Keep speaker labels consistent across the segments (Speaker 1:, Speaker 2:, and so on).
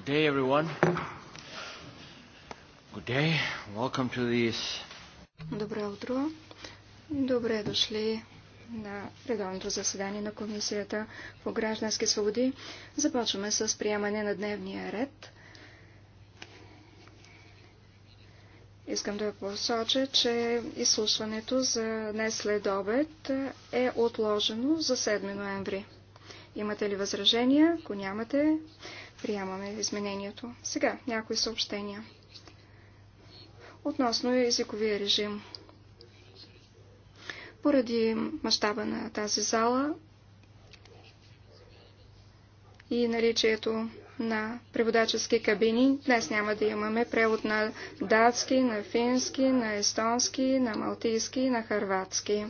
Speaker 1: Good day, everyone. Good day. Welcome to this.
Speaker 2: Добро утро. Добре дошли на редовното заседание на Комисията по граждански свободи. Започваме с приемане на дневния ред. Искам да посоча, че изслушването за днес след обед е отложено за 7 ноември. Имате ли възражения? Ако нямате, приемаме изменението. Сега някои съобщения. Относно езиковия режим. Поради мащаба на тази зала и наличието на преводачески кабини. Днес няма да имаме превод на датски, на фински, на естонски, на малтийски, на харватски.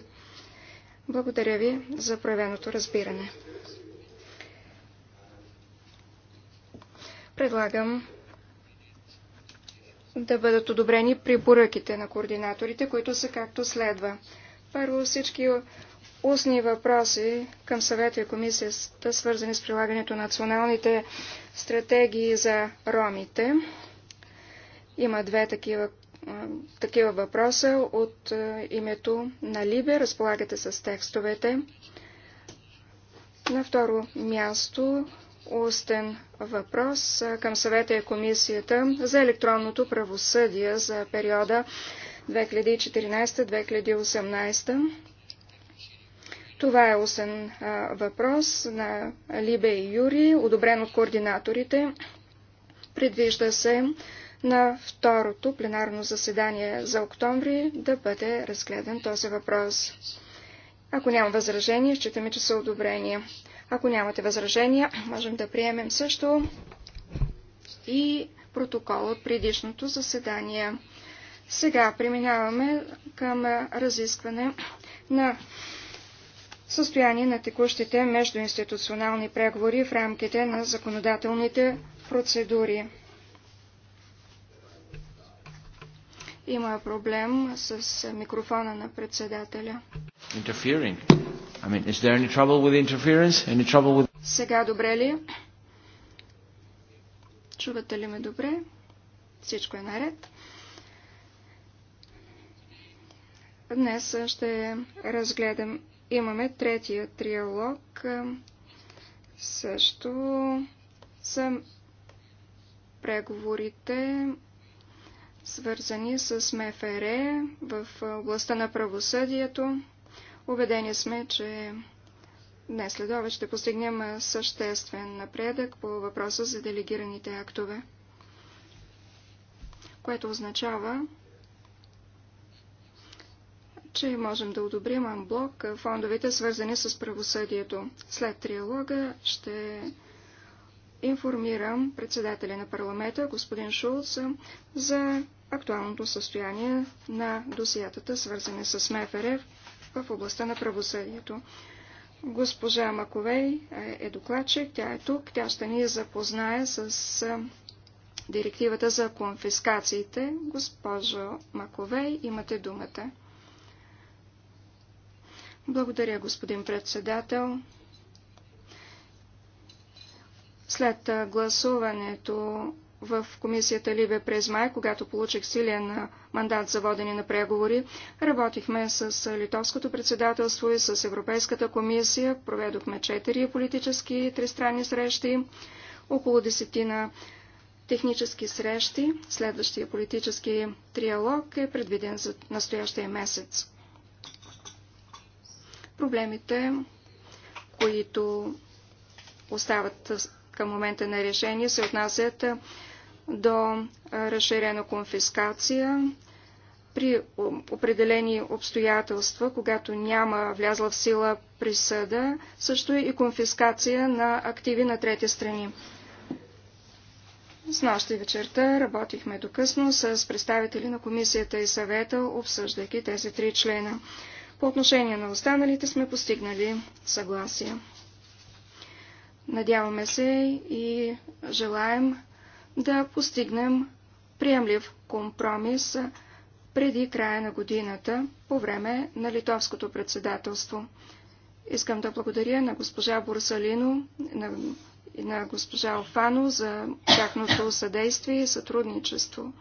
Speaker 2: Благодаря ви за проявеното разбиране. Предлагам да бъдат одобрени препоръките на координаторите, които са както следва. Първо всички устни въпроси към съвета и комисията, свързани с прилагането на националните стратегии за ромите. Има две такива, такива въпроса от името на Либе. Разполагате с текстовете. На второ място устен въпрос към съвета и комисията за електронното правосъдие за периода 2014-2018. Това е устен въпрос на Либе и Юри, одобрен от координаторите. Предвижда се на второто пленарно заседание за октомври да бъде разгледан този въпрос. Ако няма възражение, считаме, че са одобрения. Ако нямате възражения, можем да приемем също и протокол от предишното заседание. Сега преминаваме към разискване на състояние на текущите междуинституционални преговори в рамките на законодателните процедури. Има проблем с микрофона на председателя. Interfering.
Speaker 1: I mean, is there any trouble with interference? Any trouble with...
Speaker 2: Сега добре ли? Чувате ли ме добре? Всичко е наред. Днес ще разгледам. Имаме третия триалог. Също са преговорите свързани с МФР в областта на правосъдието. Убедени сме, че днес след ще постигнем съществен напредък по въпроса за делегираните актове, което означава, че можем да одобрим анблок фондовете, свързани с правосъдието. След триалога ще информирам председателя на парламента, господин Шулц, за актуалното състояние на досиятата, свързани с МФР в областта на правосъдието. Госпожа Маковей е докладчик, тя е тук, тя ще ни запознае с директивата за конфискациите. Госпожо Маковей, имате думата. Благодаря, господин председател. След гласуването в комисията Либе през май, когато получих силен мандат за водене на преговори. Работихме с литовското председателство и с Европейската комисия. Проведохме четири политически тристранни срещи, около десетина технически срещи. Следващия политически триалог е предвиден за настоящия месец. Проблемите, които остават към момента на решение, се отнасят до разширена конфискация при определени обстоятелства, когато няма влязла в сила присъда, също и конфискация на активи на трети страни. С нощи вечерта работихме докъсно с представители на комисията и съвета, обсъждайки тези три члена. По отношение на останалите сме постигнали съгласие. Надяваме се и желаем да постигнем приемлив компромис преди края на годината по време на литовското председателство. Искам да благодаря на госпожа Борсалино на, и на госпожа Офано за тяхното съдействие и сътрудничество.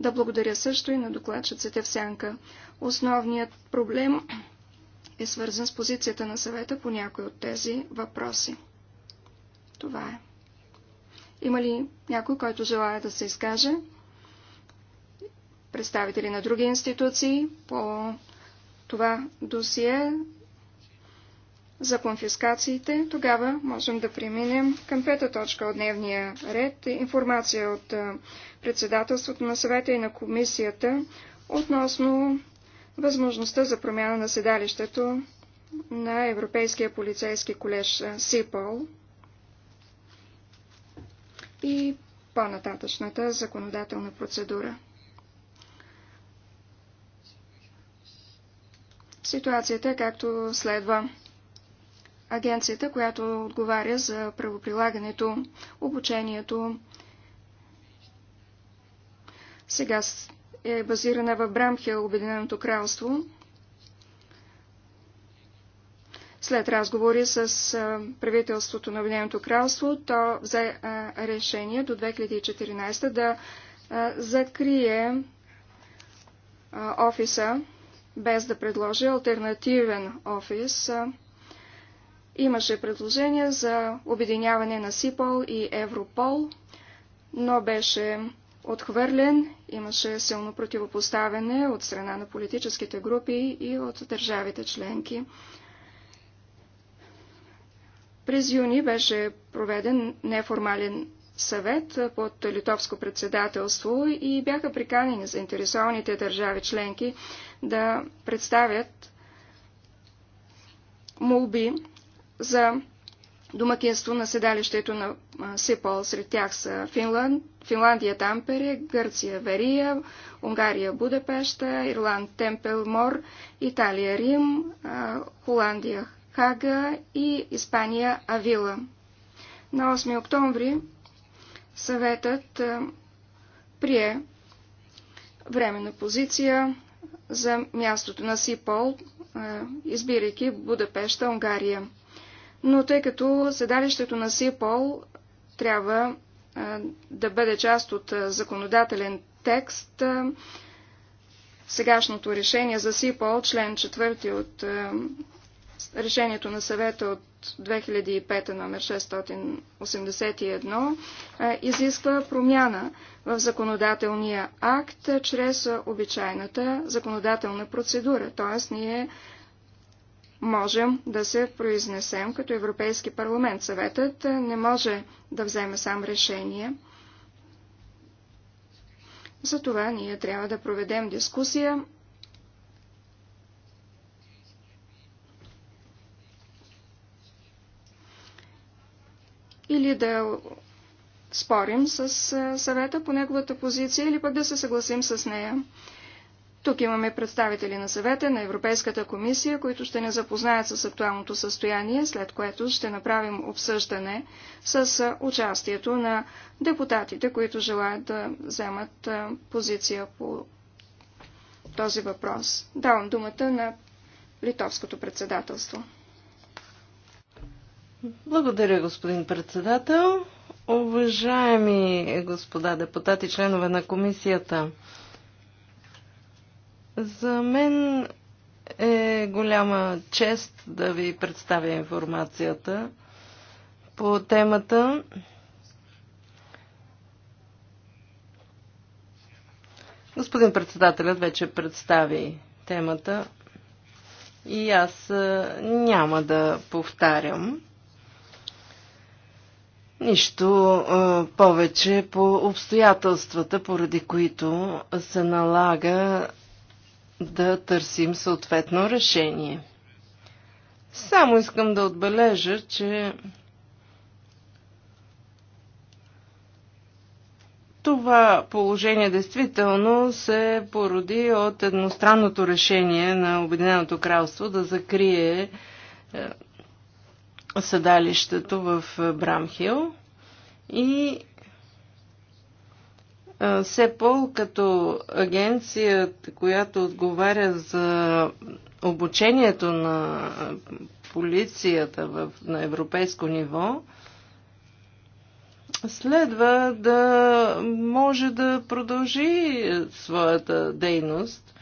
Speaker 2: Да благодаря също и на докладчиците в Сянка. Основният проблем е свързан с позицията на съвета по някои от тези въпроси. Това е. Има ли някой, който желая да се изкаже? Представители на други институции по това досие за конфискациите, тогава можем да преминем към пета точка от дневния ред. Информация от председателството на съвета и на комисията относно възможността за промяна на седалището на Европейския полицейски колеж СИПОЛ и по-нататъчната законодателна процедура. Ситуацията е както следва. Агенцията, която отговаря за правоприлагането, обучението, сега е базирана в Брамхел, Обединеното кралство, След разговори с правителството на Обединеното кралство, то взе решение до 2014 да закрие офиса, без да предложи альтернативен офис. Имаше предложение за обединяване на СИПОЛ и Европол, но беше отхвърлен, имаше силно противопоставяне от страна на политическите групи и от държавите членки. През юни беше проведен неформален съвет под литовско председателство и бяха приканени заинтересованите държави членки да представят молби за домакинство на седалището на СИПОЛ. Сред тях са Финланд, Финландия Тампере, Гърция Верия, Унгария Будапешта, Ирланд Темпелмор, Италия Рим, Холандия Хага и Испания Авила. На 8 октомври съветът е, прие временна позиция за мястото на Сипол, е, избирайки Будапешта, Унгария. Но тъй като седалището на Сипол трябва е, да бъде част от законодателен текст, сегашното решение за СИПОЛ, член 4 от решението на съвета от 2005 номер 681 е, изисква промяна в законодателния акт чрез обичайната законодателна процедура. Т.е. ние можем да се произнесем като Европейски парламент. Съветът не може да вземе сам решение. Затова ние трябва да проведем дискусия или да спорим с съвета по неговата позиция или пък да се съгласим с нея. Тук имаме представители на съвета на Европейската комисия, които ще не запознаят с актуалното състояние, след което ще направим обсъждане с участието на депутатите, които желаят да вземат позиция по този въпрос. Давам думата на литовското председателство.
Speaker 3: Благодаря, господин председател. Уважаеми господа депутати, членове на комисията, за мен е голяма чест да ви представя информацията по темата. Господин председателят вече представи темата и аз няма да повтарям. Нищо а, повече по обстоятелствата, поради които се налага да търсим съответно решение. Само искам да отбележа, че това положение действително се породи от едностранното решение на Обединеното кралство да закрие е, съдалището в Брамхил и СЕПОЛ като агенция, която отговаря за обучението на полицията в, на европейско ниво, следва да може да продължи своята дейност.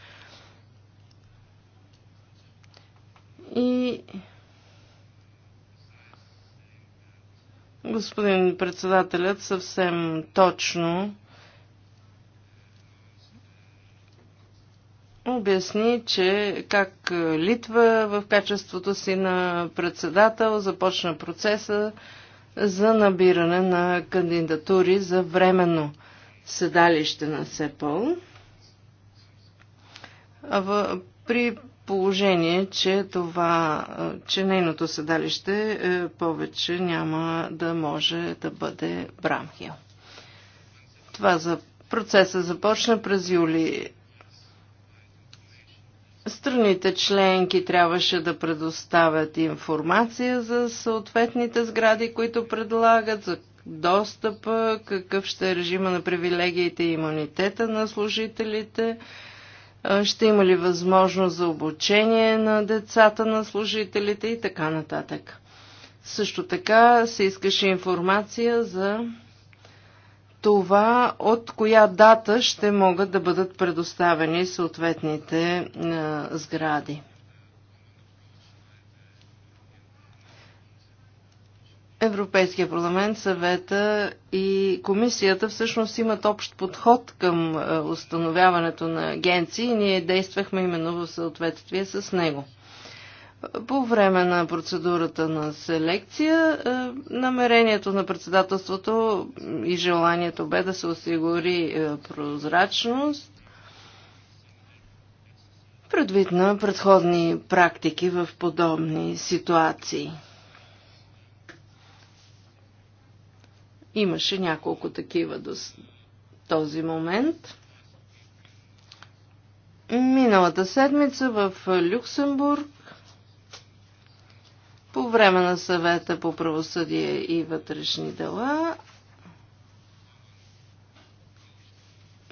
Speaker 3: И Господин председателят съвсем точно обясни, че как Литва в качеството си на председател започна процеса за набиране на кандидатури за временно седалище на СЕПОЛ. При положение, че, това, че нейното седалище е, повече няма да може да бъде Брамхил. Това за процеса започна през юли. Страните членки трябваше да предоставят информация за съответните сгради, които предлагат, за достъпа, какъв ще е режима на привилегиите и имунитета на служителите, ще има ли възможност за обучение на децата, на служителите и така нататък. Също така се искаше информация за това от коя дата ще могат да бъдат предоставени съответните е, сгради. Европейския парламент, съвета и комисията всъщност имат общ подход към е, установяването на агенции и ние действахме именно в съответствие с него. По време на процедурата на селекция, е, намерението на председателството и желанието бе да се осигури е, прозрачност предвид на предходни практики в подобни ситуации. Имаше няколко такива до този момент. Миналата седмица в Люксембург по време на съвета по правосъдие и вътрешни дела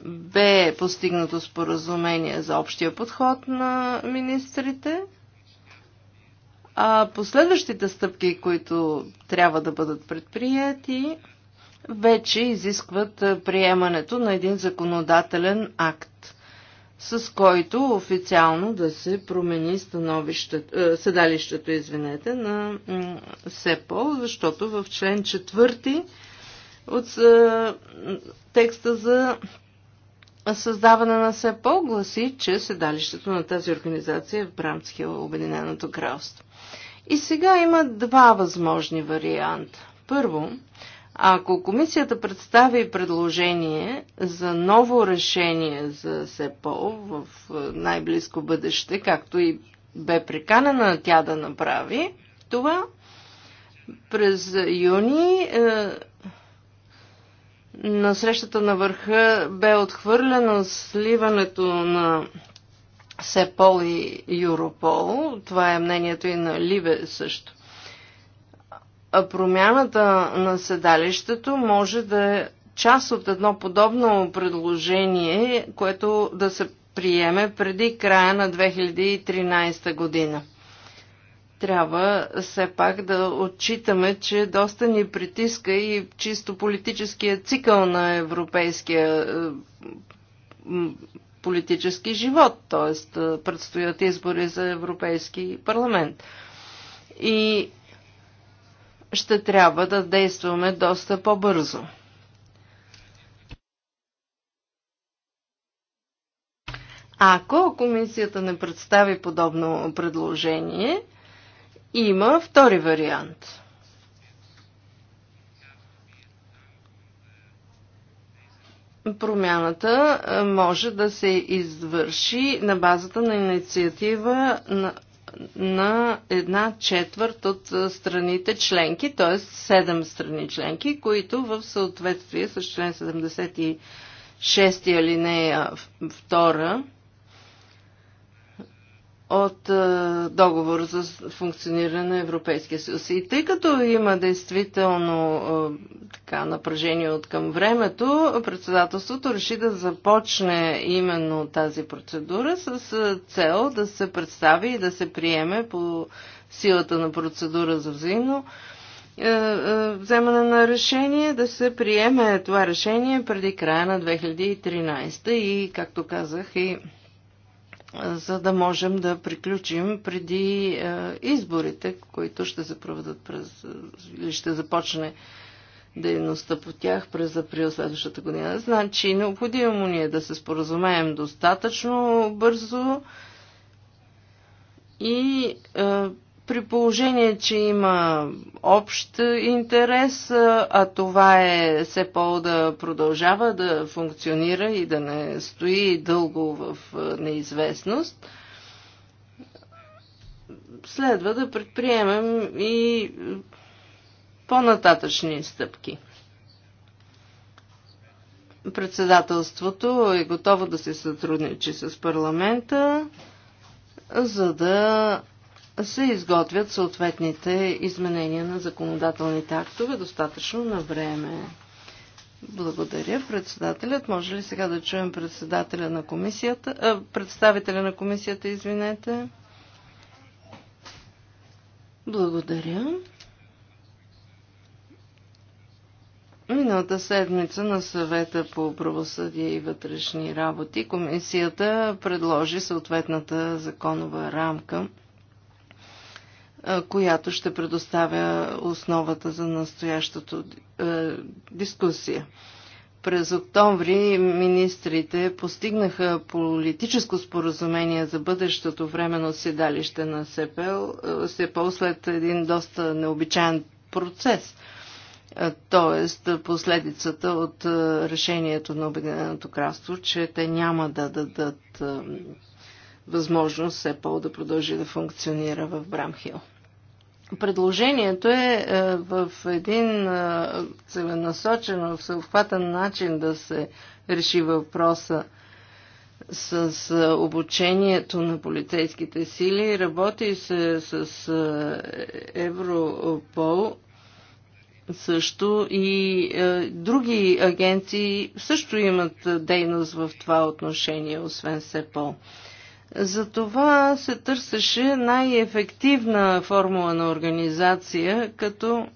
Speaker 3: бе постигнато споразумение за общия подход на министрите, а последващите стъпки, които трябва да бъдат предприяти, вече изискват приемането на един законодателен акт, с който официално да се промени седалището извинете, на СЕПО, защото в член 4 от текста за създаване на СЕПО гласи, че седалището на тази организация е в Брамсхил, Обединеното кралство. И сега има два възможни варианта. Първо, ако комисията представи предложение за ново решение за СЕПОЛ в е, най-близко бъдеще, както и бе приканена тя да направи, това през юни е, на срещата на върха бе отхвърлено сливането на СЕПОЛ и Юропол. Това е мнението и на Либе също промяната на седалището може да е част от едно подобно предложение, което да се приеме преди края на 2013 година. Трябва все пак да отчитаме, че доста ни притиска и чисто политическия цикъл на европейския е, политически живот, т.е. предстоят избори за Европейски парламент. И ще трябва да действаме доста по-бързо. Ако комисията не представи подобно предложение, има втори вариант. Промяната е, може да се извърши на базата на инициатива на на една четвърт от страните членки, т.е. седем страни членки, които в съответствие с член 76 алинея 2 от е, договор за функциониране на Европейския съюз. И тъй като има действително е, така напрежение от към времето, председателството реши да започне именно тази процедура с е, цел да се представи и да се приеме по силата на процедура за взаимно вземане на решение, да се приеме това решение преди края на 2013 и, както казах, и за да можем да приключим преди е, изборите, които ще се проведат през, или ще започне дейността по тях през април следващата година. Значи, необходимо ни е да се споразумеем достатъчно бързо и е, при положение, че има общ интерес, а това е по да продължава да функционира и да не стои дълго в неизвестност, следва да предприемем и по-нататъчни стъпки. Председателството е готово да се сътрудничи с парламента, за да се изготвят съответните изменения на законодателните актове достатъчно на време. Благодаря. Председателят, може ли сега да чуем председателя на комисията, а, представителя на комисията, извинете? Благодаря. Миналата седмица на съвета по правосъдие и вътрешни работи комисията предложи съответната законова рамка – която ще предоставя основата за настоящата дискусия. През октомври министрите постигнаха политическо споразумение за бъдещото временно седалище на СЕПЕЛ, СЕПЕЛ след един доста необичайен процес т.е. последицата от решението на Обединеното кралство, че те няма да дадат възможност СЕПЕЛ да продължи да функционира в Брамхил. Предложението е, е в един е, целенасочен, всеобхватен начин да се реши въпроса с е, обучението на полицейските сили. Работи се с Европол също и е, други агенции също имат дейност в това отношение, освен СЕПОЛ. Затова се търсеше най-ефективна формула на организация, като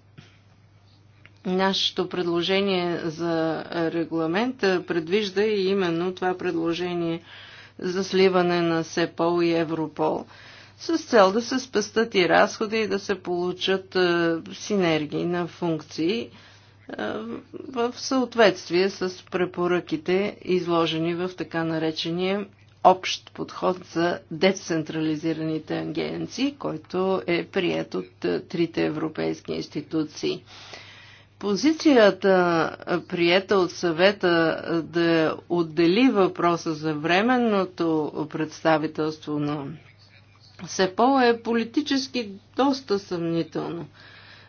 Speaker 3: нашето предложение за регламент предвижда и именно това предложение за сливане на СЕПОЛ и Европол с цел да се спестат и разходи и да се получат е, синергии на функции е, в съответствие с препоръките, изложени в така наречения общ подход за децентрализираните агенции, който е прият от трите европейски институции. Позицията, приета от съвета да отдели въпроса за временното представителство на СЕПО е политически доста съмнително.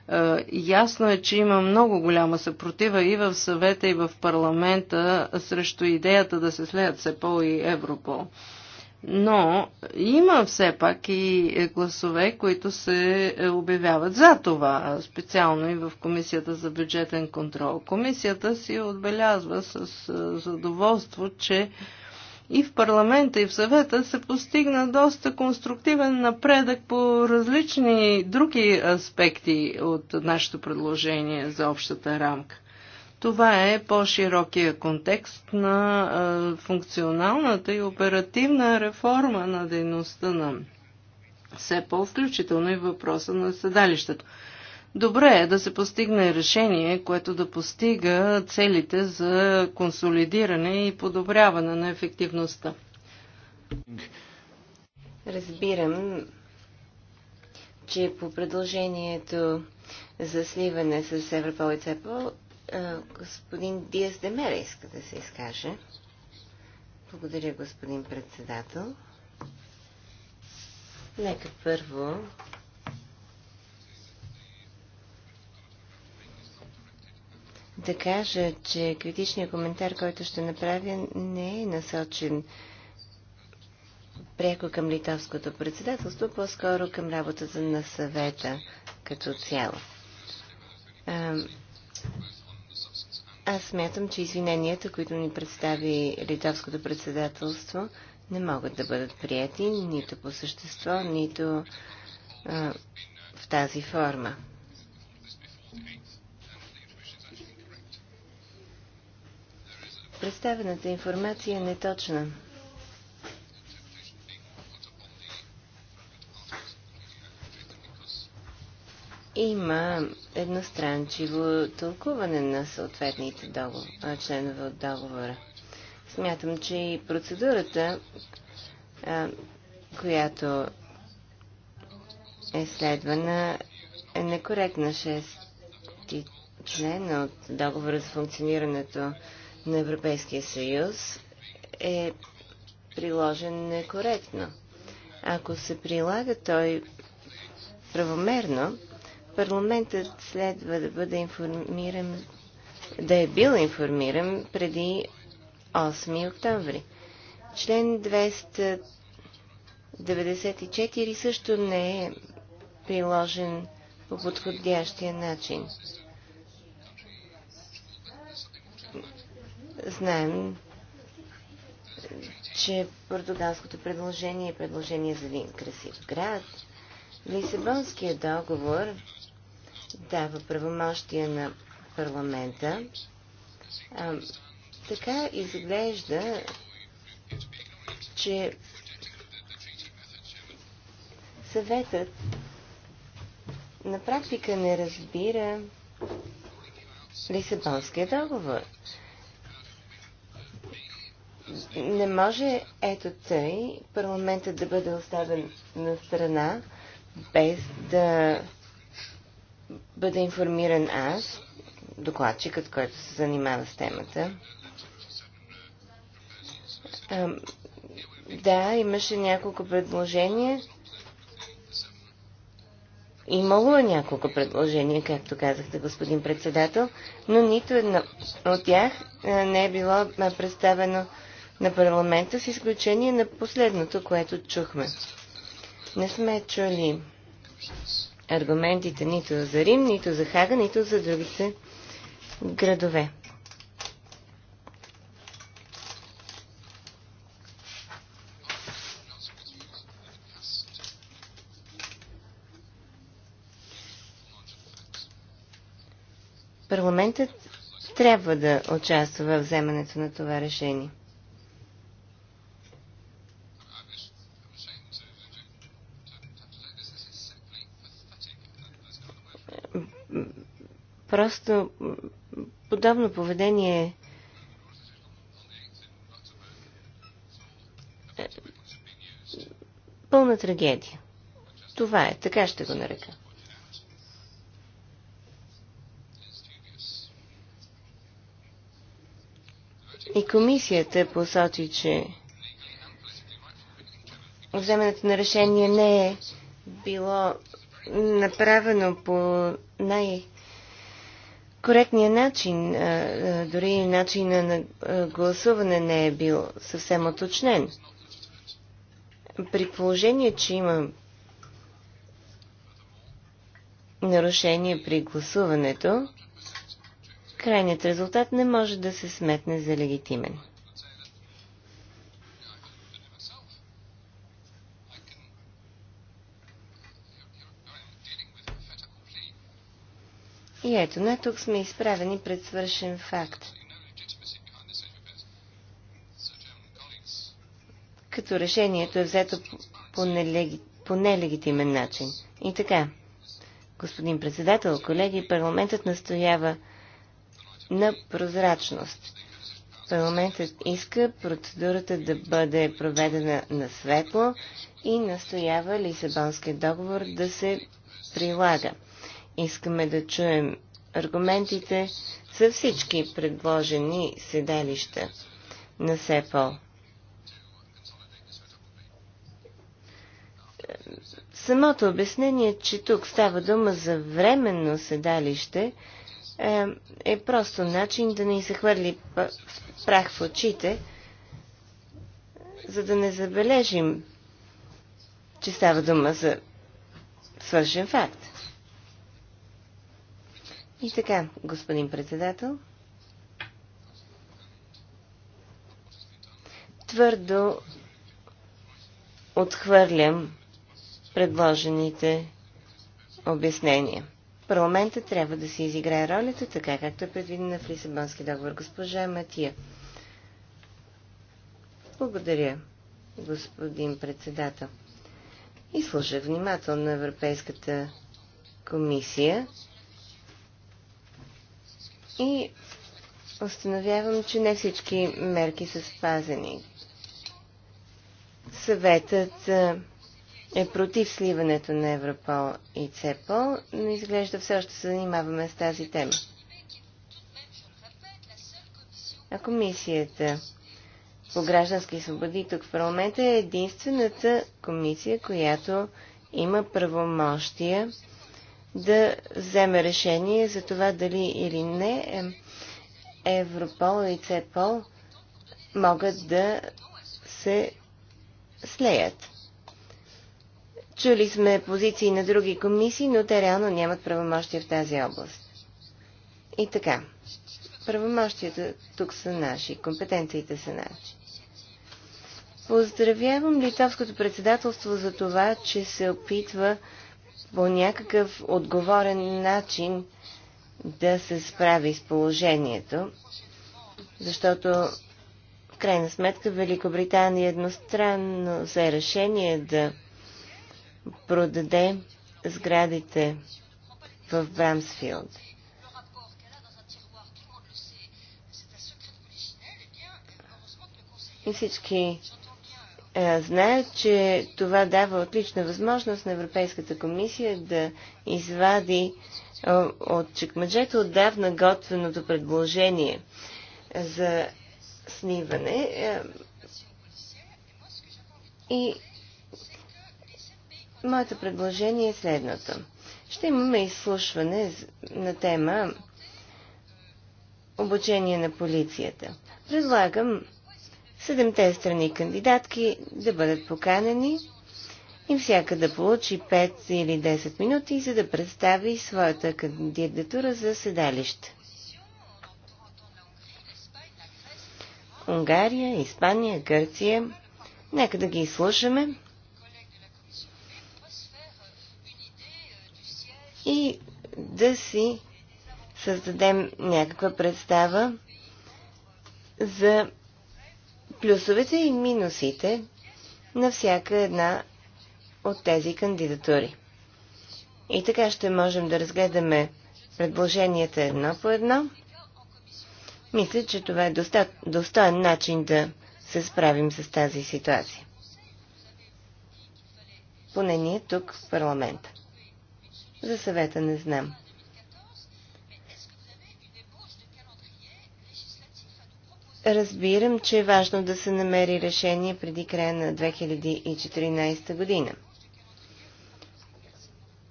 Speaker 3: Е, ясно е, че има много голяма съпротива и в съвета, и в парламента срещу идеята да се следят СЕПОЛ и Европол. Но има все пак и гласове, които се е, обявяват за това, специално и в Комисията за бюджетен контрол. Комисията си отбелязва с е, задоволство, че и в парламента, и в съвета се постигна доста конструктивен напредък по различни други аспекти от нашето предложение за общата рамка. Това е по-широкия контекст на функционалната и оперативна реформа на дейността на СЕПО, включително и въпроса на седалището. Добре е да се постигне решение, което да постига целите за консолидиране и подобряване на ефективността. Разбирам,
Speaker 1: че по предложението за сливане с Европол и ЦЕПОЛ, господин Диас Демера иска да се изкаже. Благодаря, господин председател. Нека първо да кажа, че критичният коментар, който ще направя, не е насочен пряко към литовското председателство, по-скоро към работата на съвета като цяло. А, аз смятам, че извиненията, които ни представи литовското председателство, не могат да бъдат прияти нито по същество, нито а, в тази форма. представената информация е неточна. Има едностранчиво тълкуване на съответните договор, членове от договора. Смятам, че и процедурата, а, която е следвана, е некоректна. Шести член от договора за функционирането на Европейския съюз е приложен некоректно. Ако се прилага той правомерно, парламентът следва да бъде информиран, да е бил информиран преди 8 октомври. Член 294 също не е приложен по подходящия начин. Знаем, че португалското предложение е предложение за един красив град. Лисабонският договор дава правомощия на парламента. А, така изглежда, че съветът на практика не разбира Лисабонския договор не може ето тъй парламентът да бъде оставен на страна, без да бъде информиран аз, докладчикът, който се занимава с темата. А, да, имаше няколко предложения. Имало е няколко предложения, както казахте, господин председател, но нито едно от тях не е било представено на парламента, с изключение на последното, което чухме. Не сме чули аргументите нито за Рим, нито за Хага, нито за другите градове. Парламентът трябва да участва в вземането на това решение. Просто подобно поведение е, пълна трагедия. Това е, така ще го нарека. И комисията посочи, че вземането на решение не е било направено по най- коректния начин, дори начина на гласуване не е бил съвсем оточнен. При положение, че има нарушение при гласуването, крайният резултат не може да се сметне за легитимен. И ето, на тук сме изправени пред свършен факт. Като решението е взето по, нелеги... по нелегитимен начин. И така, господин председател, колеги, парламентът настоява на прозрачност. Парламентът иска процедурата да бъде проведена на светло и настоява Лисабонския договор да се прилага. Искаме да чуем аргументите за всички предложени седалища на СЕПОЛ. Самото обяснение, че тук става дума за временно седалище, е, е просто начин да ни се хвърли прах в очите, за да не забележим, че става дума за свършен факт. И така, господин председател, твърдо отхвърлям предложените обяснения. Парламента трябва да си изиграе ролята, така както е предвидена в Лисабонски договор. Госпожа Матия. Благодаря, господин председател. И слушах внимателно на Европейската комисия и установявам, че не всички мерки са спазени. Съветът е против сливането на Европол и ЦЕПОЛ, но изглежда все още се занимаваме с тази тема. А комисията по граждански свободи тук в парламента е единствената комисия, която има правомощия да вземе решение за това дали или не Европол и Цепол могат да се слеят. Чули сме позиции на други комисии, но те реално нямат правомощия в тази област. И така, правомощията тук са наши, компетенциите са наши. Поздравявам Литовското председателство за това, че се опитва по някакъв отговорен начин да се справи с положението, защото в крайна сметка Великобритания едностранно взе решение да продаде сградите в Брамсфилд. И всички е, знаят, че това дава отлична възможност на Европейската комисия да извади от чекмаджето отдавна готвеното предложение за сниване. Е, и моето предложение е следното. Ще имаме изслушване на тема обучение на полицията. Предлагам седемте страни кандидатки да бъдат поканени и всяка да получи 5 или 10 минути, за да представи своята кандидатура за седалище. Унгария, Испания, Гърция. Нека да ги изслушаме. И да си създадем някаква представа за плюсовете и минусите на всяка една от тези кандидатури. И така ще можем да разгледаме предложенията едно по едно. Мисля, че това е достоен начин да се справим с тази ситуация. Поне ние тук в парламента. За съвета не знам. Разбирам, че е важно да се намери решение преди края на 2014 година.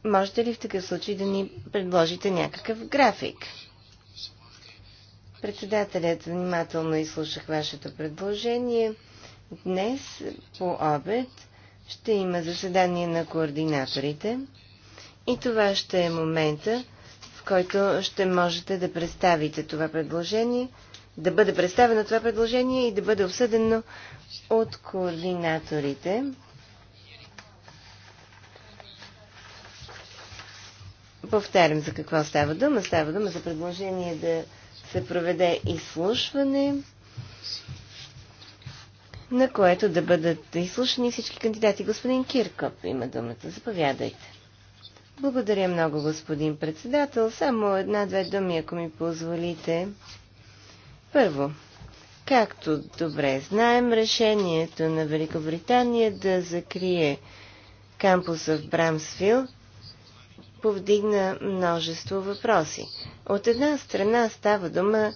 Speaker 1: Можете ли в такъв случай да ни предложите някакъв график? Председателят внимателно изслушах вашето предложение. Днес по обед ще има заседание на координаторите и това ще е момента, в който ще можете да представите това предложение – да бъде представено това предложение и да бъде обсъдено от координаторите. Повтарям за какво става дума. Става дума за предложение да се проведе изслушване, на което да бъдат изслушани всички кандидати. Господин Киркоп има думата. Заповядайте. Благодаря много, господин председател. Само една-две думи, ако ми позволите. Първо, както добре знаем, решението на Великобритания да закрие кампуса в Брамсвил повдигна множество въпроси. От една страна става дума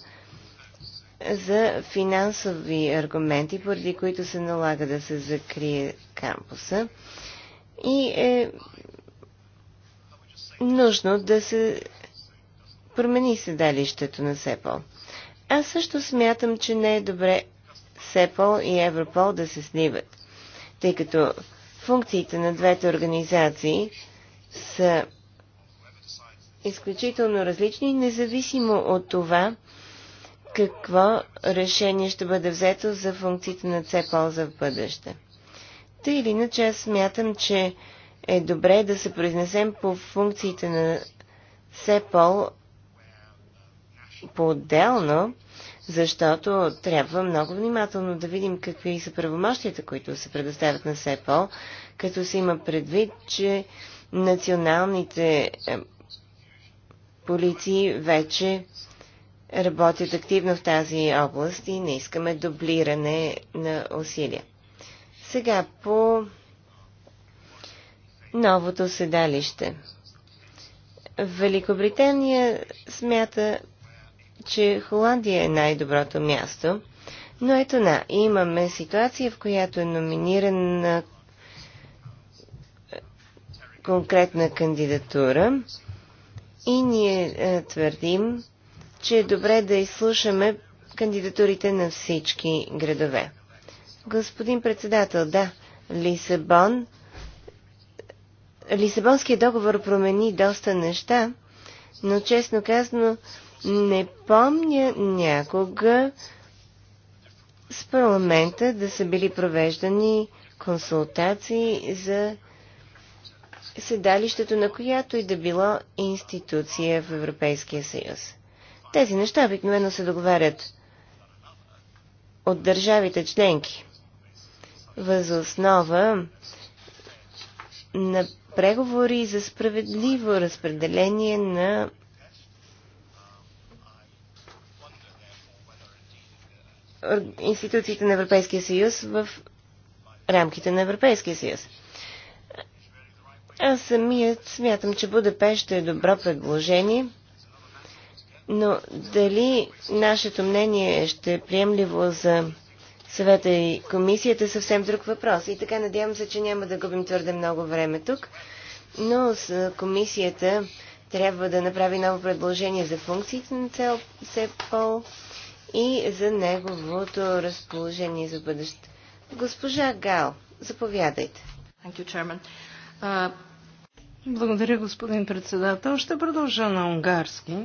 Speaker 1: за финансови аргументи, поради които се налага да се закрие кампуса. И е нужно да се промени седалището на СЕПОЛ. Аз също смятам, че не е добре СЕПОЛ и Европол да се сливат, тъй като функциите на двете организации са изключително различни, независимо от това какво решение ще бъде взето за функциите на ЦЕПОЛ за в бъдеще. Та или иначе аз смятам, че е добре да се произнесем по функциите на СЕПОЛ по-отделно, защото трябва много внимателно да видим какви са правомощията, които се предоставят на СЕПО, като се има предвид, че националните е, полиции вече работят активно в тази област и не искаме дублиране на усилия. Сега по новото седалище. Великобритания смята че Холандия е най-доброто място. Но ето на, имаме ситуация, в която е номинирана конкретна кандидатура и ние е, твърдим, че е добре да изслушаме кандидатурите на всички градове. Господин председател, да, Лисабон. Лисабонският договор промени доста неща, но честно казано, не помня някога с парламента да са били провеждани консултации за седалището на която и да било институция в Европейския съюз. Тези неща обикновено се договарят от държавите членки. Възоснова на преговори за справедливо разпределение на институциите на Европейския съюз в рамките на Европейския съюз. Аз самият смятам, че Будапеща е добро предложение, но дали нашето мнение ще е приемливо за съвета и комисията е съвсем друг въпрос. И така надявам се, че няма да губим твърде много време тук, но с комисията трябва да направи ново предложение за функциите на цел СЕПОЛ и за неговото разположение за бъдеще. Госпожа Гал,
Speaker 3: заповядайте. Thank you, Chairman. Uh... Благодаря, господин председател. Ще продължа на унгарски.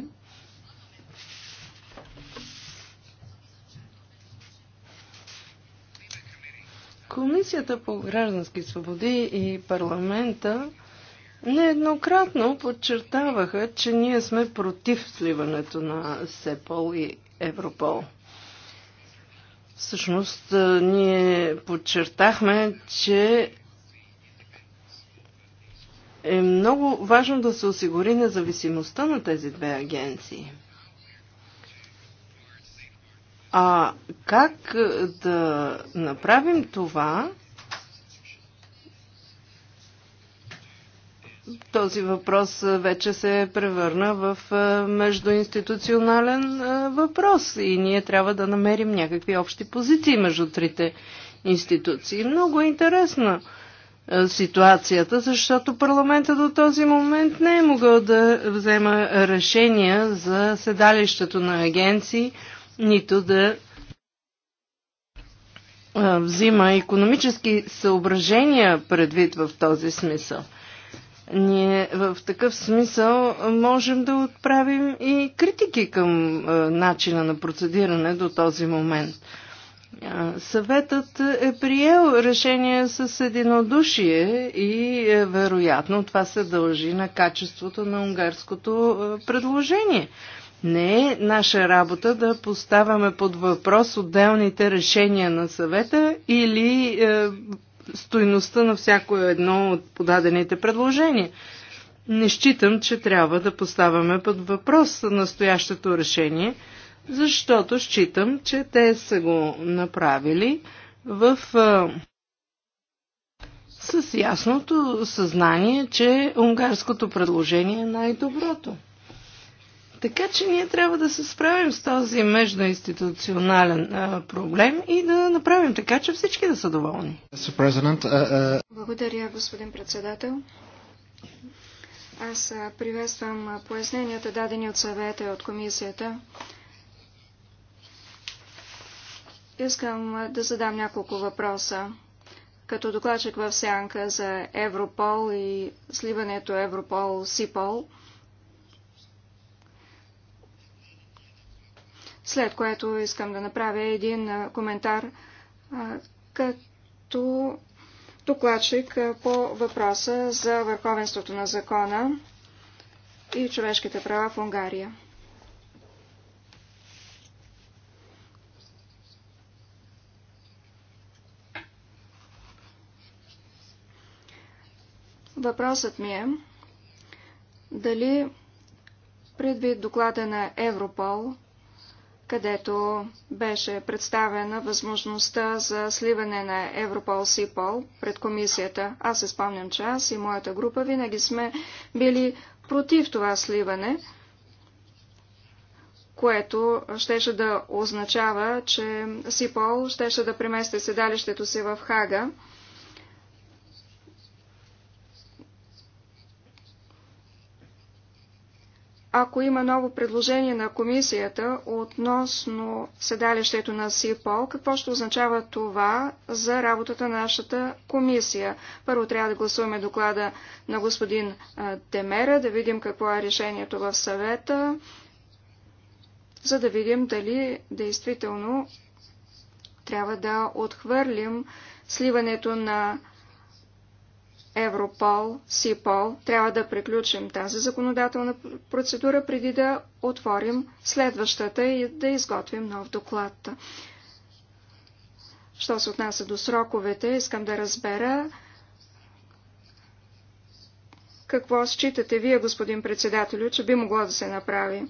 Speaker 3: Комисията по граждански свободи и парламента нееднократно подчертаваха, че ние сме против сливането на СЕПОЛ и Европол. Всъщност, ние подчертахме, че е много важно да се осигури независимостта на тези две агенции. А как да направим това, този въпрос вече се превърна в междуинституционален въпрос и ние трябва да намерим някакви общи позиции между трите институции. Много е интересна ситуацията, защото парламента до този момент не е могъл да взема решения за седалището на агенции, нито да взима економически съображения предвид в този смисъл. Ние в такъв смисъл можем да отправим и критики към начина на процедиране до този момент. Съветът е приел решение с единодушие и е, вероятно това се дължи на качеството на унгарското предложение. Не е наша работа да поставяме под въпрос отделните решения на съвета или е, стойността на всяко едно от подадените предложения. Не считам, че трябва да поставяме под въпрос настоящето решение, защото считам, че те са го направили в с ясното съзнание, че унгарското предложение е най-доброто. Така че ние трябва да се справим с този междуинституционален а, проблем и да направим така, че всички да са доволни.
Speaker 2: Благодаря, господин председател. Аз приветствам поясненията, дадени от съвета и от комисията. Искам да задам няколко въпроса. Като докладчик в сянка за Европол и сливането Европол-Сипол, след което искам да направя един коментар като докладчик по въпроса за върховенството на закона и човешките права в Унгария. Въпросът ми е дали предвид доклада на Европол където беше представена възможността за сливане на Европол Сипол пред комисията. Аз се спомням, че аз и моята група винаги сме били против това сливане, което щеше да означава, че Сипол щеше да премести седалището си в Хага Ако има ново предложение на комисията относно седалището на СИПОЛ, какво ще означава това за работата на нашата комисия? Първо трябва да гласуваме доклада на господин Демера, да видим какво е решението в съвета, за да видим дали действително трябва да отхвърлим сливането на Европол, СИПОЛ, трябва да приключим тази законодателна процедура преди да отворим следващата и да изготвим нов доклад. Що се отнася до сроковете, искам да разбера какво считате вие, господин председателю, че би могло да се направи.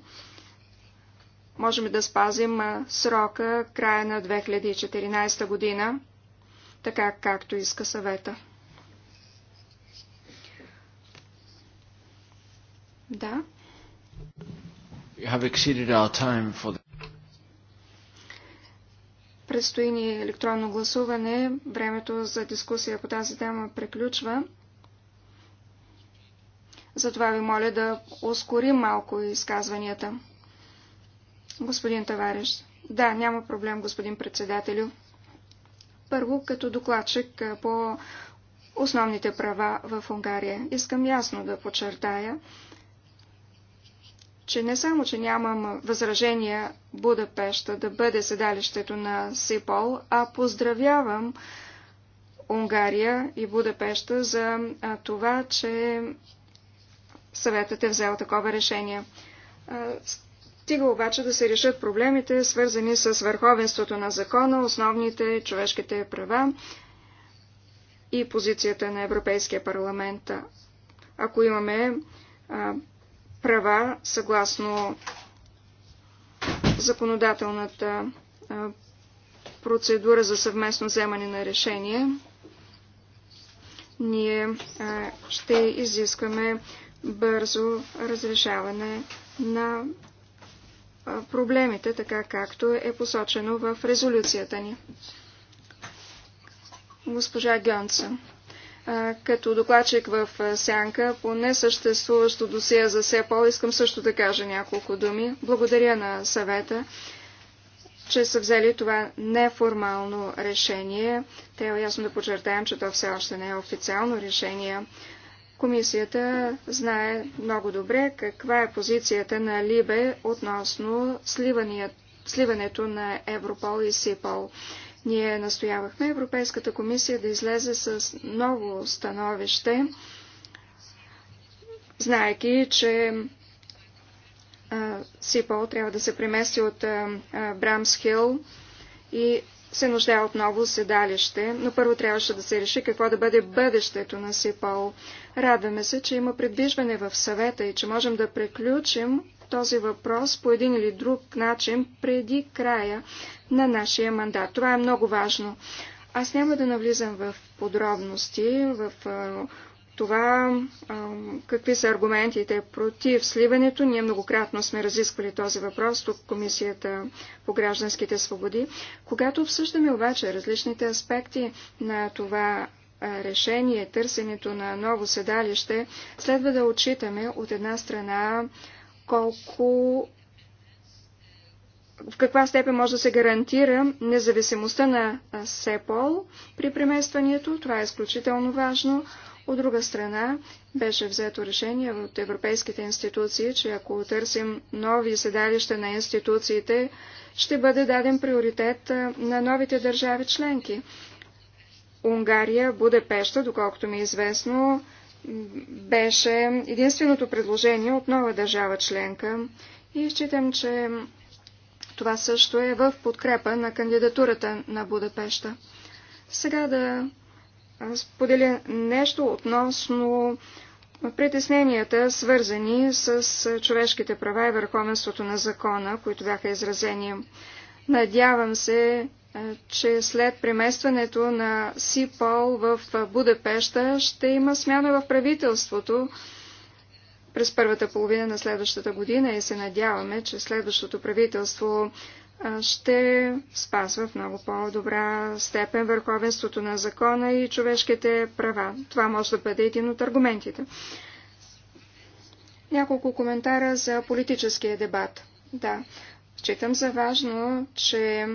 Speaker 2: Можем да спазим срока края на 2014 година, така както иска съвета. Да.
Speaker 1: The...
Speaker 2: Предстои ни електронно гласуване. Времето за дискусия по тази тема приключва. Затова ви моля да ускорим малко изказванията. Господин Тавареш. Да, няма проблем, господин председателю. Първо, като докладчик по основните права в Унгария. Искам ясно да подчертая, че не само, че нямам възражения Будапешта да бъде седалището на СИПОЛ, а поздравявам Унгария и Будапешта за това, че съветът е взел такова решение. Стига обаче да се решат проблемите, свързани с върховенството на закона, основните човешките права и позицията на Европейския парламент. Ако имаме права съгласно законодателната процедура за съвместно вземане на решение. Ние ще изискваме бързо разрешаване на проблемите, така както е посочено в резолюцията ни. Госпожа Гънца като докладчик в Сянка по несъществуващо досия за СЕПОЛ, искам също да кажа няколко думи. Благодаря на съвета, че са взели това неформално решение. Трябва е ясно да подчертаем, че то все още не е официално решение. Комисията знае много добре каква е позицията на Либе относно сливането на Европол и СИПОЛ. Ние настоявахме Европейската комисия да излезе с ново становище, знаеки, че Сипол трябва да се премести от Брамсхил и се нуждае от ново седалище, но първо трябваше да се реши какво да бъде бъдещето на Сипол. Радваме се, че има предвижване в съвета и че можем да приключим този въпрос по един или друг начин преди края на нашия мандат. Това е много важно. Аз няма да навлизам в подробности, в това какви са аргументите против сливането. Ние многократно сме разисквали този въпрос тук Комисията по гражданските свободи. Когато обсъждаме обаче различните аспекти на това решение, търсенето на ново седалище, следва да отчитаме от една страна колко в каква степен може да се гарантира независимостта на СЕПОЛ при преместването. Това е изключително важно. От друга страна, беше взето решение от европейските институции, че ако търсим нови седалища на институциите, ще бъде даден приоритет на новите държави членки. Унгария, Будапешта, доколкото ми е известно, беше единственото предложение от нова държава членка и считам, че това също е в подкрепа на кандидатурата на Будапешта. Сега да споделя нещо относно притесненията, свързани с човешките права и върховенството на закона, които бяха изразени. Надявам се, че след преместването на СИПОЛ в Будапешта ще има смяна в правителството, през първата половина на следващата година и се надяваме, че следващото правителство ще спазва в много по-добра степен върховенството на закона и човешките права. Това може да бъде един от аргументите. Няколко коментара за политическия дебат. Да, считам за важно, че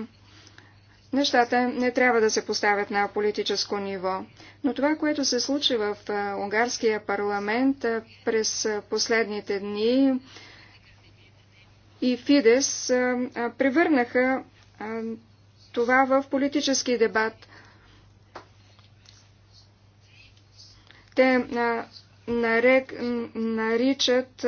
Speaker 2: Нещата не трябва да се поставят на политическо ниво. Но това, което се случи в унгарския парламент през последните дни и Фидес превърнаха това в политически дебат. Те наричат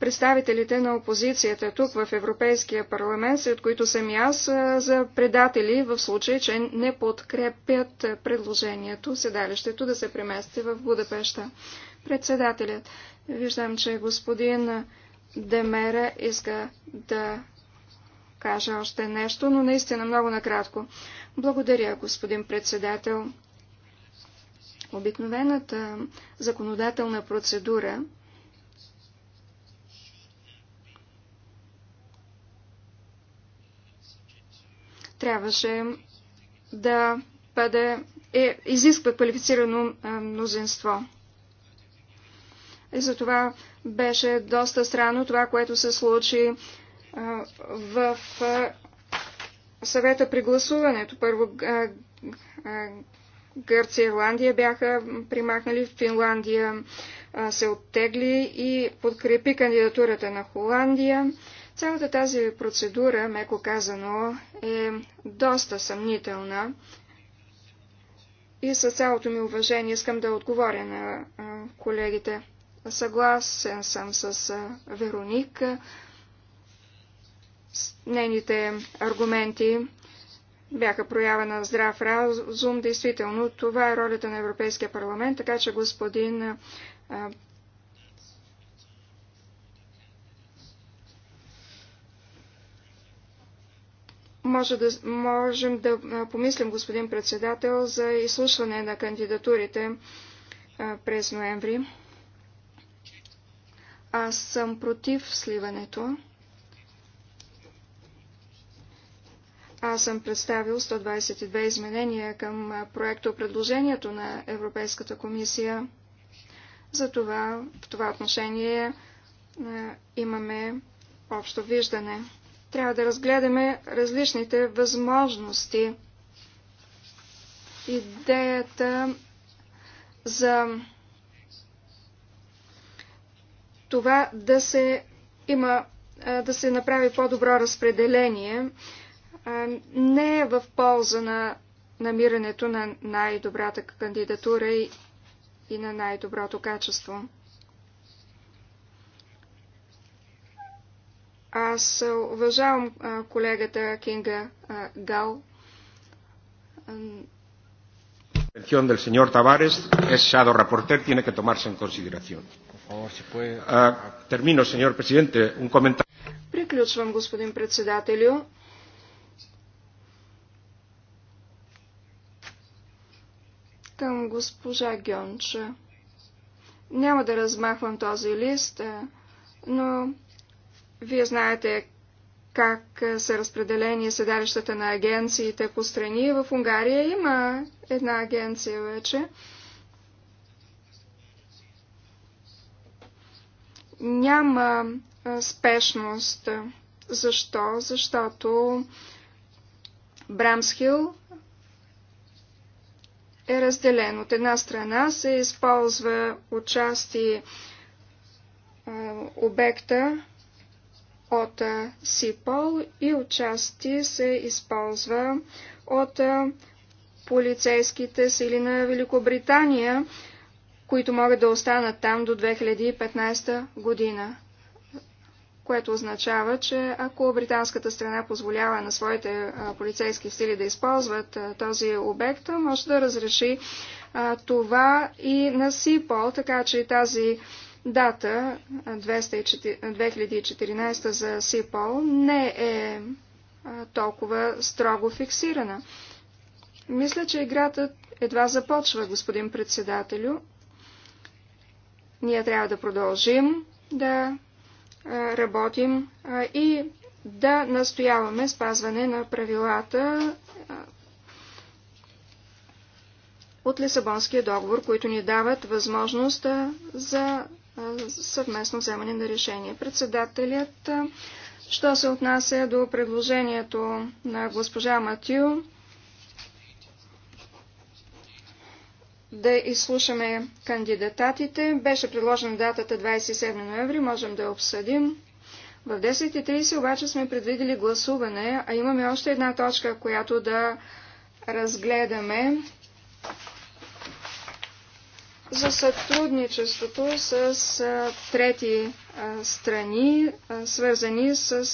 Speaker 2: представителите на опозицията тук в Европейския парламент, след които съм и аз, за предатели в случай, че не подкрепят предложението седалището да се премести в Будапешта. Председателят. Виждам, че господин Демера иска да каже още нещо, но наистина много накратко. Благодаря, господин председател. Обикновената законодателна процедура трябваше да бъде, е, изисква квалифицирано мнозинство. И затова беше доста странно това, което се случи е, в е, съвета при гласуването. Първо е, Гърция и Ирландия бяха примахнали, Финландия се оттегли и подкрепи кандидатурата на Холандия. Цялата тази процедура, меко казано, е доста съмнителна и със цялото ми уважение искам да отговоря на колегите. Съгласен съм с Вероник, с нейните аргументи бяха проява на здрав разум. Действително, това е ролята на Европейския парламент, така че господин Може да, можем да помислим, господин председател, за изслушване на кандидатурите през ноември. Аз съм против сливането. Аз съм представил 122 изменения към проекто предложението на Европейската комисия. Затова в това отношение имаме общо виждане. Трябва да разгледаме различните възможности. Идеята за това да се има, да се направи по-добро разпределение не е в полза на намирането на най-добрата кандидатура и на най-доброто качество. Аз уважавам колегата Кинга Гал.
Speaker 3: Intención del
Speaker 1: señor Tavares es shadow reporter, tiene que tomarse en consideración. Termino, señor presidente, un comentario.
Speaker 2: Приключвам, господин председателю. към госпожа Гьонча. Няма да размахвам този лист, но вие знаете как са разпределени седалищата на агенциите по страни. В Унгария има една агенция вече. Няма спешност. Защо? Защото Брамсхил е разделен. От една страна се използва отчасти обекта от СИПОЛ и отчасти се използва от полицейските сили на Великобритания, които могат да останат там до 2015 година. Което означава, че ако британската страна позволява на своите полицейски сили да използват този обект, може да разреши това и на СИПОЛ, така че тази дата 2014 за СИПОЛ не е толкова строго фиксирана. Мисля, че играта едва започва, господин председателю. Ние трябва да продължим да работим и да настояваме спазване на правилата от Лисабонския договор, които ни дават възможност за съвместно вземане на решение. Председателят, що се отнася до предложението на госпожа Матю, да изслушаме кандидататите. Беше предложена датата 27 ноември, можем да я обсъдим. В 10.30 обаче сме предвидели гласуване, а имаме още една точка, която да разгледаме за сътрудничеството с трети страни, свързани с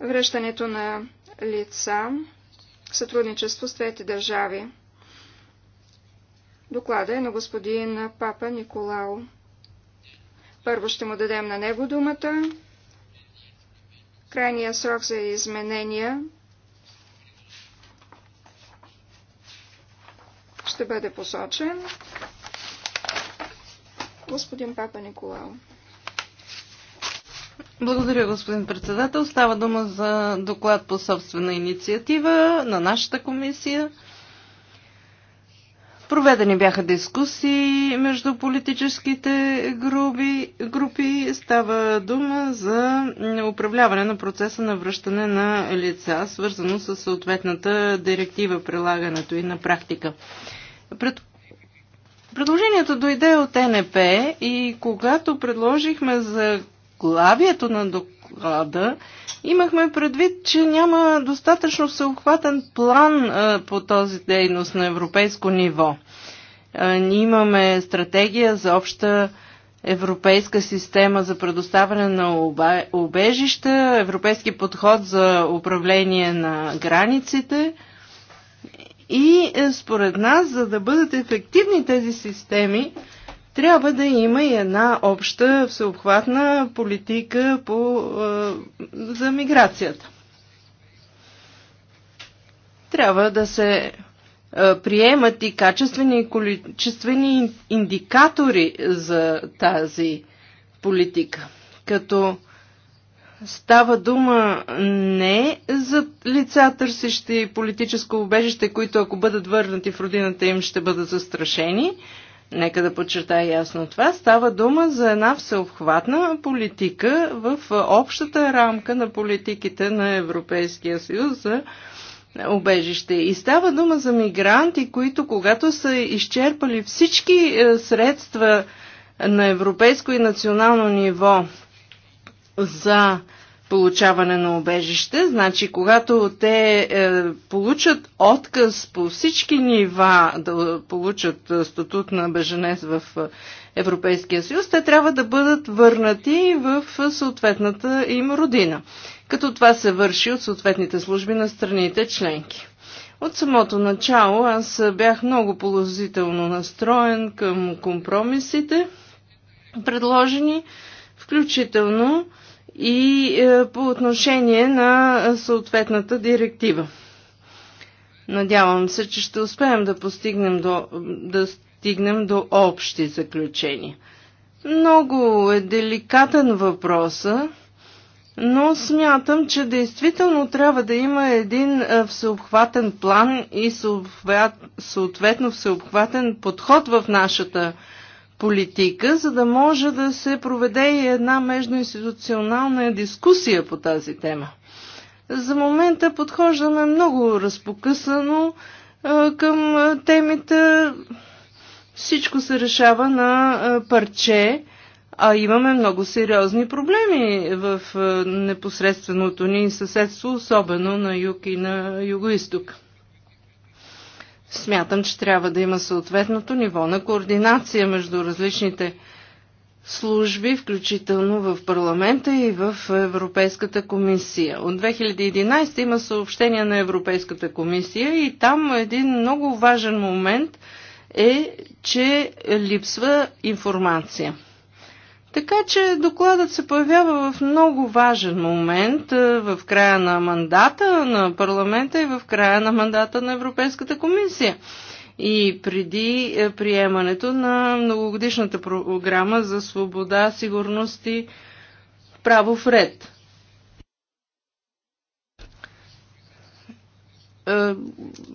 Speaker 2: връщането на лица, сътрудничество с трети държави. Доклада е на господин Папа Николао. Първо ще му дадем на него думата. крайния срок за изменения ще бъде посочен. Господин Папа Николао.
Speaker 3: Благодаря, господин председател. Става дума за доклад по собствена инициатива на нашата комисия. Проведени бяха дискусии между политическите групи. групи. Става дума за управляване на процеса на връщане на лица, свързано с съответната директива, прилагането и на практика. Пред Предложението дойде от НП и когато предложихме за главието на доклада, имахме предвид, че няма достатъчно всеобхватен план а, по този дейност на европейско ниво. А, имаме стратегия за обща европейска система за предоставяне на убежища, европейски подход за управление на границите – и е, според нас, за да бъдат ефективни тези системи, трябва да има и една обща всеобхватна политика по, е, за миграцията. Трябва да се е, приемат и качествени и количествени индикатори за тази политика. Като Става дума не за лица, търсещи политическо убежище, които ако бъдат върнати в родината им ще бъдат застрашени. Нека да подчертая ясно това. Става дума за една всеобхватна политика в общата рамка на политиките на Европейския съюз за убежище. И става дума за мигранти, които когато са изчерпали всички е, средства на европейско и национално ниво за получаване на обежище. Значи, когато те е, получат отказ по всички нива да получат е, статут на беженец в е, Европейския съюз, те трябва да бъдат върнати в е, съответната им родина. Като това се върши от съответните служби на страните членки. От самото начало аз бях много положително настроен към компромисите, предложени, включително и е, по отношение на е, съответната директива. Надявам се, че ще успеем да постигнем до, да стигнем до общи заключения. Много е деликатен въпроса, но смятам, че действително трябва да има един е, всеобхватен план и съответно всеобхватен подход в нашата политика, за да може да се проведе и една междуинституционална дискусия по тази тема. За момента подхождаме много разпокъсано към темите. Всичко се решава на парче, а имаме много сериозни проблеми в непосредственото ни съседство, особено на юг и на юго-исток. Смятам, че трябва да има съответното ниво на координация между различните служби, включително в парламента и в Европейската комисия. От 2011 има съобщение на Европейската комисия и там един много важен момент е, че липсва информация. Така че докладът се появява в много важен момент е, в края на мандата на парламента и в края на мандата на Европейската комисия. И преди е, приемането на многогодишната програма за свобода, сигурност и право в ред. Е,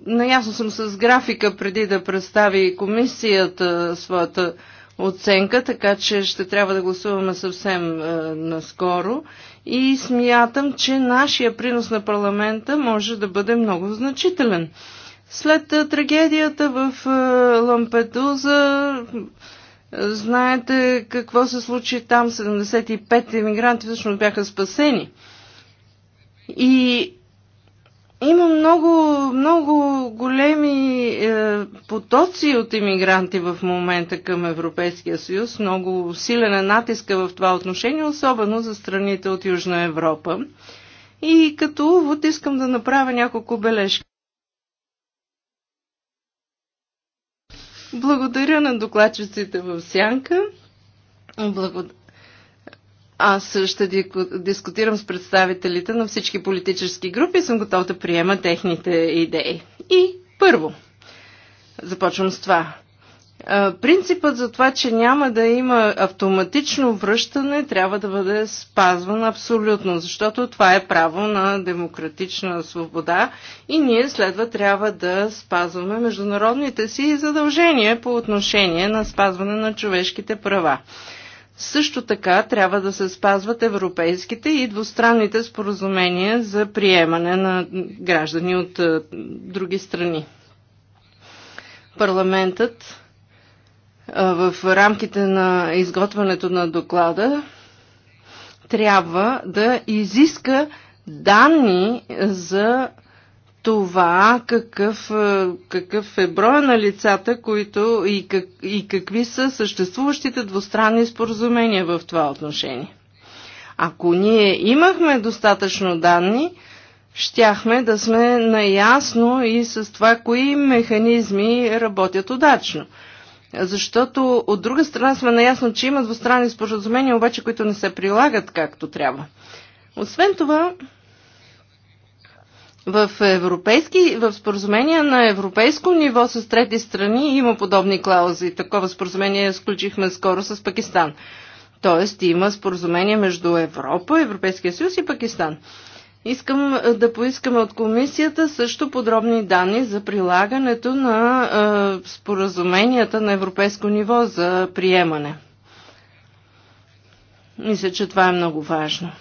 Speaker 3: наясно съм с графика преди да представи комисията своята оценка, така че ще трябва да гласуваме съвсем е, наскоро. И смятам, че нашия принос на парламента може да бъде много значителен. След е, трагедията в е, Лампедуза, е, знаете какво се случи там, 75 иммигранти всъщност бяха спасени. И има много, много големи е, потоци от иммигранти в момента към Европейския съюз. Много силен е натиска в това отношение, особено за страните от Южна Европа. И като вот искам да направя няколко бележки. Благодаря на докладчиците в Сянка. Благодаря. Аз ще дискутирам с представителите на всички политически групи и съм готов да приема техните идеи. И първо, започвам с това. Принципът за това, че няма да има автоматично връщане, трябва да бъде спазван абсолютно, защото това е право на демократична свобода и ние следва трябва да спазваме международните си задължения по отношение на спазване на човешките права. Също така трябва да се спазват европейските и двустранните споразумения за приемане на граждани от е, други страни. Парламентът е, в рамките на изготвянето на доклада трябва да изиска данни за това какъв, е, какъв е броя на лицата, които и, как, и какви са съществуващите двустранни споразумения в това отношение. Ако ние имахме достатъчно данни, щяхме да сме наясно и с това, кои механизми работят удачно. Защото от друга страна сме наясно, че има двустранни споразумения, обаче които не се прилагат както трябва. Освен това, в, европейски, в споразумения на европейско ниво с трети страни има подобни клаузи. Такова споразумение сключихме скоро с Пакистан. Тоест има споразумение между Европа, Европейския съюз и Пакистан. Искам е, да поискаме от комисията също подробни данни за прилагането на е, споразуменията на европейско ниво за приемане. Мисля, че това е много важно.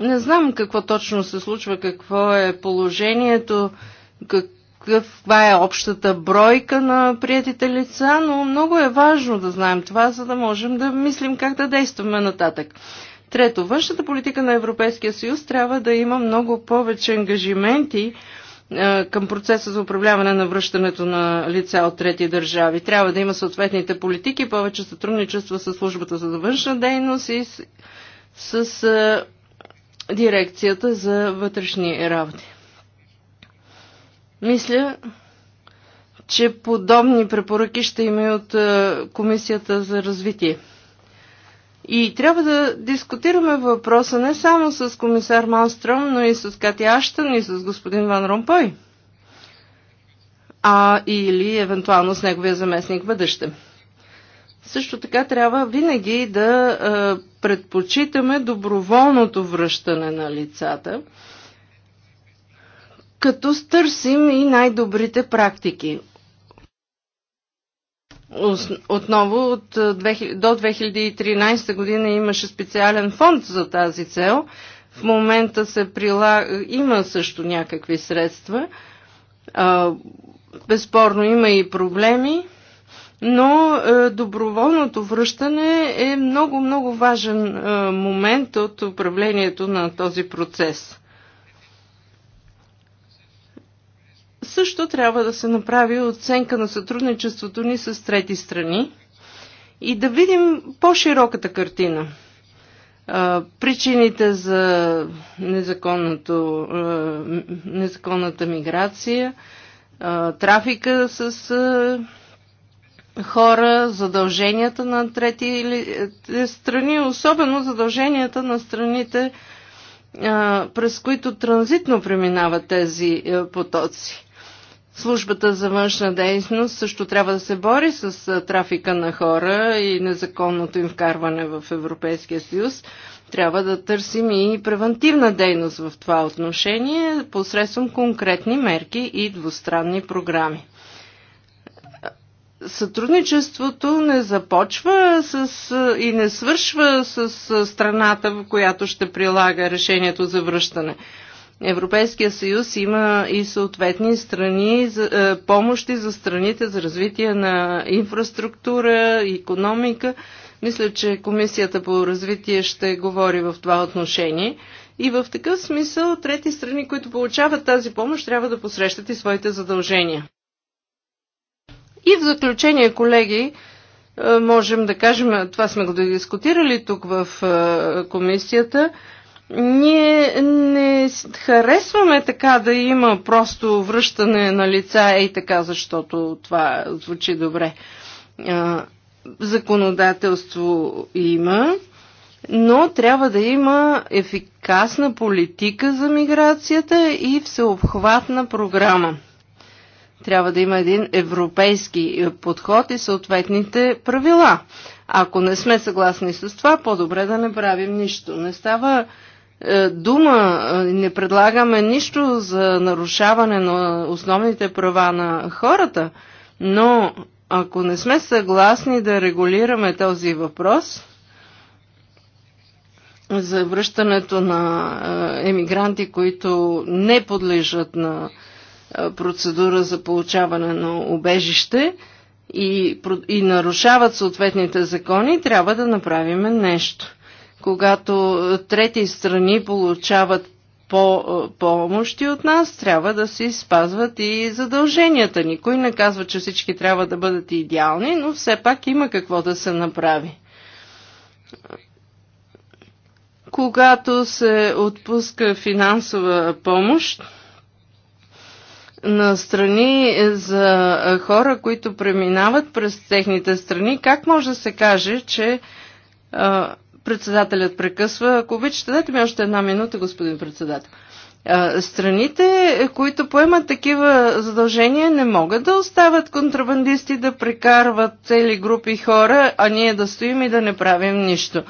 Speaker 3: Не знам какво точно се случва, какво е положението, каква е общата бройка на приятите лица, но много е важно да знаем това, за да можем да мислим как да действаме нататък. Трето, външната политика на Европейския съюз трябва да има много повече ангажименти е, към процеса за управляване на връщането на лица от трети държави. Трябва да има съответните политики, повече сътрудничество с службата за външна дейност и с, с е, дирекцията за вътрешни работи. Мисля, че подобни препоръки ще има и от е, Комисията за развитие. И трябва да дискутираме въпроса не само с комисар Малстром, но и с Кати Аштън и с господин Ван Ромпой. А или евентуално с неговия заместник бъдеще. Също така трябва винаги да предпочитаме доброволното връщане на лицата, като стърсим и най-добрите практики. Отново от, до 2013 година имаше специален фонд за тази цел. В момента се прилага, има също някакви средства. безспорно има и проблеми но е, доброволното връщане е много-много важен е, момент от управлението на този процес. Също трябва да се направи оценка на сътрудничеството ни с трети страни и да видим по-широката картина. Е, причините за незаконната миграция, трафика с хора, задълженията на трети е, страни, особено задълженията на страните, е, през които транзитно преминават тези е, потоци. Службата за външна дейност също трябва да се бори с трафика на хора и незаконното им вкарване в Европейския съюз. Трябва да търсим и превентивна дейност в това отношение посредством конкретни мерки и двустранни програми сътрудничеството не започва с, и не свършва с страната, в която ще прилага решението за връщане. Европейския съюз има и съответни страни, е, помощи за страните за развитие на инфраструктура, економика. Мисля, че Комисията по развитие ще говори в това отношение. И в такъв смисъл трети страни, които получават тази помощ, трябва да посрещат и своите задължения. И в заключение, колеги, е, можем да кажем, това сме го дискутирали тук в е, комисията, ние не харесваме така да има просто връщане на лица, ей така, защото това звучи добре. Е, законодателство има, но трябва да има ефикасна политика за миграцията и всеобхватна програма. Трябва да има един европейски е, подход и съответните правила. Ако не сме съгласни с това, по-добре да не правим нищо. Не става е, дума, е, не предлагаме нищо за нарушаване на основните права на хората, но ако не сме съгласни да регулираме този въпрос за връщането на емигранти, които не подлежат на процедура за получаване на убежище и, и нарушават съответните закони, трябва да направим нещо. Когато трети страни получават по, помощи от нас, трябва да си спазват и задълженията. Никой не казва, че всички трябва да бъдат идеални, но все пак има какво да се направи. Когато се отпуска финансова помощ, на страни е, за е, хора, които преминават през техните страни, как може да се каже, че а, е, председателят прекъсва? Ако обичате, дайте ми още една минута, господин председател. А, страните, които поемат такива задължения, не могат да остават контрабандисти да прекарват цели групи хора, а ние да стоим и да не правим нищо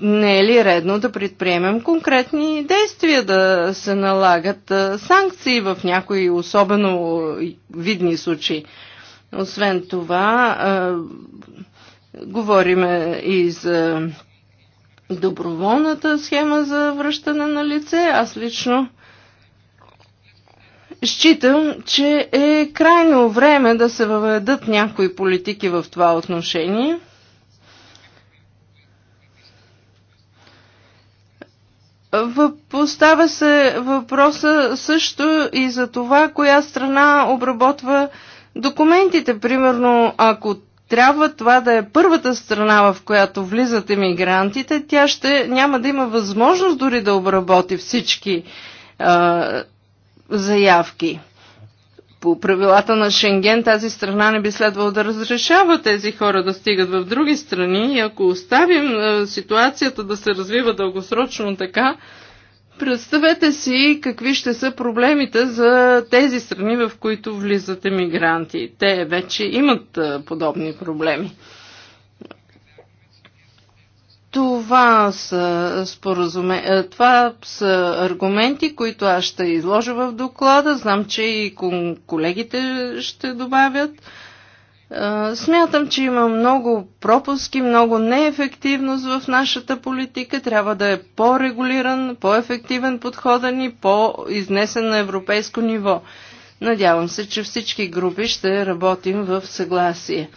Speaker 3: не е ли редно да предприемем конкретни действия, да се налагат санкции в някои особено видни случаи? Освен това, говориме и за доброволната схема за връщане на лице. Аз лично считам, че е крайно време да се въведат някои политики в това отношение – Поставя се въпроса също и за това, коя страна обработва документите. Примерно, ако трябва това да е първата страна, в която влизат емигрантите, тя ще няма да има възможност дори да обработи всички а, заявки по правилата на Шенген тази страна не би следвало да разрешава тези хора да стигат в други страни и ако оставим е, ситуацията да се развива дългосрочно така, представете си какви ще са проблемите за тези страни, в които влизат емигранти. Те вече имат е, подобни проблеми. Това са, споразуме... Е, това са аргументи, които аз ще изложа в доклада. Знам, че и колегите ще добавят. Е, смятам, че има много пропуски, много неефективност в нашата политика. Трябва да е по-регулиран, по-ефективен подхода ни, по-изнесен на европейско ниво. Надявам се, че всички групи ще работим в съгласие.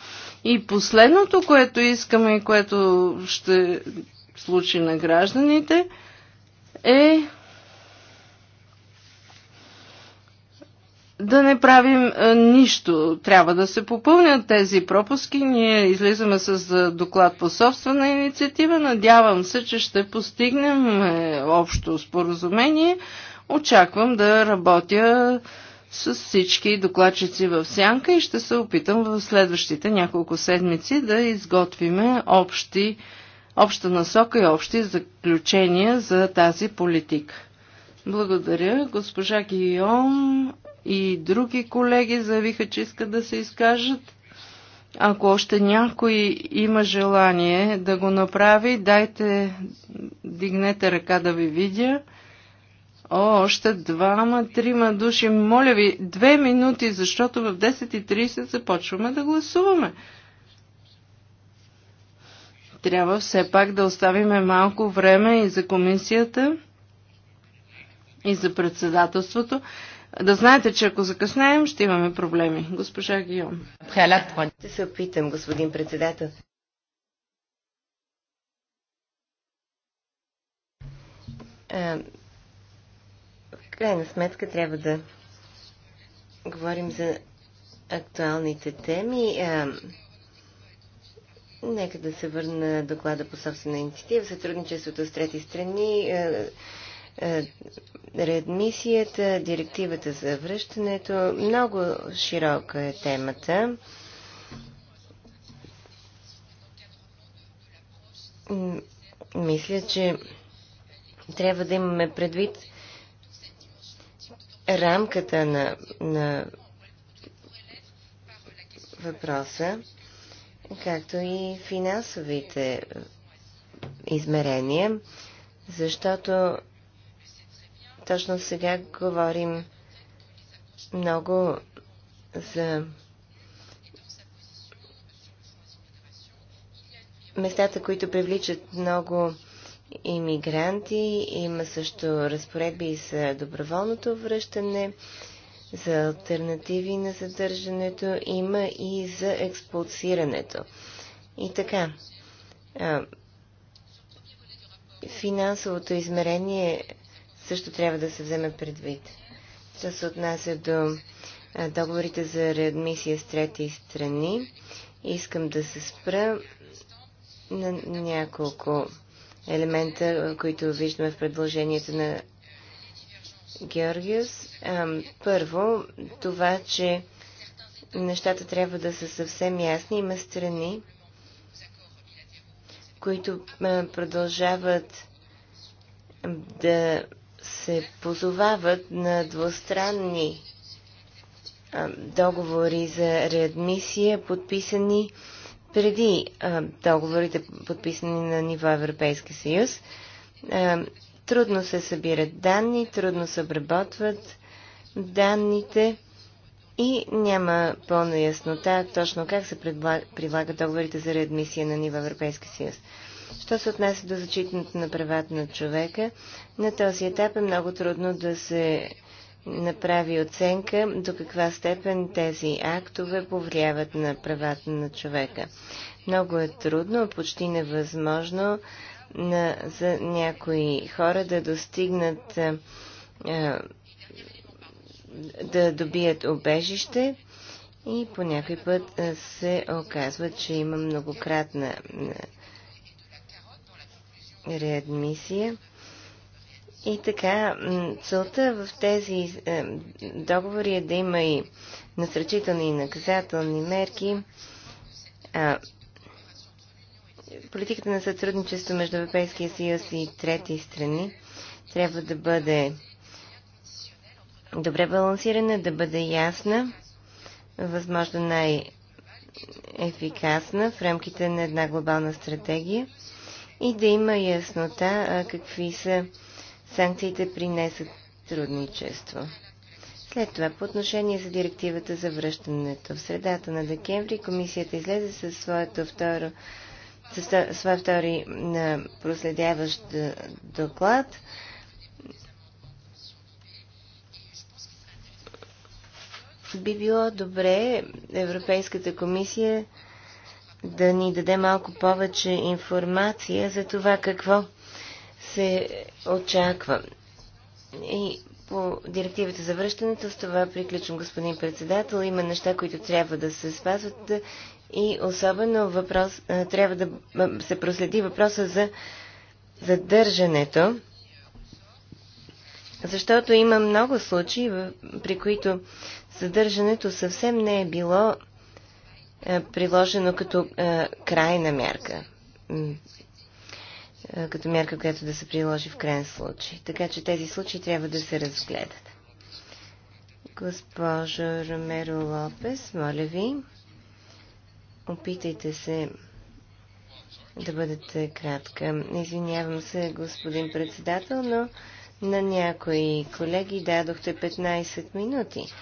Speaker 3: И последното, което искаме и което ще случи на гражданите, е да не правим е, нищо. Трябва да се попълнят тези пропуски. Ние излизаме с е, доклад по собствена инициатива. Надявам се, че ще постигнем е, общо споразумение. Очаквам да работя с всички докладчици в сянка и ще се опитам в следващите няколко седмици да изготвиме общи, обща насока и общи заключения за тази политика. Благодаря. Госпожа Гийом и други колеги заявиха, че искат да се изкажат. Ако още някой има желание да го направи, дайте, дигнете ръка да ви видя. О, още двама, трима души. Моля ви, две минути, защото в 10.30 започваме да гласуваме. Трябва все пак да оставиме малко време и за комисията, и за председателството. Да знаете, че ако закъснеем, ще имаме проблеми. Госпожа Гион. Ще се опитам, господин председател.
Speaker 1: Е, крайна сметка трябва да говорим за актуалните теми. А, нека да се върна доклада по собствена инициатива, сътрудничеството с трети страни, реадмисията, директивата за връщането. Много широка е темата. Мисля, че трябва да имаме предвид рамката на, на въпроса, както и финансовите измерения, защото точно сега говорим много за местата, които привличат много иммигранти. Има също разпоредби за доброволното връщане, за альтернативи на задържането, има и за експулсирането. И така, финансовото измерение също трябва да се вземе предвид. Това се отнася до договорите за реадмисия с трети страни, искам да се спра на няколко елемента, които виждаме в предложението на Георгиус. Първо, това, че нещата трябва да са съвсем ясни. Има страни, които продължават да се позовават на двустранни договори за реадмисия, подписани преди а, договорите подписани на ниво Европейски съюз. А, трудно се събират данни, трудно се обработват данните и няма пълна яснота точно как се прилагат договорите за реадмисия на ниво Европейски съюз. Що се отнася до зачитането на правата на човека, на този етап е много трудно да се направи оценка до каква степен тези актове повлияват на правата на човека. Много е трудно, почти невъзможно на, за някои хора да достигнат да добият обежище и по някой път се оказва, че има многократна реадмисия. И така, целта в тези е, договори е да има и насръчителни и наказателни мерки. политиката на сътрудничество между Европейския съюз и трети страни трябва да бъде добре балансирана, да бъде ясна, възможно най-ефикасна в рамките на една глобална стратегия и да има яснота какви са Санкциите принесат трудничество. След това, по отношение за директивата за връщането. В средата на декември комисията излезе със своето второ със своя втори проследяващ доклад. Би било добре Европейската комисия да ни даде малко повече информация за това какво се очаква. И по директивата за връщането, с това приключвам, господин председател. Има неща, които трябва да се спазват и особено въпрос, трябва да се проследи въпроса за задържането, защото има много случаи, при които задържането съвсем не е било приложено като крайна мярка. Е, като мярка, която да се приложи в крайен случай. Така че тези случаи трябва да се разгледат. Госпожо Ромеро Лопес, моля ви, опитайте се да бъдете кратка. Извинявам се, господин председател, но на някои колеги дадохте 15 минути.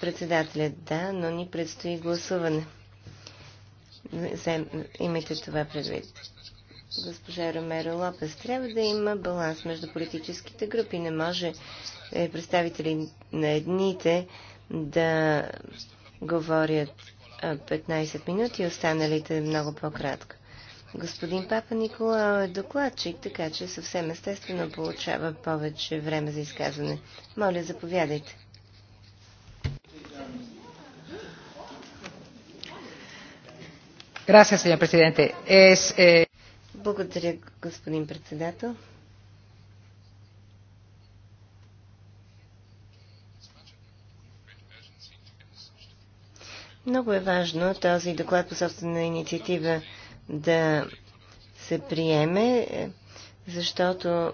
Speaker 1: Председателят да, но ни предстои гласуване. Имайте това предвид госпожа Ромеро Лопес. Трябва да има баланс между политическите групи. Не може е, представители на едните да говорят 15 минути, останалите много по-кратко. Господин Папа Николао е докладчик, така че съвсем естествено получава повече време за изказване. Моля, заповядайте. Gracias, señor presidente. Es, eh... Благодаря, господин председател. Много е важно този доклад по собствена инициатива да се приеме, защото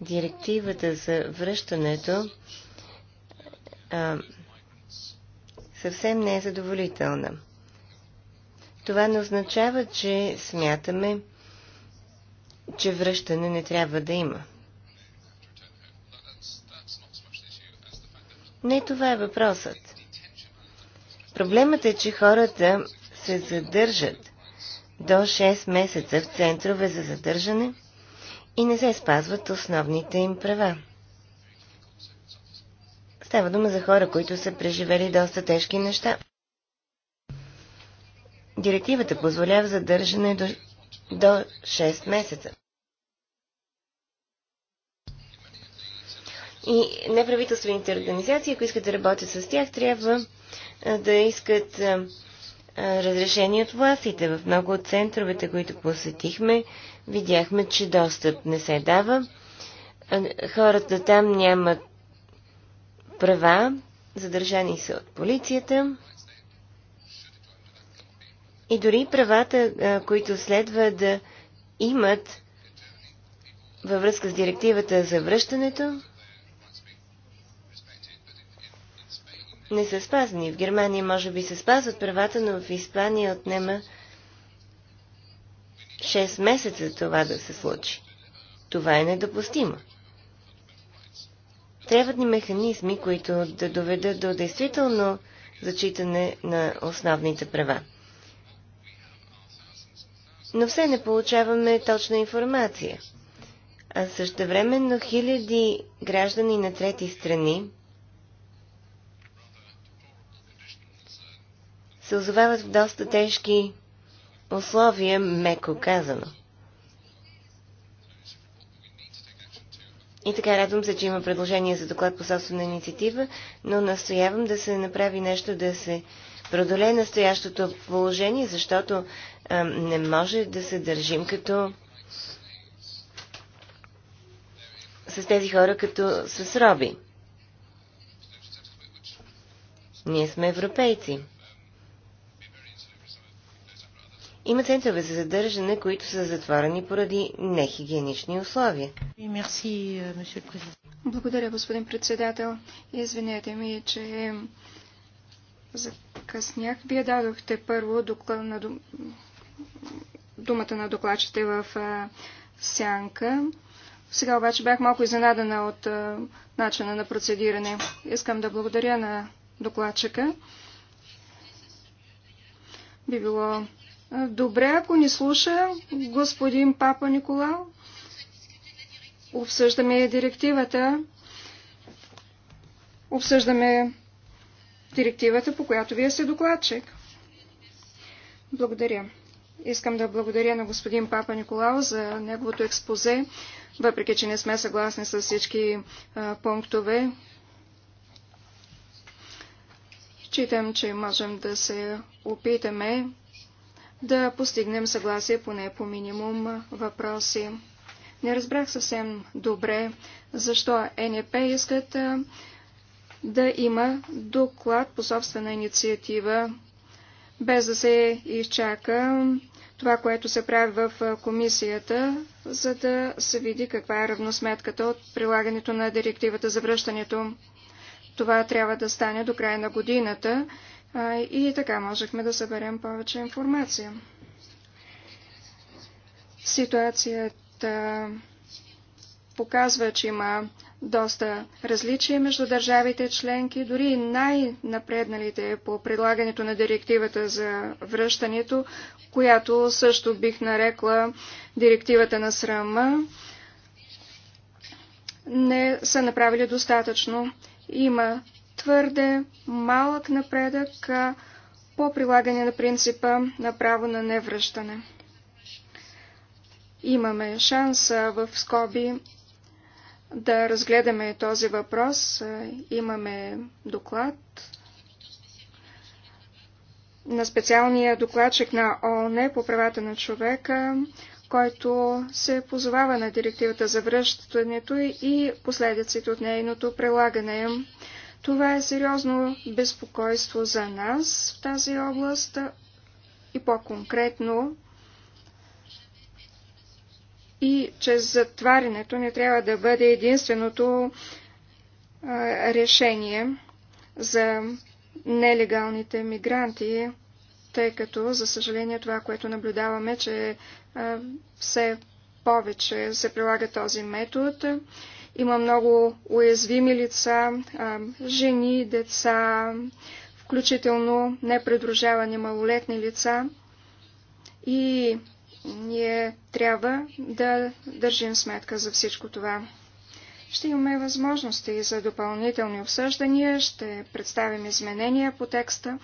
Speaker 1: директивата за връщането а, съвсем не е задоволителна. Това не означава, че смятаме, че връщане не трябва да има. Не това е въпросът. Проблемът е, че хората се задържат до 6 месеца в центрове за задържане и не се спазват основните им права. Става дума за хора, които са преживели доста тежки неща. Директивата позволява задържане до до 6 месеца. И неправителствените организации, ако искат да работят с тях, трябва да искат разрешение от властите. В много от центровете, които посетихме, видяхме, че достъп не се дава. Хората там нямат права, задържани са от полицията и дори правата, които следва да имат във връзка с директивата за връщането, не са спазни. В Германия може би се спазват правата, но в Испания отнема 6 месеца това да се случи. Това е недопустимо. Трябват ни механизми, които да доведат до действително зачитане на основните права но все не получаваме точна информация. А същевременно хиляди граждани на трети страни се озовават в доста тежки условия, меко казано. И така, радвам се, че има предложение за доклад по собствена инициатива, но настоявам да се направи нещо да се продолее настоящото положение, защото не може да се държим като с тези хора като с роби. Ние сме европейци. Има центрове за задържане, които са затворени поради нехигиенични условия. Е,
Speaker 2: Благодаря, господин председател. Извинете ми, че закъснях. Вие дадохте първо доклад на думата на докладчите в сянка. Сега обаче бях малко изненадана от начина на процедиране. Искам да благодаря на докладчика. Би било добре, ако ни слуша господин Папа Николао. Обсъждаме директивата. Обсъждаме директивата, по която вие сте докладчик. Благодаря. Искам да благодаря на господин Папа Николао за неговото експозе, въпреки че не сме съгласни с всички а, пунктове. Читам, че можем да се опитаме да постигнем съгласие поне по минимум въпроси. Не разбрах съвсем добре защо НЕП искат а, да има доклад по собствена инициатива, без да се изчака това, което се прави в комисията, за да се види каква е равносметката от прилагането на директивата за връщането. Това трябва да стане до края на годината и така можехме да съберем повече информация. Ситуацията показва, че има доста различия между държавите членки, дори най-напредналите по предлагането на директивата за връщането, която също бих нарекла директивата на срама, не са направили достатъчно. Има твърде малък напредък по прилагане на принципа на право на невръщане. Имаме шанса в скоби да разгледаме този въпрос. Е, имаме доклад на специалния докладчик на ООН по правата на човека, който се позовава на директивата за връщането и последиците от нейното прилагане. Това е сериозно безпокойство за нас в тази област и по-конкретно и че затварянето не трябва да бъде единственото решение за нелегалните мигранти, тъй като, за съжаление, това, което наблюдаваме, че все повече се прилага този метод. Има много уязвими лица, жени, деца, включително непредружавани малолетни лица. И ние трябва да държим сметка за всичко това. Ще имаме възможности за допълнителни обсъждания, ще представим изменения по текста.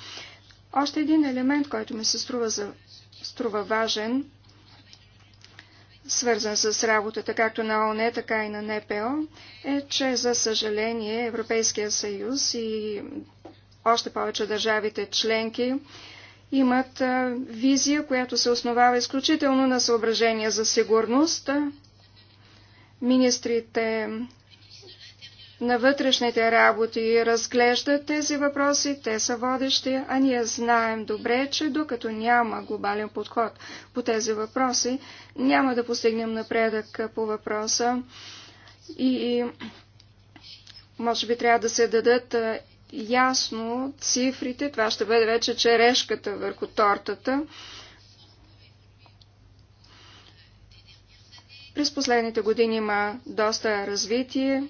Speaker 2: Още един елемент, който ми се струва, за, струва важен, свързан с работата както на ОНЕ, така и на НПО, е, че за съжаление Европейския съюз и още повече държавите членки имат визия, която се основава изключително на съображения за сигурност. Министрите на вътрешните работи разглеждат тези въпроси, те са водещи, а ние знаем добре, че докато няма глобален подход по тези въпроси, няма да постигнем напредък по въпроса и може би трябва да се дадат ясно цифрите. Това ще бъде вече черешката върху тортата. През последните години има доста развитие.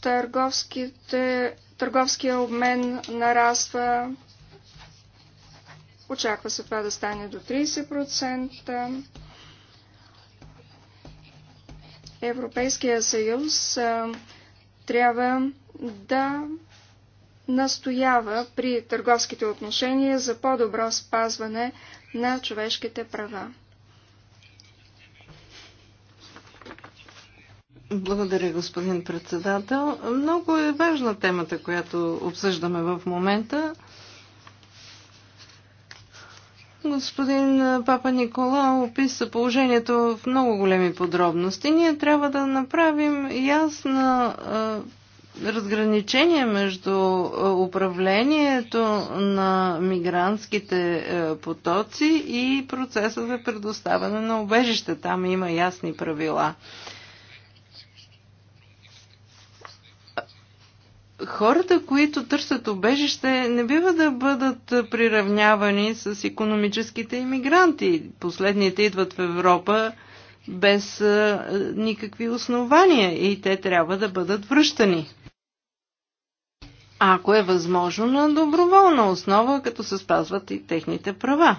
Speaker 2: Търговските, търговския обмен нараства. Очаква се това да стане до 30%. Европейския съюз трябва да настоява при търговските отношения за по-добро спазване на човешките права.
Speaker 3: Благодаря, господин председател. Много е важна темата, която обсъждаме в момента. Господин Папа Никола описа положението в много големи подробности. Ние трябва да направим ясна разграничение между управлението на мигрантските потоци и процеса за предоставяне на обежище. Там има ясни правила. хората, които търсят обежище, не бива да бъдат приравнявани с економическите иммигранти. Последните идват в Европа без никакви основания и те трябва да бъдат връщани. Ако е възможно на доброволна основа, като се спазват и техните права.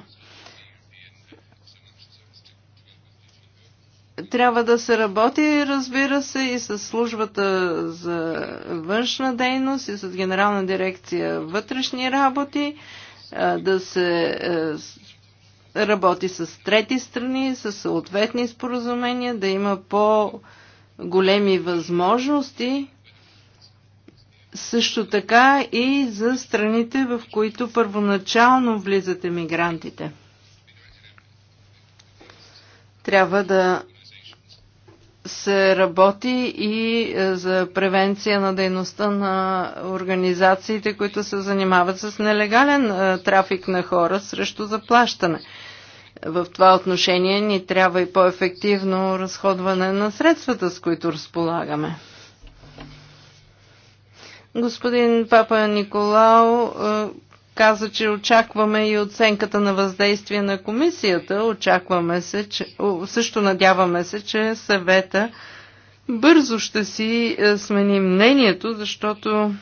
Speaker 3: Трябва да се работи, разбира се, и с службата за външна дейност, и с Генерална дирекция вътрешни работи, да се работи с трети страни, с съответни споразумения, да има по-големи възможности, също така и за страните, в които първоначално влизат емигрантите. Трябва да се работи и е, за превенция на дейността на организациите, които се занимават с нелегален е, трафик на хора срещу заплащане. В това отношение ни трябва и по-ефективно разходване на средствата, с които разполагаме. Господин Папа Николао е, каза, че очакваме и оценката на въздействие на комисията. Очакваме се, че, също надяваме се, че съвета бързо ще си е, смени мнението, защото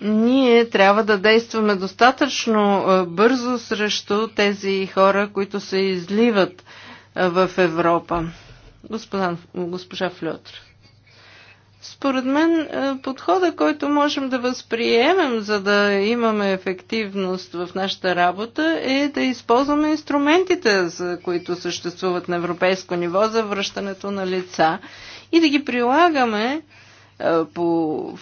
Speaker 3: ние трябва да действаме достатъчно е, бързо срещу тези хора, които се изливат е, в Европа. Господан, госпожа Флютр. Според мен е, подхода, който можем да възприемем, за да имаме ефективност в нашата работа, е да използваме инструментите, за които съществуват на европейско ниво за връщането на лица и да ги прилагаме е, по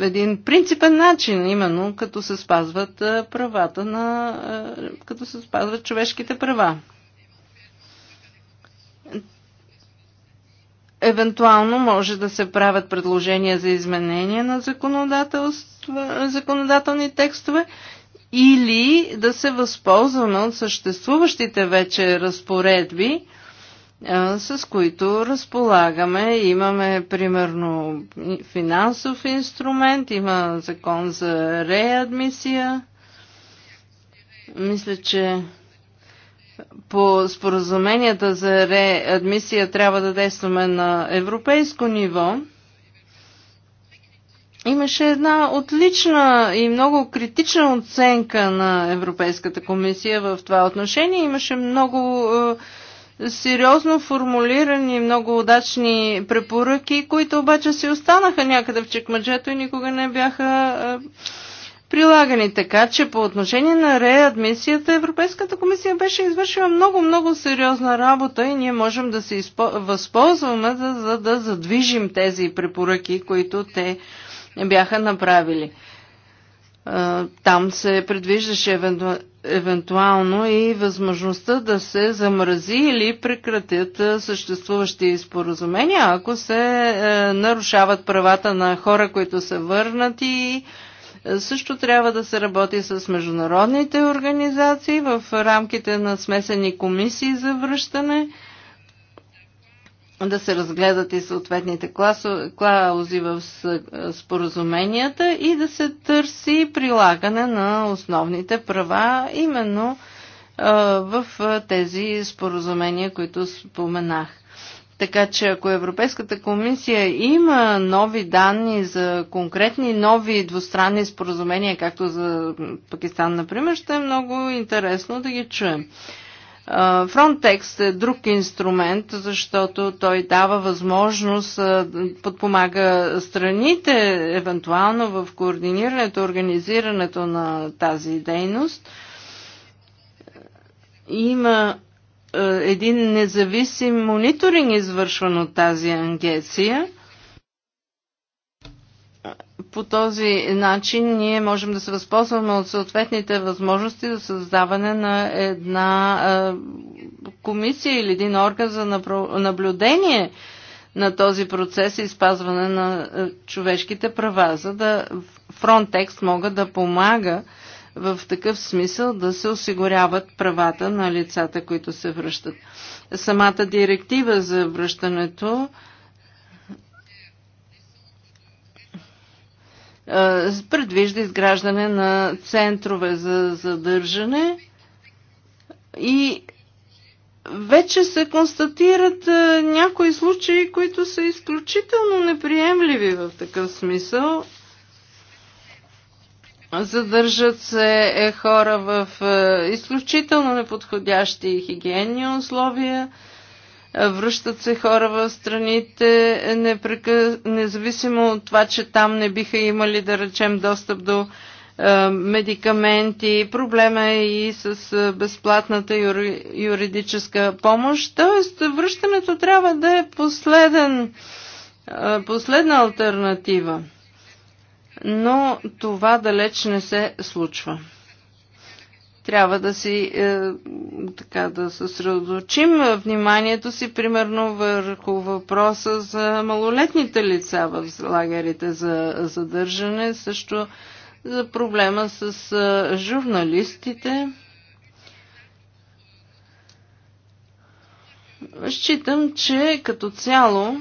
Speaker 3: един принципен начин, именно като се спазват е, правата на, като се спазват човешките права. Евентуално може да се правят предложения за изменения на законодателни текстове или да се възползваме от съществуващите вече разпоредби, с които разполагаме. Имаме, примерно, финансов инструмент, има закон за реадмисия. Мисля, че по споразуменията за реадмисия трябва да действаме на европейско ниво, имаше една отлична и много критична оценка на Европейската комисия в това отношение. Имаше много е, сериозно формулирани, много удачни препоръки, които обаче си останаха някъде в чекмаджето и никога не бяха е, прилагани. Така че по отношение на реадмисията Европейската комисия беше извършила много-много сериозна работа и ние можем да се изпо... възползваме за, за да задвижим тези препоръки, които те бяха направили. Там се предвиждаше евенту... евентуално и възможността да се замрази или прекратят съществуващи споразумения, ако се е, нарушават правата на хора, които са върнати също трябва да се работи с международните организации в рамките на смесени комисии за връщане, да се разгледат и съответните клаузи в споразуменията и да се търси прилагане на основните права именно в тези споразумения, които споменах. Така че ако Европейската комисия има нови данни за конкретни нови двустранни споразумения, както за Пакистан, например, ще е много интересно да ги чуем. Frontex е друг инструмент, защото той дава възможност, подпомага страните, евентуално в координирането, организирането на тази дейност. Има е, един независим мониторинг извършван от тази агенция. По този начин ние можем да се възползваме от съответните възможности за създаване на една е, комисия или един орган за наблюдение на този процес и спазване на е, човешките права, за да фронтекст мога да помага в такъв смисъл да се осигуряват правата на лицата, които се връщат. Самата директива за връщането предвижда изграждане на центрове за задържане и вече се констатират някои случаи, които са изключително неприемливи в такъв смисъл Задържат се е хора в е, изключително неподходящи хигиенни условия. Е, връщат се хора в страните, е, непрекъ... независимо от това, че там не биха имали, да речем, достъп до медикаменти, проблема е и с безплатната юридическа помощ. Тоест, връщането трябва да е последен, последна альтернатива но това далеч не се случва. Трябва да си е, така да съсредоточим вниманието си, примерно върху въпроса за малолетните лица в лагерите за задържане, също за проблема с е, журналистите. Считам, че като цяло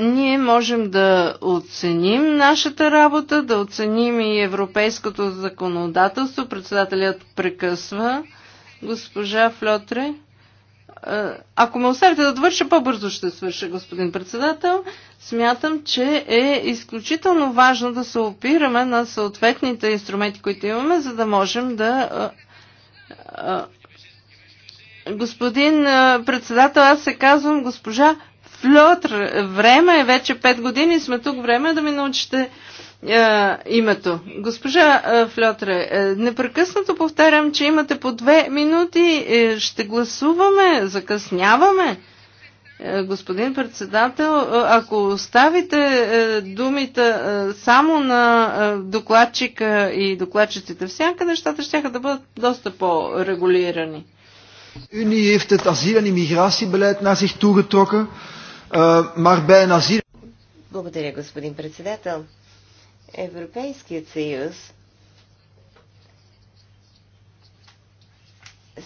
Speaker 3: ние можем да оценим нашата работа, да оценим и европейското законодателство. Председателят прекъсва госпожа Флотре. Ако ме оставите да довърша, по-бързо ще свърша, господин председател. Смятам, че е изключително важно да се опираме на съответните инструменти, които имаме, за да можем да Господин председател, аз се казвам госпожа Флотр, време е, вече 5 години сме тук, време е да ми научите е, името. Госпожа е, Флотре, е, непрекъснато повтарям, че имате по две минути. Е, ще гласуваме, закъсняваме. Е, господин председател, е, ако оставите е, думите е, само на е, докладчика и докладчиците всяка, нещата ще да бъдат доста по-регулирани.
Speaker 2: Unie heeft het asiel- en immigratiebeleid naar zich toegetrokken.
Speaker 3: Благодаря,
Speaker 1: господин председател. Европейският съюз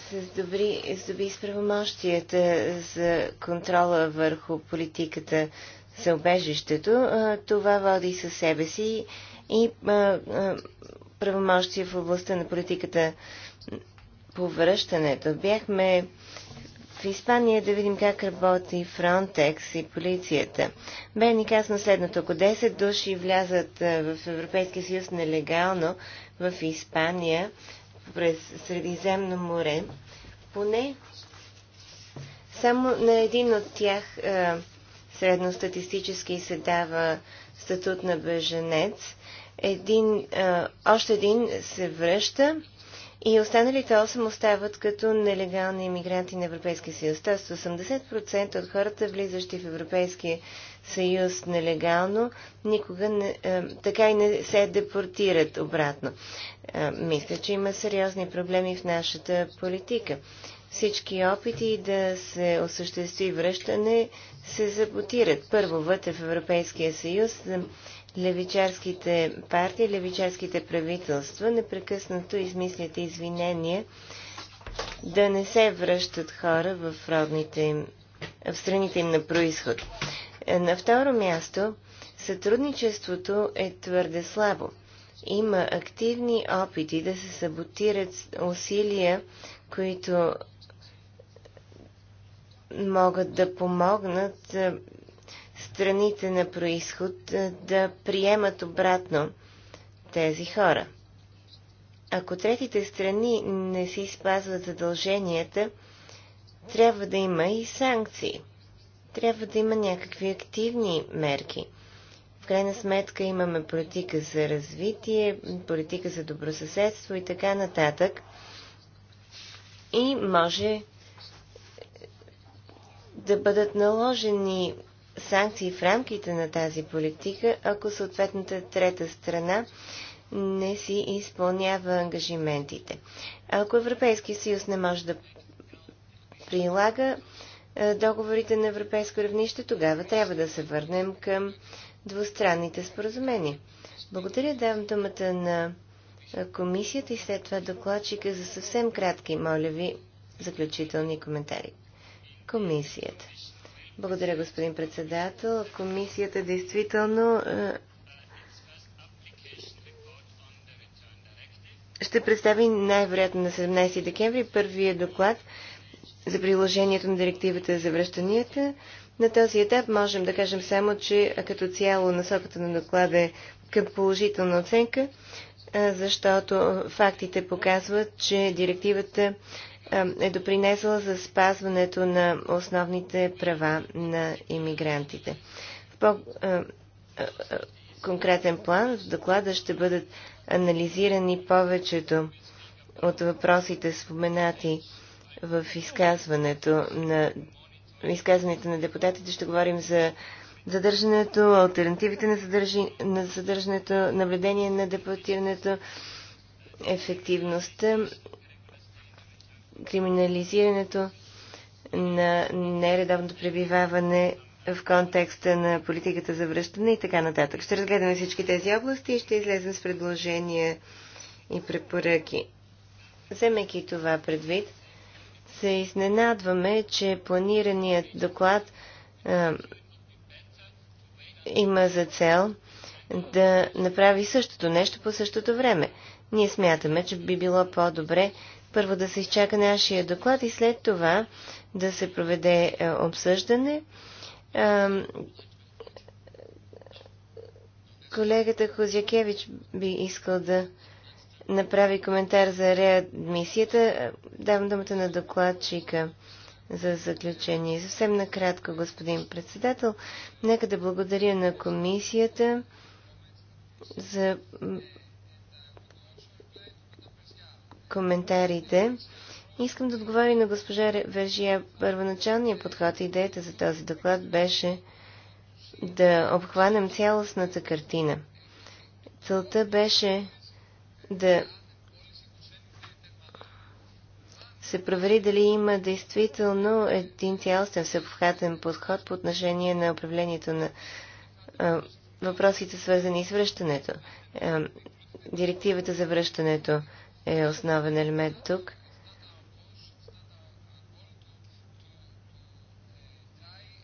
Speaker 1: с добри, с добри правомощията за контрола върху политиката за обежището, това води със себе си и правомощия в областта на политиката по връщането. Бяхме Испания е да видим как работи Frontex и полицията. Бе ни казано следното. Ако 10 души влязат в Европейския съюз нелегално в Испания през Средиземно море, поне само на един от тях средностатистически се дава статут на беженец. Един, още един се връща и останалите 8 остават като нелегални иммигранти на Европейския съюз. Тоест 80% от хората, влизащи в Европейския съюз нелегално, никога не, е, така и не се депортират обратно. Е, мисля, че има сериозни проблеми в нашата политика. Всички опити да се осъществи връщане се заботират. Първо вътре в Европейския съюз левичарските партии, левичарските правителства непрекъснато измислят извинения да не се връщат хора в родните им, в страните им на происход. Е, на второ място, сътрудничеството е твърде слабо. Има активни опити да се саботират усилия, които могат да помогнат е, страните на происход да приемат обратно тези хора. Ако третите страни не си спазват задълженията, трябва да има и санкции. Трябва да има някакви активни мерки. В крайна сметка имаме политика за развитие, политика за добросъседство и така нататък. И може да бъдат наложени санкции в рамките на тази политика, ако съответната трета страна не си изпълнява ангажиментите. Ако Европейския съюз не може да прилага е, договорите на европейско равнище, тогава трябва да се върнем към двустранните споразумения. Благодаря, давам думата на е, комисията и след това докладчика за съвсем кратки, моля ви, заключителни коментари. Комисията. Благодаря, господин председател. Комисията действително е, ще представи най-вероятно на 17 декември първия доклад за приложението на директивата за връщанията. На този етап можем да кажем само, че като цяло насоката на доклада е към положителна оценка, е, защото фактите показват, че директивата е допринесла за спазването на основните права на иммигрантите. В по-конкретен план в доклада ще бъдат анализирани повечето от въпросите споменати в изказването на изказването на депутатите. Ще говорим за задържането, альтернативите на, задържи, на задържането, наблюдение на депутирането, ефективността криминализирането на нередовното пребиваване в контекста на политиката за връщане и така нататък. Ще разгледаме всички тези области и ще излезем с предложения и препоръки. Вземайки това предвид, се изненадваме, че планираният доклад а, има за цел да направи същото нещо по същото време. Ние смятаме, че би било по-добре първо да се изчака нашия доклад и след това да се проведе е, обсъждане. Колегата Хозякевич би искал да направи коментар за реадмисията. Давам думата на докладчика за заключение. Съвсем накратко, господин председател, нека да благодаря на комисията за коментарите. Искам да отговоря на госпожа Вежия Първоначалният подход и идеята за този доклад беше да обхванем цялостната картина. Целта беше да се провери дали има действително един цялостен всеобхватен подход по отношение на управлението на въпросите, свързани с връщането. директивата за връщането, е основен елемент тук.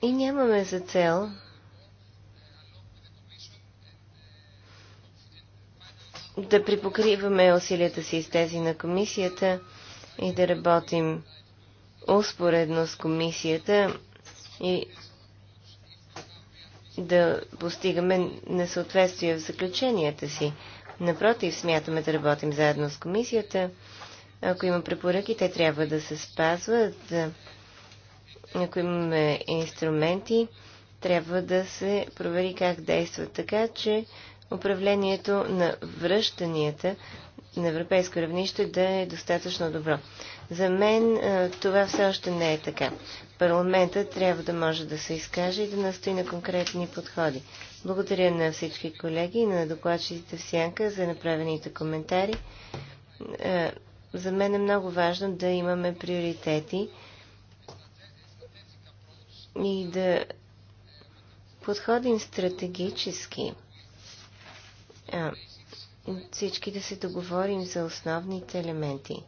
Speaker 1: И нямаме за цел да припокриваме усилията си с тези на комисията и да работим успоредно с комисията и да постигаме несъответствие в заключенията си. Напротив, смятаме да работим заедно с комисията. Ако има препоръки, те трябва да се спазват. Ако имаме инструменти, трябва да се провери как действат така, че управлението на връщанията на европейско равнище да е достатъчно добро. За мен е, това все още не е така. Парламентът трябва да може да се изкаже и да настои на конкретни подходи. Благодаря на всички колеги и на докладчиците в Сянка за направените коментари. Е, за мен е много важно да имаме приоритети и да подходим стратегически е, всички да се договорим за основните елементи.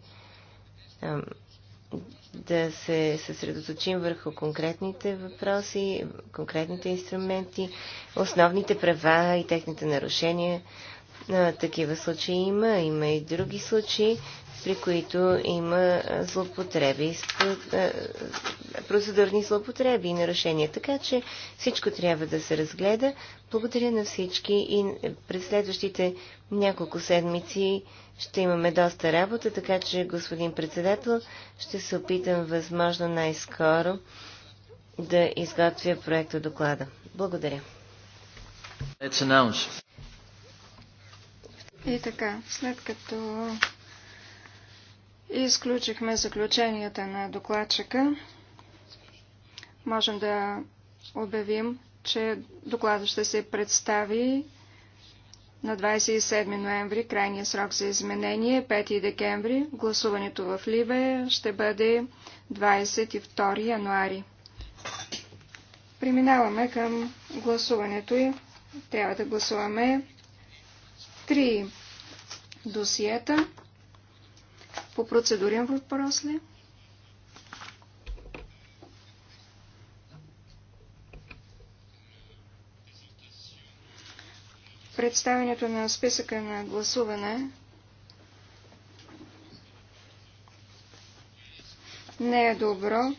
Speaker 1: Да се съсредоточим върху конкретните въпроси, конкретните инструменти, основните права и техните нарушения. Такива случаи има, има и други случаи, при които има злоупотреби, процедурни злоупотреби и нарушения. Така че всичко трябва да се разгледа. Благодаря на всички и през следващите няколко седмици ще имаме доста работа, така че, господин председател, ще се опитам възможно най-скоро да изготвя проекта доклада. Благодаря.
Speaker 2: И така, след като Изключихме заключенията на докладчика. Можем да обявим, че докладът ще се представи на 27 ноември, крайния срок за изменение, 5 декември. Гласуването в Ливе ще бъде 22 януари. Преминаваме към гласуването и трябва да гласуваме три досиета. По процедурен въпрос ли? Представянето на списъка на гласуване не е добро.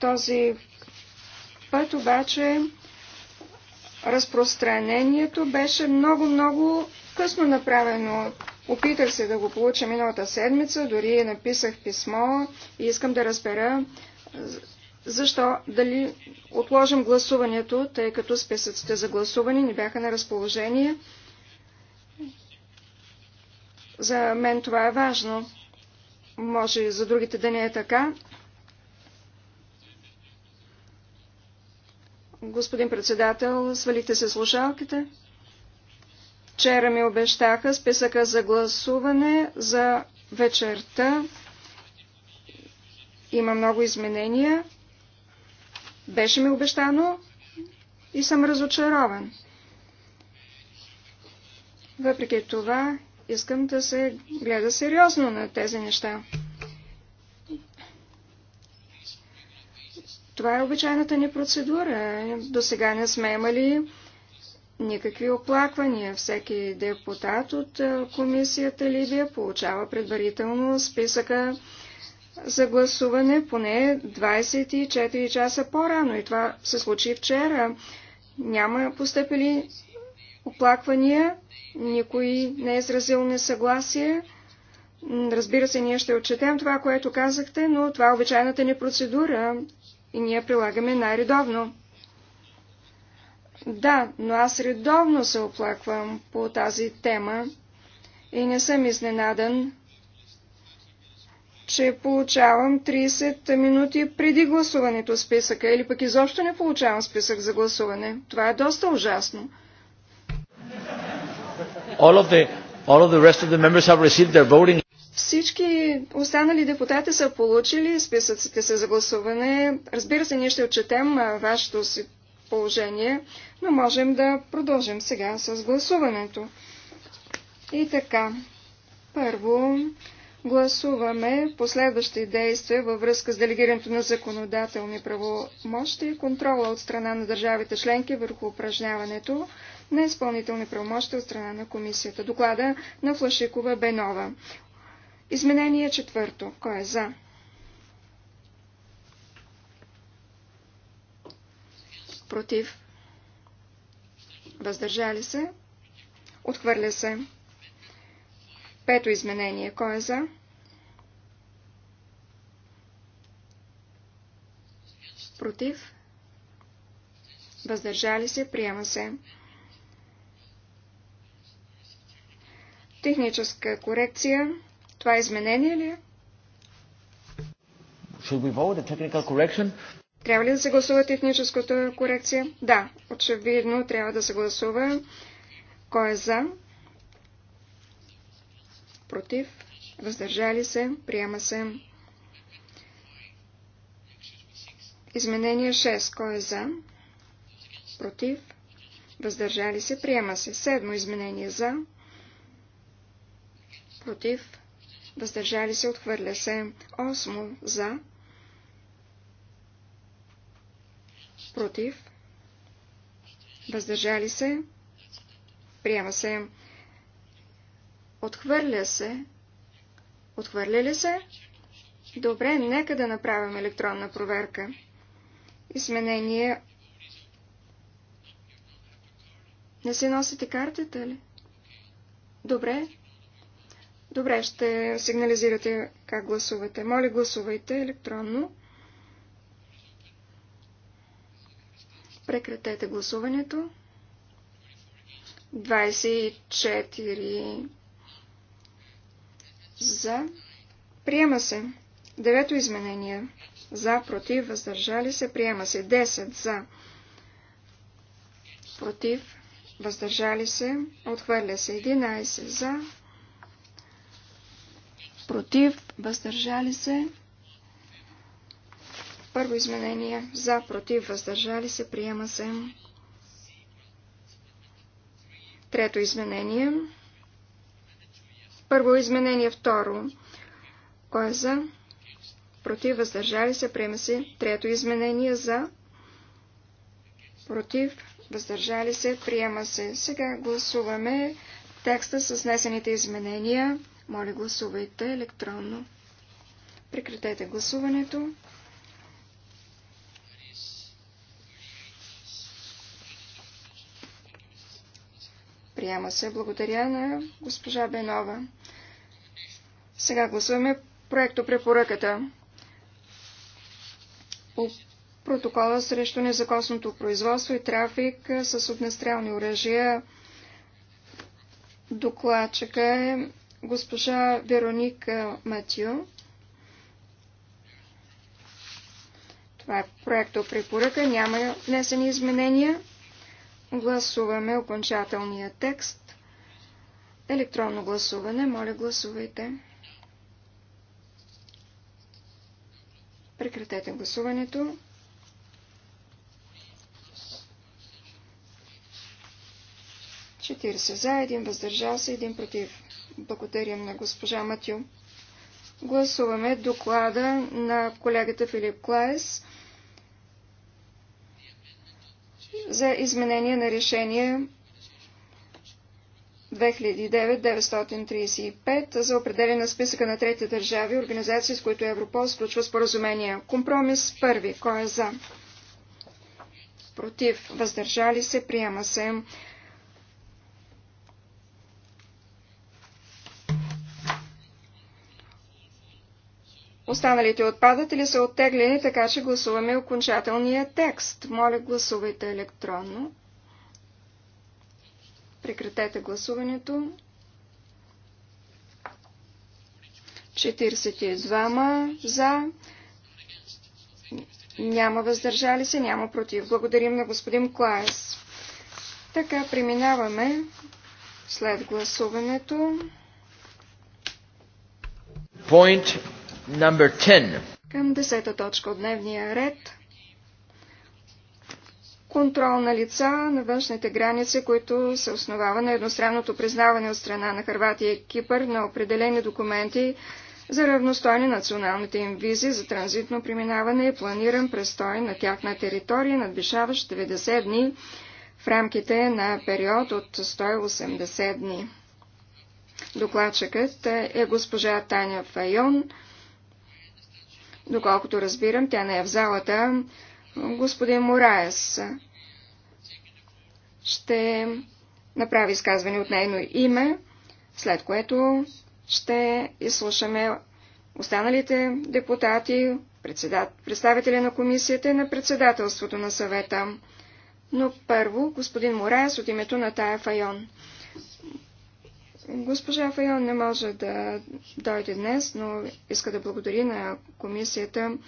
Speaker 2: Този път обаче разпространението беше много-много късно направено. Опитах се да го получа миналата седмица, дори написах писмо и искам да разбера защо дали отложим гласуването, тъй като списъците за гласуване ни бяха на разположение. За мен това е важно. Може и за другите да не е така. Господин председател, свалихте се слушалките. Вчера ми обещаха списъка за гласуване за вечерта. Има много изменения. Беше ми обещано и съм разочарован. Въпреки това, искам да се гледа сериозно на тези неща. Това е обичайната ни процедура. До сега не сме имали никакви оплаквания. Всеки депутат от комисията Либия получава предварително списъка за гласуване поне 24 часа по-рано. И това се случи вчера. Няма поступили оплаквания, никой не е изразил несъгласие. Разбира се, ние ще отчетем това, което казахте, но това е обичайната ни процедура и ние прилагаме най-редовно. Да, но аз редовно се оплаквам по тази тема и не съм изненадан, че получавам 30 минути преди гласуването списъка или пък изобщо не получавам списък за гласуване. Това е доста ужасно.
Speaker 1: All of the, all of the rest of the members have received their voting
Speaker 2: всички останали депутати са получили списъците се за гласуване. Разбира се, ние ще отчетем вашето си положение, но можем да продължим сега с гласуването. И така, първо гласуваме последващи действия във връзка с делегирането на законодателни правомощи и контрола от страна на държавите членки върху упражняването на изпълнителни правомощи от страна на комисията. Доклада на Флашикова Бенова. Изменение четвърто. Кой е за? против, въздържали се, отхвърля се. Пето изменение. Кой е за? Против, въздържали се, приема се. Техническа корекция. Това е изменение ли? Е? Should we vote a technical correction? Трябва ли да се гласува техническата корекция? Да, очевидно трябва да се гласува. Кой е за? Против? Въздържали се? Приема се. Изменение 6. Кой е за? Против? Въздържали се? Приема се. Седмо изменение за? Против? Въздържали се? Отхвърля се. Осмо за? Против? против, въздържали се, приема се, отхвърля се, отхвърля ли се? Добре, нека да направим електронна проверка. Изменение. Не си носите картата ли? Добре. Добре, ще сигнализирате как гласувате. Моля, гласувайте електронно. Прекратете гласуването. 24 за. Приема се. Девето изменение. За, против, въздържали се. Приема се. 10 за. Против, въздържали се. Отхвърля се. 11 за. Против, въздържали се. Първо изменение. За, против, въздържали се, приема се. Трето изменение. Първо изменение, второ. Кое е за? Против, въздържали се, приема се. Трето изменение за. Против, въздържали се, приема се. Сега гласуваме текста с внесените изменения. Моля, гласувайте електронно. Прекратете гласуването. Приема се. Благодаря на госпожа Бенова. Сега гласуваме проекто препоръката. Протокола срещу незаконното производство и трафик с огнестрелни оръжия. Докладчика е госпожа Вероника Матио. Това е проекто препоръка. Няма внесени изменения. Гласуваме окончателния текст. Електронно гласуване. Моля, гласувайте. Прекратете гласуването. Четири за, един въздържал се, един против. Благодарим на госпожа Матю. Гласуваме доклада на колегата Филип Клайс. за изменение на решение 2009-935 за определение на списъка на трети държави, организации, с които Европол сключва споразумения. Компромис първи. Кой е за? Против. Въздържали се. Приема се. Останалите отпадатели са оттеглени, така че гласуваме окончателния текст. Моля, гласувайте електронно. Прекратете гласуването. 42 за. Няма въздържали се, няма против. Благодарим на господин Клаес. Така, преминаваме след гласуването. Point Number 10. Към десета точка от дневния ред. Контрол на лица на външните граници, които се основава на едностранното признаване от страна на Харватия и Кипър на определени документи за равностойни националните им визи за транзитно преминаване и планиран престой на тяхна територия, надвишаващ 90 дни в рамките на период от 180 дни. Докладчикът е госпожа Таня Файон. Доколкото разбирам, тя не е в залата. Господин Мораес ще направи изказване от нейно име, след което ще изслушаме останалите депутати, представители на комисията и на председателството на съвета. Но първо господин Мораес от името на Тая Файон. Госпожа Файон не може да дойде днес, но иска да благодари на комисията.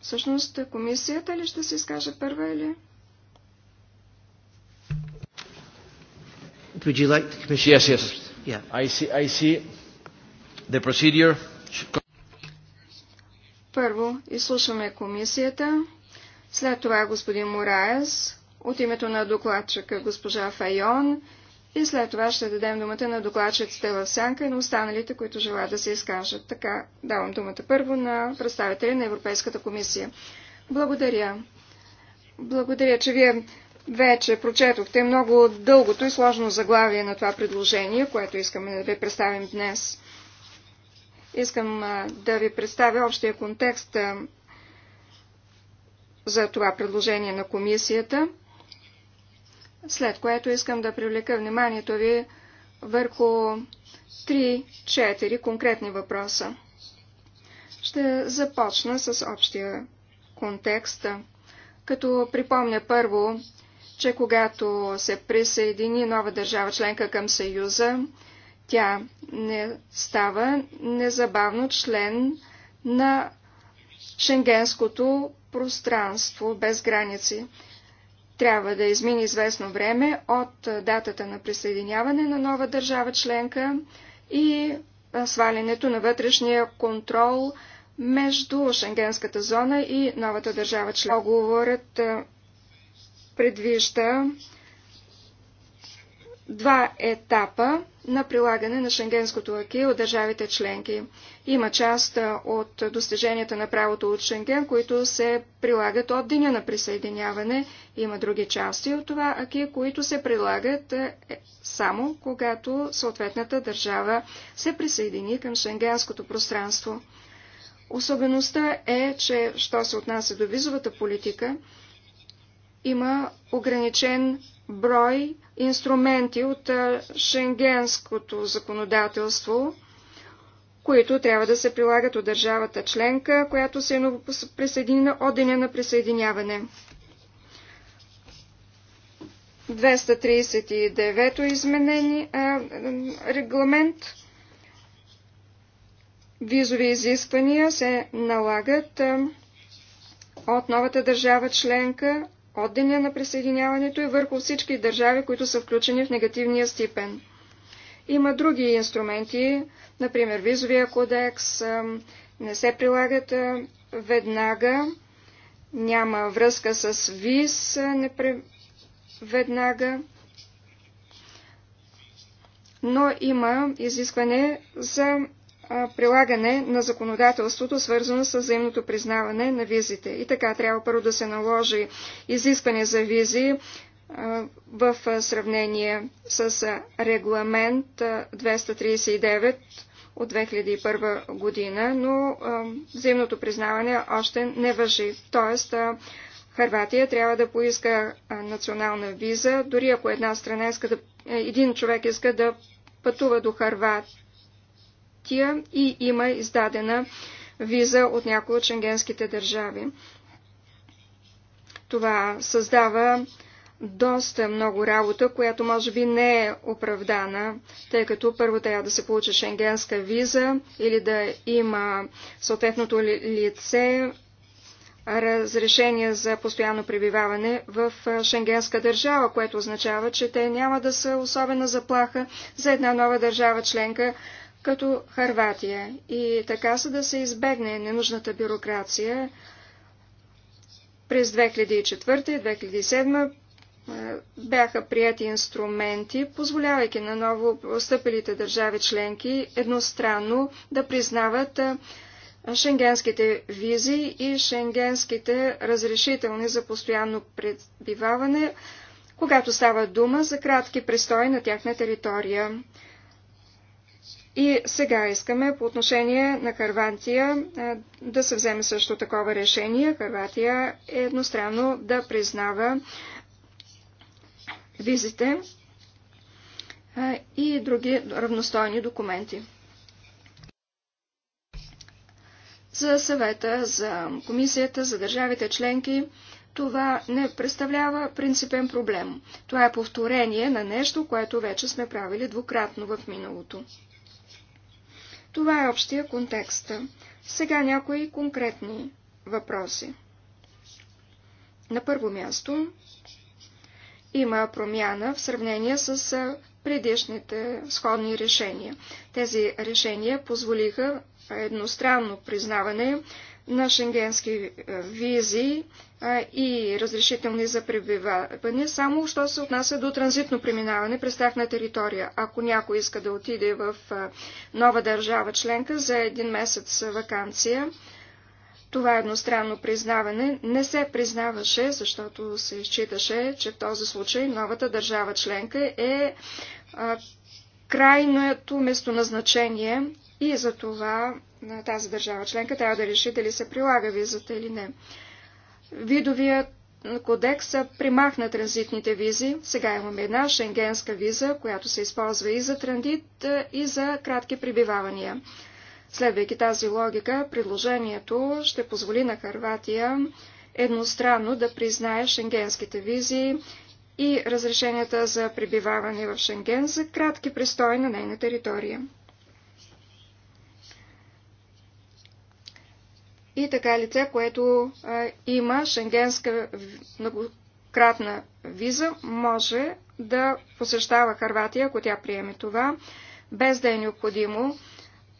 Speaker 2: Всъщност, комисията ли ще се изкаже първа или?
Speaker 1: Would you like the commission? Yes, yes. Yeah. I see, I see the procedure.
Speaker 2: Първо изслушваме комисията, след това господин Мораес, от името на докладчика госпожа Файон и след това ще дадем думата на докладчиците в сянка и на останалите, които желаят да се изкажат. Така давам думата първо на представители на Европейската комисия. Благодаря. Благодаря, че вие вече прочетохте много дългото и сложно заглавие на това предложение, което искаме да ви представим днес. Искам да ви представя общия контекст за това предложение на комисията – след което искам да привлека вниманието ви върху 3-4 конкретни въпроса. Ще започна с общия контекст, като припомня първо, че когато се присъедини нова държава членка към Съюза, тя не става незабавно член на Шенгенското пространство без граници трябва да измине известно време от датата на присъединяване на нова държава членка и свалянето на вътрешния контрол между Шенгенската зона и новата държава членка. Оговорът предвижда два етапа на прилагане на шенгенското аки от държавите членки. Има част от достиженията на правото от Шенген, които се прилагат от деня на присъединяване. Има други части от това аки, които се прилагат е, само когато съответната държава се присъедини към шенгенското пространство. Особеността е, че, що се отнася до визовата политика, има ограничен брой инструменти от шенгенското законодателство, които трябва да се прилагат от държавата членка, която се е присъединена от деня на присъединяване. 239-то изменение, а, регламент визови изисквания се налагат а, от новата държава членка от деня на присъединяването и върху всички държави, които са включени в негативния степен. Има други инструменти, например визовия кодекс, не се прилагат веднага, няма връзка с виз непре... веднага, но има изискване за прилагане на законодателството, свързано с взаимното признаване на визите. И така трябва първо да се наложи изискване за визи в сравнение с регламент 239 от 2001 година, но взаимното признаване още не въжи. Тоест, Харватия трябва да поиска национална виза, дори ако една страна иска да, е, един човек иска да пътува до Харват, Хартия и има издадена виза от някои от шенгенските държави. Това създава доста много работа, която може би не е оправдана, тъй като първо трябва да се получи шенгенска виза или да има съответното лице разрешение за постоянно пребиваване в шенгенска държава, което означава, че те няма да са особена заплаха за една нова държава членка, като Харватия. И така, за да се избегне ненужната бюрокрация, през 2004 и 2007 е, бяха прияти инструменти, позволявайки на ново постъпилите държави членки едностранно да признават е, шенгенските визи и шенгенските разрешителни за постоянно пребиваване, когато става дума за кратки престой на тяхна територия. И сега искаме по отношение на Харватия е, да се вземе също такова решение. Харватия е едностранно да признава визите е, и други равностойни документи. За съвета, за комисията, за държавите членки това не представлява принципен проблем. Това е повторение на нещо, което вече сме правили двукратно в миналото. Това е общия контекст. Сега някои конкретни въпроси. На първо място има промяна в сравнение с предишните сходни решения. Тези решения позволиха едностранно признаване на шенгенски е, визи е, и разрешителни за пребиваване, само що се отнася до транзитно преминаване през тяхна територия. Ако някой иска да отиде в е, нова държава членка за един месец вакансия, това едностранно признаване не се признаваше, защото се считаше, че в този случай новата държава членка е крайното местоназначение и за това тази държава членка трябва да реши дали се прилага визата или не. Видовият кодекс примахна транзитните визи. Сега имаме една шенгенска виза, която се използва и за транзит, и за кратки прибивавания. Следвайки тази логика, предложението ще позволи на Харватия едностранно да признае шенгенските визи и разрешенията за пребиваване в Шенген за кратки престой на нейна територия. и така лице, което а, има шенгенска многократна виза, може да посещава Харватия, ако тя приеме това, без да е необходимо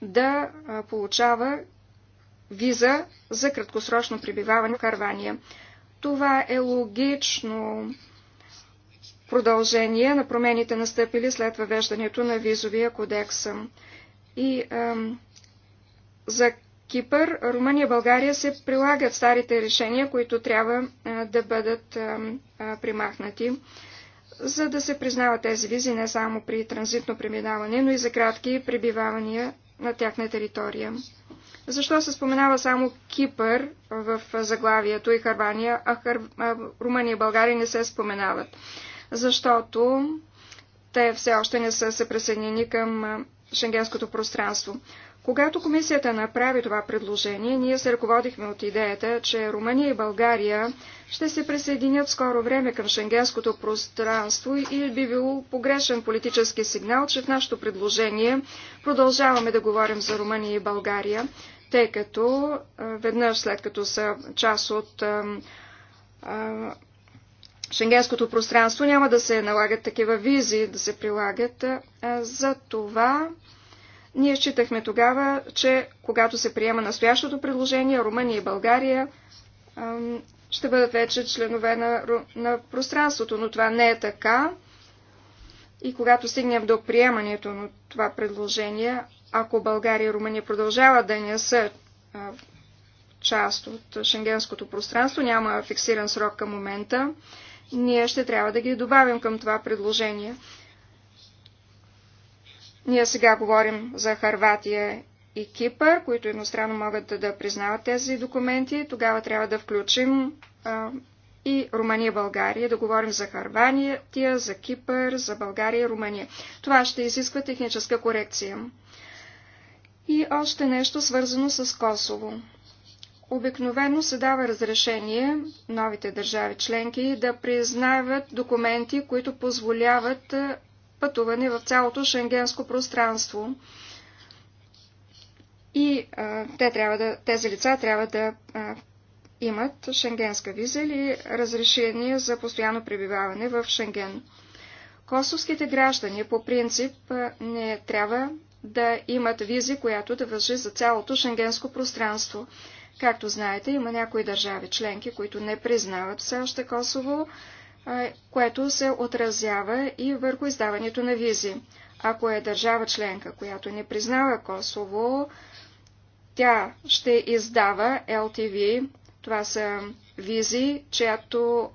Speaker 2: да а, получава виза за краткосрочно пребиваване в Харвания. Това е логично продължение на промените настъпили след въвеждането на визовия кодекс. И а, за Кипър, Румъния, България се прилагат старите решения, които трябва да бъдат примахнати, за да се признават тези визи не само при транзитно преминаване, но и за кратки пребивавания на тяхна територия. Защо се споменава само Кипър в заглавието и Харвания, а, Хар... Румъния и България не се споменават? Защото те все още не са се присъединени към шенгенското пространство. Когато комисията направи това предложение, ние се ръководихме от идеята, че Румъния и България ще се присъединят скоро време към шенгенското пространство и би било погрешен политически сигнал, че в нашето предложение продължаваме да говорим за Румъния и България, тъй като веднъж след като са част от шенгенското пространство няма да се налагат такива визи да се прилагат. За това ние считахме тогава, че когато се приема настоящото предложение, Румъния и България ще бъдат вече членове на, на пространството, но това не е така. И когато стигнем до приемането на това предложение, ако България и Румъния продължават да не са част от шенгенското пространство, няма фиксиран срок към момента, ние ще трябва да ги добавим към това предложение. Ние сега говорим за Харватия и Кипър, които едностранно могат да, да признават тези документи. Тогава трябва да включим а, и Румъния, България, да говорим за Харватия, за Кипър, за България и Румъния. Това ще изисква техническа корекция. И още нещо свързано с Косово. Обикновено се дава разрешение новите държави членки да признават документи, които позволяват пътуване в цялото шенгенско пространство. И а, те трябва да, тези лица трябва да а, имат шенгенска виза или разрешение за постоянно пребиваване в Шенген. Косовските граждани по принцип не трябва да имат визи, която да въжи за цялото шенгенско пространство. Както знаете, има някои държави членки, които не признават все още Косово което се отразява и върху издаването на визи. Ако е държава членка, която не признава Косово, тя ще издава LTV. Това са визи, чиято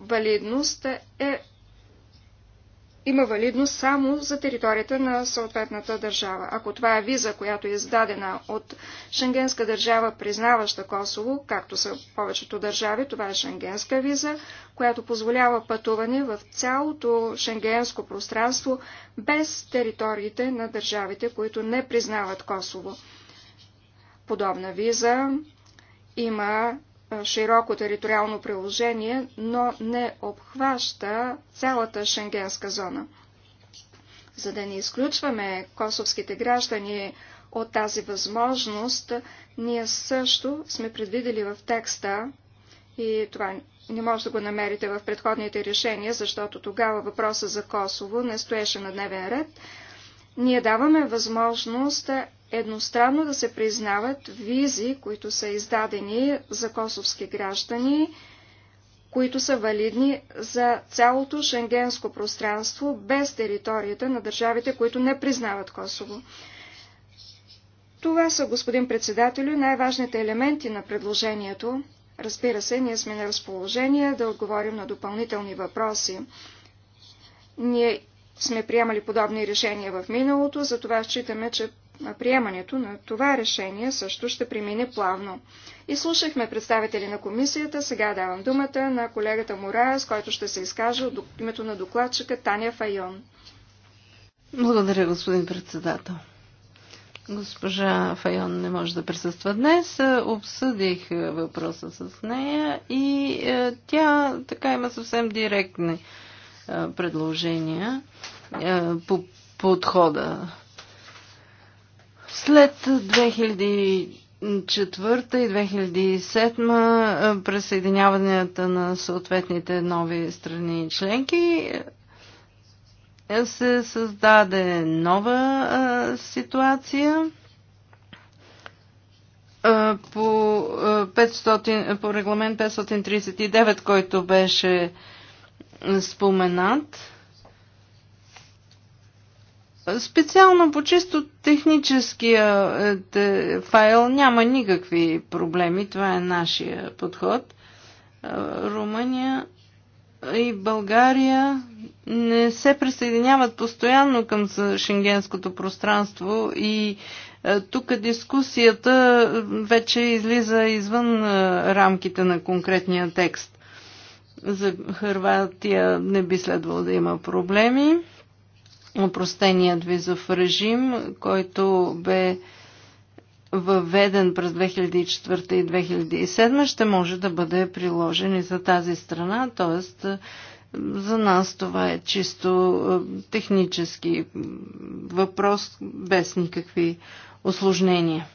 Speaker 2: валидност е има валидност само за територията на съответната държава. Ако това е виза, която е издадена от шенгенска държава, признаваща Косово, както са повечето държави, това е шенгенска виза, която позволява пътуване в цялото шенгенско пространство без териториите на държавите, които не признават Косово. Подобна виза има широко териториално приложение, но не обхваща цялата шенгенска зона. За да не изключваме косовските граждани от тази възможност, ние също сме предвидели в текста, и това не може да го намерите в предходните решения, защото тогава въпроса за Косово не стоеше на дневен ред, ние даваме възможност едностранно да се признават визи, които са издадени за косовски граждани, които са валидни за цялото шенгенско пространство без територията на държавите, които не признават Косово. Това са, господин председателю, най-важните елементи на предложението. Разбира се, ние сме на разположение да отговорим на допълнителни въпроси. Ние сме приемали подобни решения в миналото, затова считаме, че приемането на това решение също ще премине плавно. И слушахме представители на комисията, сега давам думата на колегата Мурая, с който ще се изкаже от името на докладчика Таня Файон.
Speaker 3: Благодаря, господин председател. Госпожа Файон не може да присъства днес. Обсъдих въпроса с нея и е, тя така има съвсем директни е, предложения е, по подхода след 2004 и 2007 присъединяванията на съответните нови страни и членки се създаде нова а, ситуация а, по, а, 500, по регламент 539, който беше споменат Специално по чисто техническия е, файл няма никакви проблеми. Това е нашия подход. Е, Румъния и България не се присъединяват постоянно към шенгенското пространство и е, тук дискусията вече излиза извън рамките на конкретния текст. За Хърватия не би следвало да има проблеми. Опростеният визов режим, който бе въведен през 2004 и 2007, ще може да бъде приложен и за тази страна, т.е. за нас това е чисто е, технически въпрос, без никакви осложнения.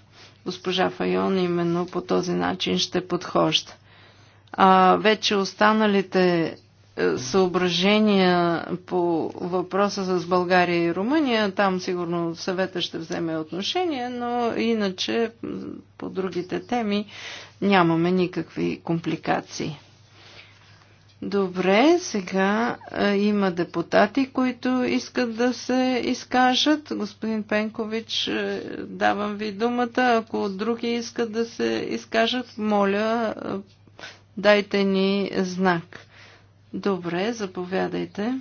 Speaker 3: Госпожа Файон именно по този начин ще подхожда. А вече останалите съображения по въпроса с България и Румъния. Там сигурно съвета ще вземе отношение, но иначе по другите теми нямаме никакви компликации. Добре, сега има депутати, които искат да се изкажат. Господин Пенкович, давам ви думата. Ако други искат да се изкажат, моля, дайте ни знак. Добре, заповядайте.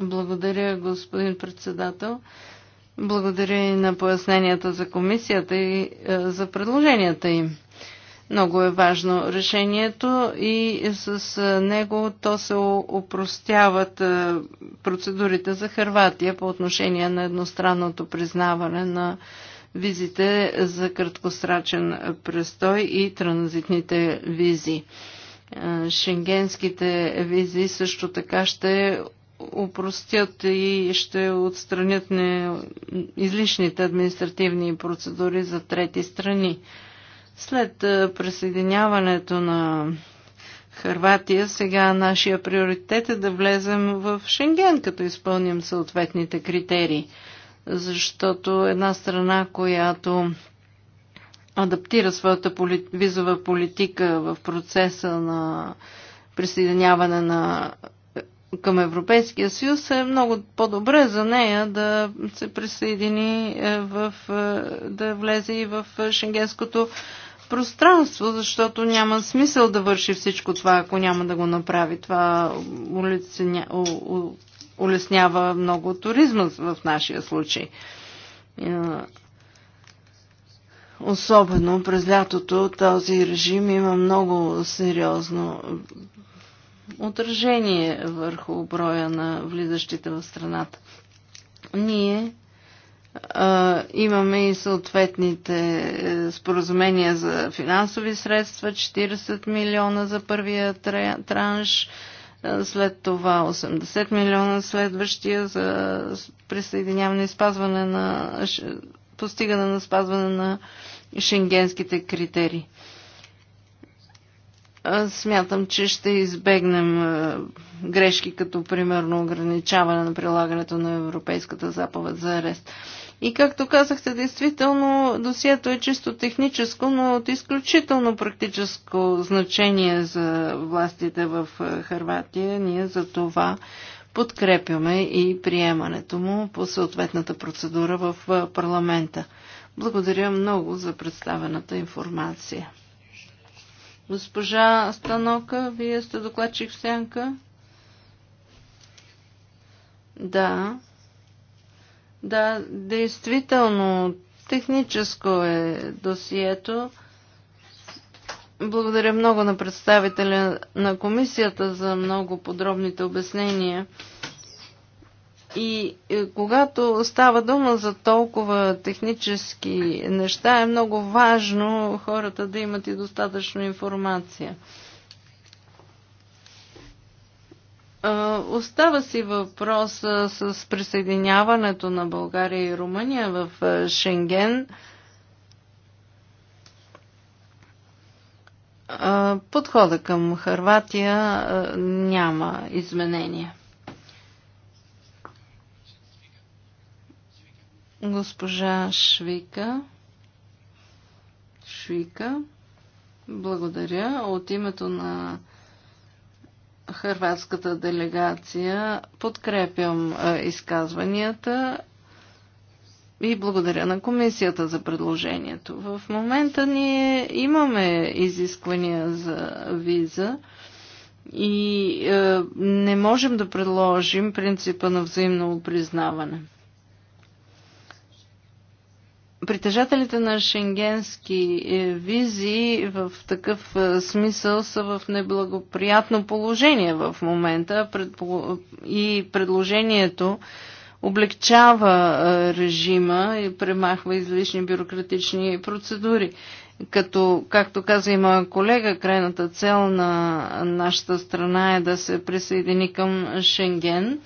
Speaker 3: Благодаря, господин председател. Благодаря и на поясненията за комисията и е, за предложенията им. Много е важно решението и с е, него то се опростяват е, процедурите за Харватия по отношение на едностранното признаване на визите за краткосрачен престой и транзитните визи. Е, шенгенските визи също така ще упростят и ще отстранят не, излишните административни процедури за трети страни. След е, присъединяването на Харватия, сега нашия приоритет е да влезем в Шенген, като изпълним съответните критерии. Защото една страна, която адаптира своята визова политика в процеса на присъединяване на към Европейския съюз е много по-добре за нея да се присъедини е, в, е, да влезе и в е, шенгенското пространство, защото няма смисъл да върши всичко това, ако няма да го направи. Това улесня, улеснява много туризма в нашия случай. Особено през лятото този режим има много сериозно отражение върху броя на влизащите в страната. Ние а, имаме и съответните е, споразумения за финансови средства 40 милиона за първия транш, след това 80 милиона следващия за присъединяване и спазване на постигане на спазване на шенгенските критерии. Смятам, че ще избегнем е, грешки, като примерно ограничаване на прилагането на Европейската заповед за арест. И както казахте, действително досието е чисто техническо, но от изключително практическо значение за властите в е, Харватия. Ние за това подкрепяме и приемането му по съответната процедура в парламента. Благодаря много за представената информация. Госпожа Станока, вие сте докладчик в сянка? Да. Да, действително, техническо е досието. Благодаря много на представителя на комисията за много подробните обяснения. И е, когато става дума за толкова технически неща, е много важно хората да имат и достатъчно информация. Е, остава си въпроса с присъединяването на България и Румъния в е, Шенген – подхода към Харватия няма изменения. Госпожа Швика. Швика. Благодаря. От името на хърватската делегация подкрепям изказванията и благодаря на комисията за предложението. В момента ние имаме изисквания за виза и е, не можем да предложим принципа на взаимно признаване. Притежателите на шенгенски е, визи в такъв е, смисъл са в неблагоприятно положение в момента и предложението облегчава режима и премахва излишни бюрократични процедури. Като, както каза и моя колега, крайната цел на нашата страна е да се присъедини към Шенген.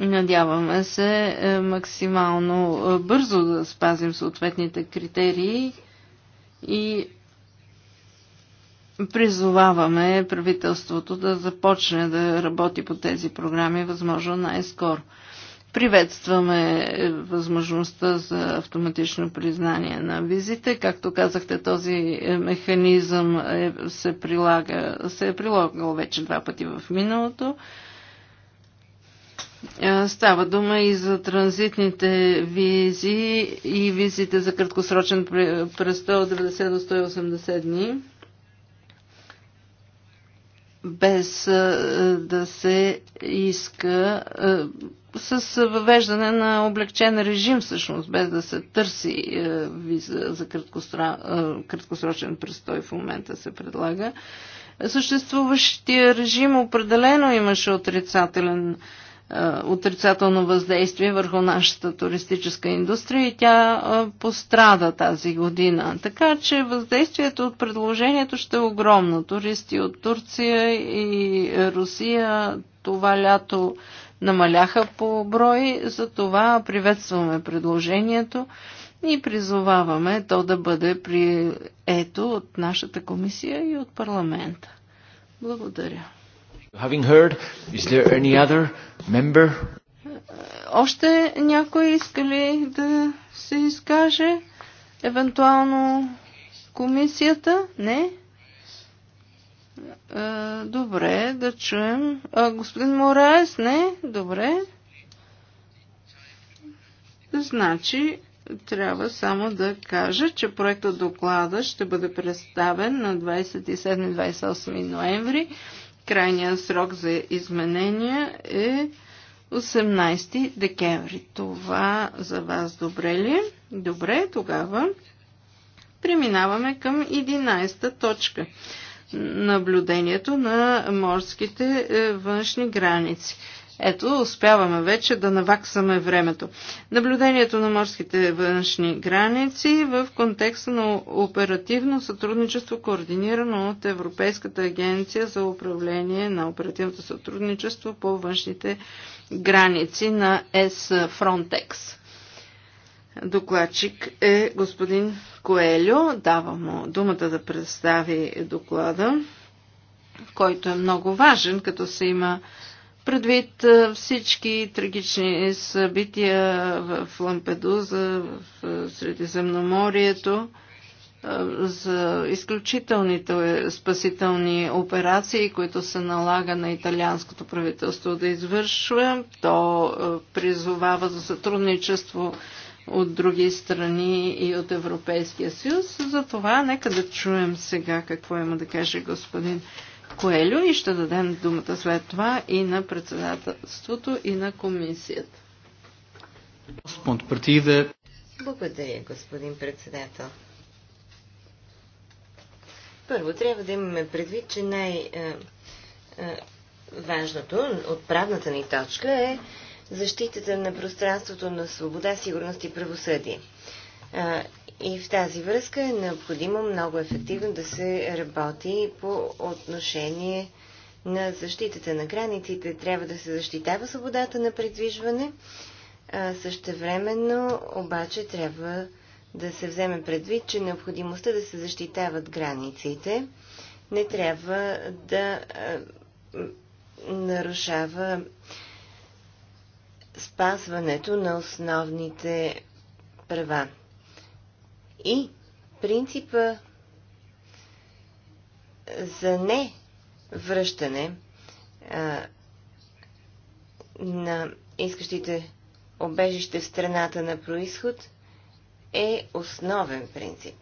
Speaker 3: Надяваме се е, максимално е, бързо да спазим съответните критерии и призоваваме правителството да започне да работи по тези програми възможно най-скоро. Приветстваме е, възможността за автоматично признание на визите. Както казахте, този е, механизъм е, се, прилага, се е прилагал вече два пъти в миналото. Е, става дума и за транзитните визи и визите за краткосрочен престой от 90 до 180 дни без да се иска с въвеждане на облегчен режим, всъщност, без да се търси виза за краткосрочен престой в момента се предлага. Съществуващия режим определено имаше отрицателен е, отрицателно въздействие върху нашата туристическа индустрия и тя е, пострада тази година. Така че въздействието от предложението ще е огромно. Туристи от Турция и Русия това лято намаляха по брой, затова приветстваме предложението и призоваваме то да бъде прието от нашата комисия и от парламента. Благодаря.
Speaker 1: Having heard, is there any other member?
Speaker 3: Още някой иска ли да се изкаже? Евентуално комисията? Не? Е, добре, да чуем. А, господин Мораес, не? Добре. Значи, трябва само да кажа, че проектът доклада ще бъде представен на 27-28 ноември Крайният срок за изменения е 18 декември. Това за вас добре ли? Е? Добре, тогава преминаваме към 11-та точка. Наблюдението на морските е, външни граници. Ето, успяваме вече да наваксаме времето. Наблюдението на морските външни граници в контекста на оперативно сътрудничество, координирано от Европейската агенция за управление на оперативното сътрудничество по външните граници на ЕС Frontex. Докладчик е господин Коелю. Давам му думата да представи доклада, който е много важен, като се има Предвид всички трагични събития в Лампедуза, в Средиземноморието, за изключителните е, спасителни операции, които се налага на италианското правителство да извършва. То призовава за сътрудничество от други страни и от Европейския съюз. Затова нека да чуем сега какво има да каже господин Коелю и ще дадем думата след това и на председателството и на комисията.
Speaker 1: Благодаря, господин председател. Първо, трябва да имаме предвид, че най-важното е, е, от правната ни точка е защитата на пространството на свобода, сигурност и правосъдие. Е, и в тази връзка е необходимо много ефективно да се работи по отношение на защитата на границите. Трябва да се защитава свободата на предвижване, същевременно обаче трябва да се вземе предвид, че необходимостта да се защитават границите не трябва да нарушава спазването на основните права. И принципа за не връщане а, на искащите обежище в страната на происход е основен принцип.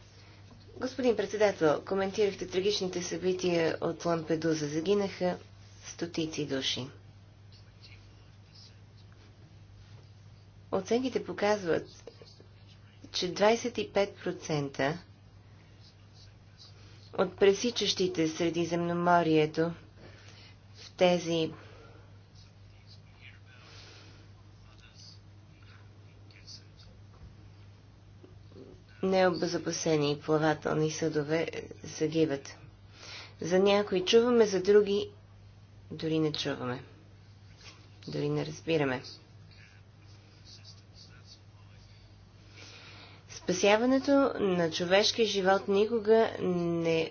Speaker 1: Господин председател, коментирахте трагичните събития от Лампедуза. Загинаха стотици души. Оценките показват, че 25% от пресичащите Средиземноморието в тези необезопасени плавателни съдове загиват. За някои чуваме, за други дори не чуваме. Дори не разбираме. Спасяването на човешкия живот никога не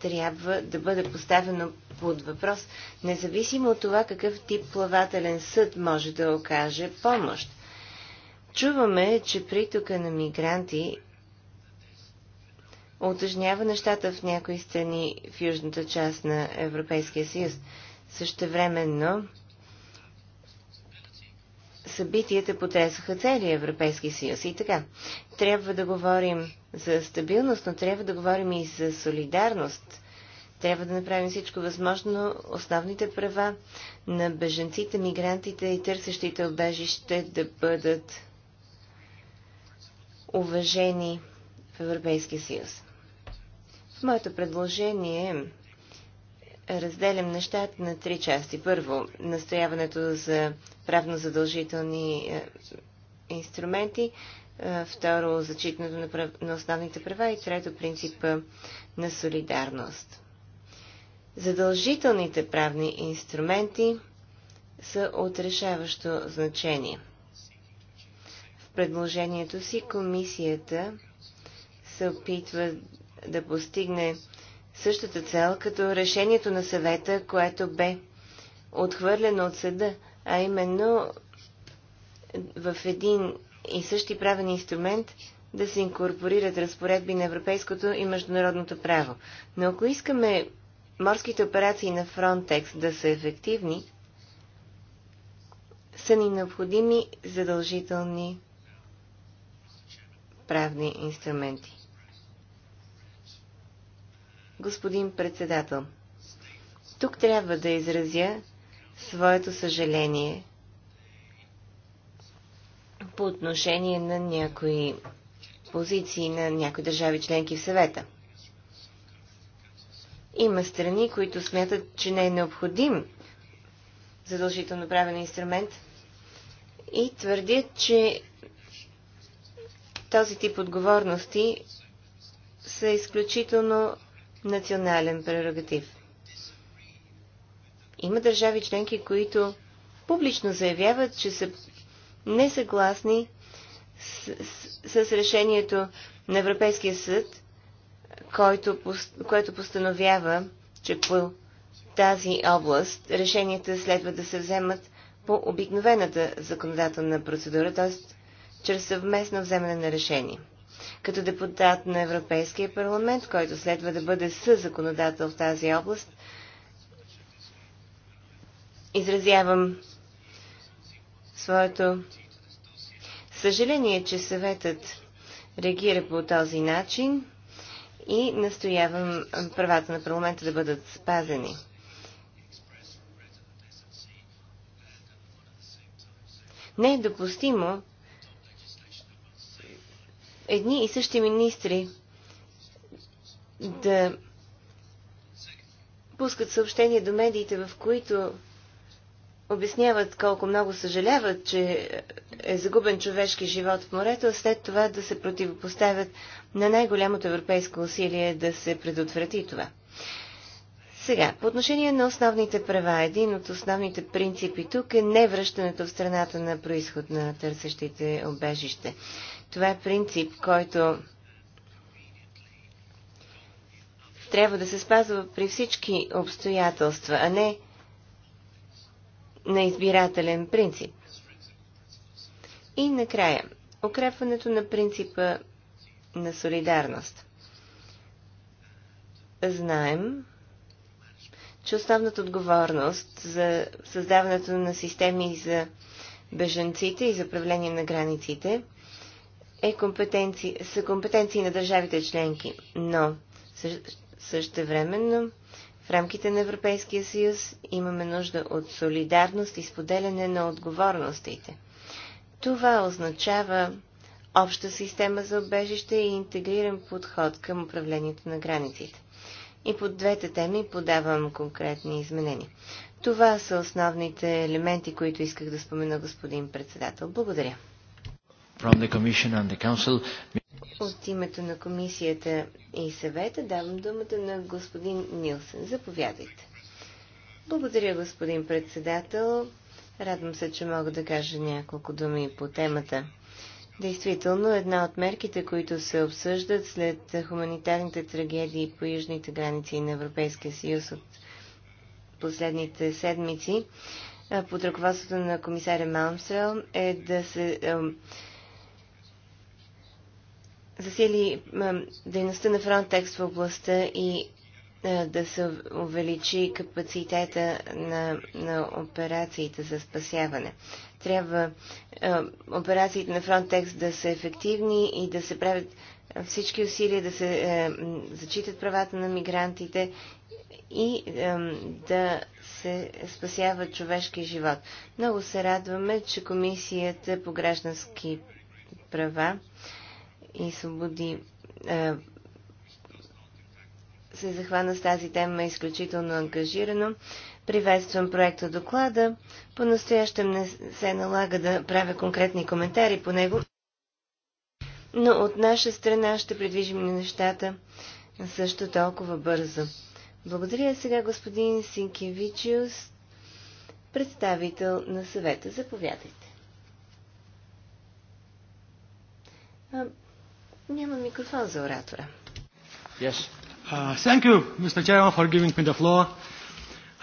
Speaker 1: трябва да бъде поставено под въпрос, независимо от това какъв тип плавателен съд може да окаже помощ. Чуваме, че притока на мигранти отъжнява нещата в някои страни в южната част на Европейския съюз. Същевременно, събитията потресаха целия Европейски съюз и така. Трябва да говорим за стабилност, но трябва да говорим и за солидарност. Трябва да направим всичко възможно основните права на беженците, мигрантите и търсещите обежище да бъдат уважени в Европейския съюз. В моето предложение разделям нещата на три части. Първо, настояването за правно задължителни е, инструменти, е, второ, зачитането на, прав... на основните права и трето, принципа на солидарност. Задължителните правни инструменти са от решаващо значение. В предложението си комисията се опитва да постигне същата цел като решението на съвета, което бе отхвърлено от съда, а именно в един и същи правен инструмент да се инкорпорират разпоредби на европейското и международното право. Но ако искаме морските операции на Frontex да са ефективни, са ни необходими задължителни правни инструменти господин председател. Тук трябва да изразя своето съжаление по отношение на някои позиции на някои държави членки в съвета. Има страни, които смятат, че не е необходим задължително правен инструмент и твърдят, че този тип отговорности са изключително национален прерогатив. Има държави членки, които публично заявяват, че са несъгласни с, с, с решението на Европейския съд, който, което постановява, че по тази област решенията следва да се вземат по обикновената законодателна процедура, т.е. чрез съвместно вземане на решение като депутат на Европейския парламент, който следва да бъде законодател в тази област, изразявам своето съжаление, че съветът реагира по този начин и настоявам правата на парламента да бъдат спазени. Не е допустимо едни и същи министри да пускат съобщения до медиите, в които обясняват колко много съжаляват, че е загубен човешки живот в морето, а след това да се противопоставят на най-голямото европейско усилие да се предотврати това. Сега, по отношение на основните права, един от основните принципи тук е невръщането в страната на происход на търсещите обежище. Това е принцип, който трябва да се спазва при всички обстоятелства, а не на избирателен принцип. И накрая, укрепването на принципа на солидарност. Знаем, че основната отговорност за създаването на системи за беженците и за управление на границите – е компетенции, са компетенции на държавите членки, но също времено в рамките на Европейския съюз имаме нужда от солидарност и споделяне на отговорностите. Това означава обща система за обежище и интегриран подход към управлението на границите. И под двете теми подавам конкретни изменения. Това са основните елементи, които исках да спомена господин председател. Благодаря.
Speaker 2: From the Commission and the Council.
Speaker 1: От името на комисията и съвета давам думата на господин Нилсен. Заповядайте. Благодаря, господин председател. Радвам се, че мога да кажа няколко думи по темата. Действително, една от мерките, които се обсъждат след хуманитарните трагедии по южните граници на Европейския съюз от последните седмици, под ръководството на комисаря Малмстрел, е да се засили дейността на Frontex в областта и е, да се увеличи капацитета на, на операциите за спасяване. Трябва е, операциите на Frontex да са ефективни и да се правят е, всички усилия да се е, зачитат правата на мигрантите и е, да се спасява човешки живот. Много се радваме, че Комисията по граждански права и свободи е, се захвана с тази тема изключително ангажирано. Приветствам проекта доклада. По-настоящем не се налага да правя конкретни коментари по него, но от наша страна ще придвижим нещата също толкова бързо. Благодаря сега господин Синкевичиус, представител на съвета. Заповядайте. Няма микрофон за оратора.
Speaker 2: Yes. Uh, thank you, Mr. Chairman, for giving me the floor.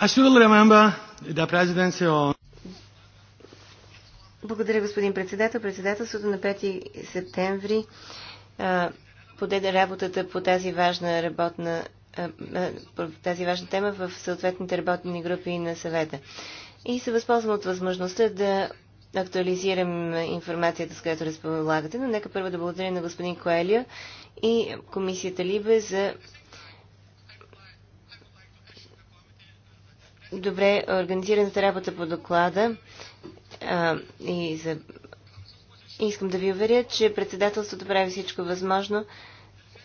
Speaker 2: I still remember the presidency on...
Speaker 1: Благодаря, господин председател. Председателството на 5 септември подеде работата по тази важна работна тази важна тема в съответните работни групи на съвета. И се възползвам от възможността да актуализирам информацията, с която разполагате, но нека първо да благодаря на господин Коелия и комисията Либе за добре организираната работа по доклада а, и за... Искам да ви уверя, че председателството прави всичко възможно,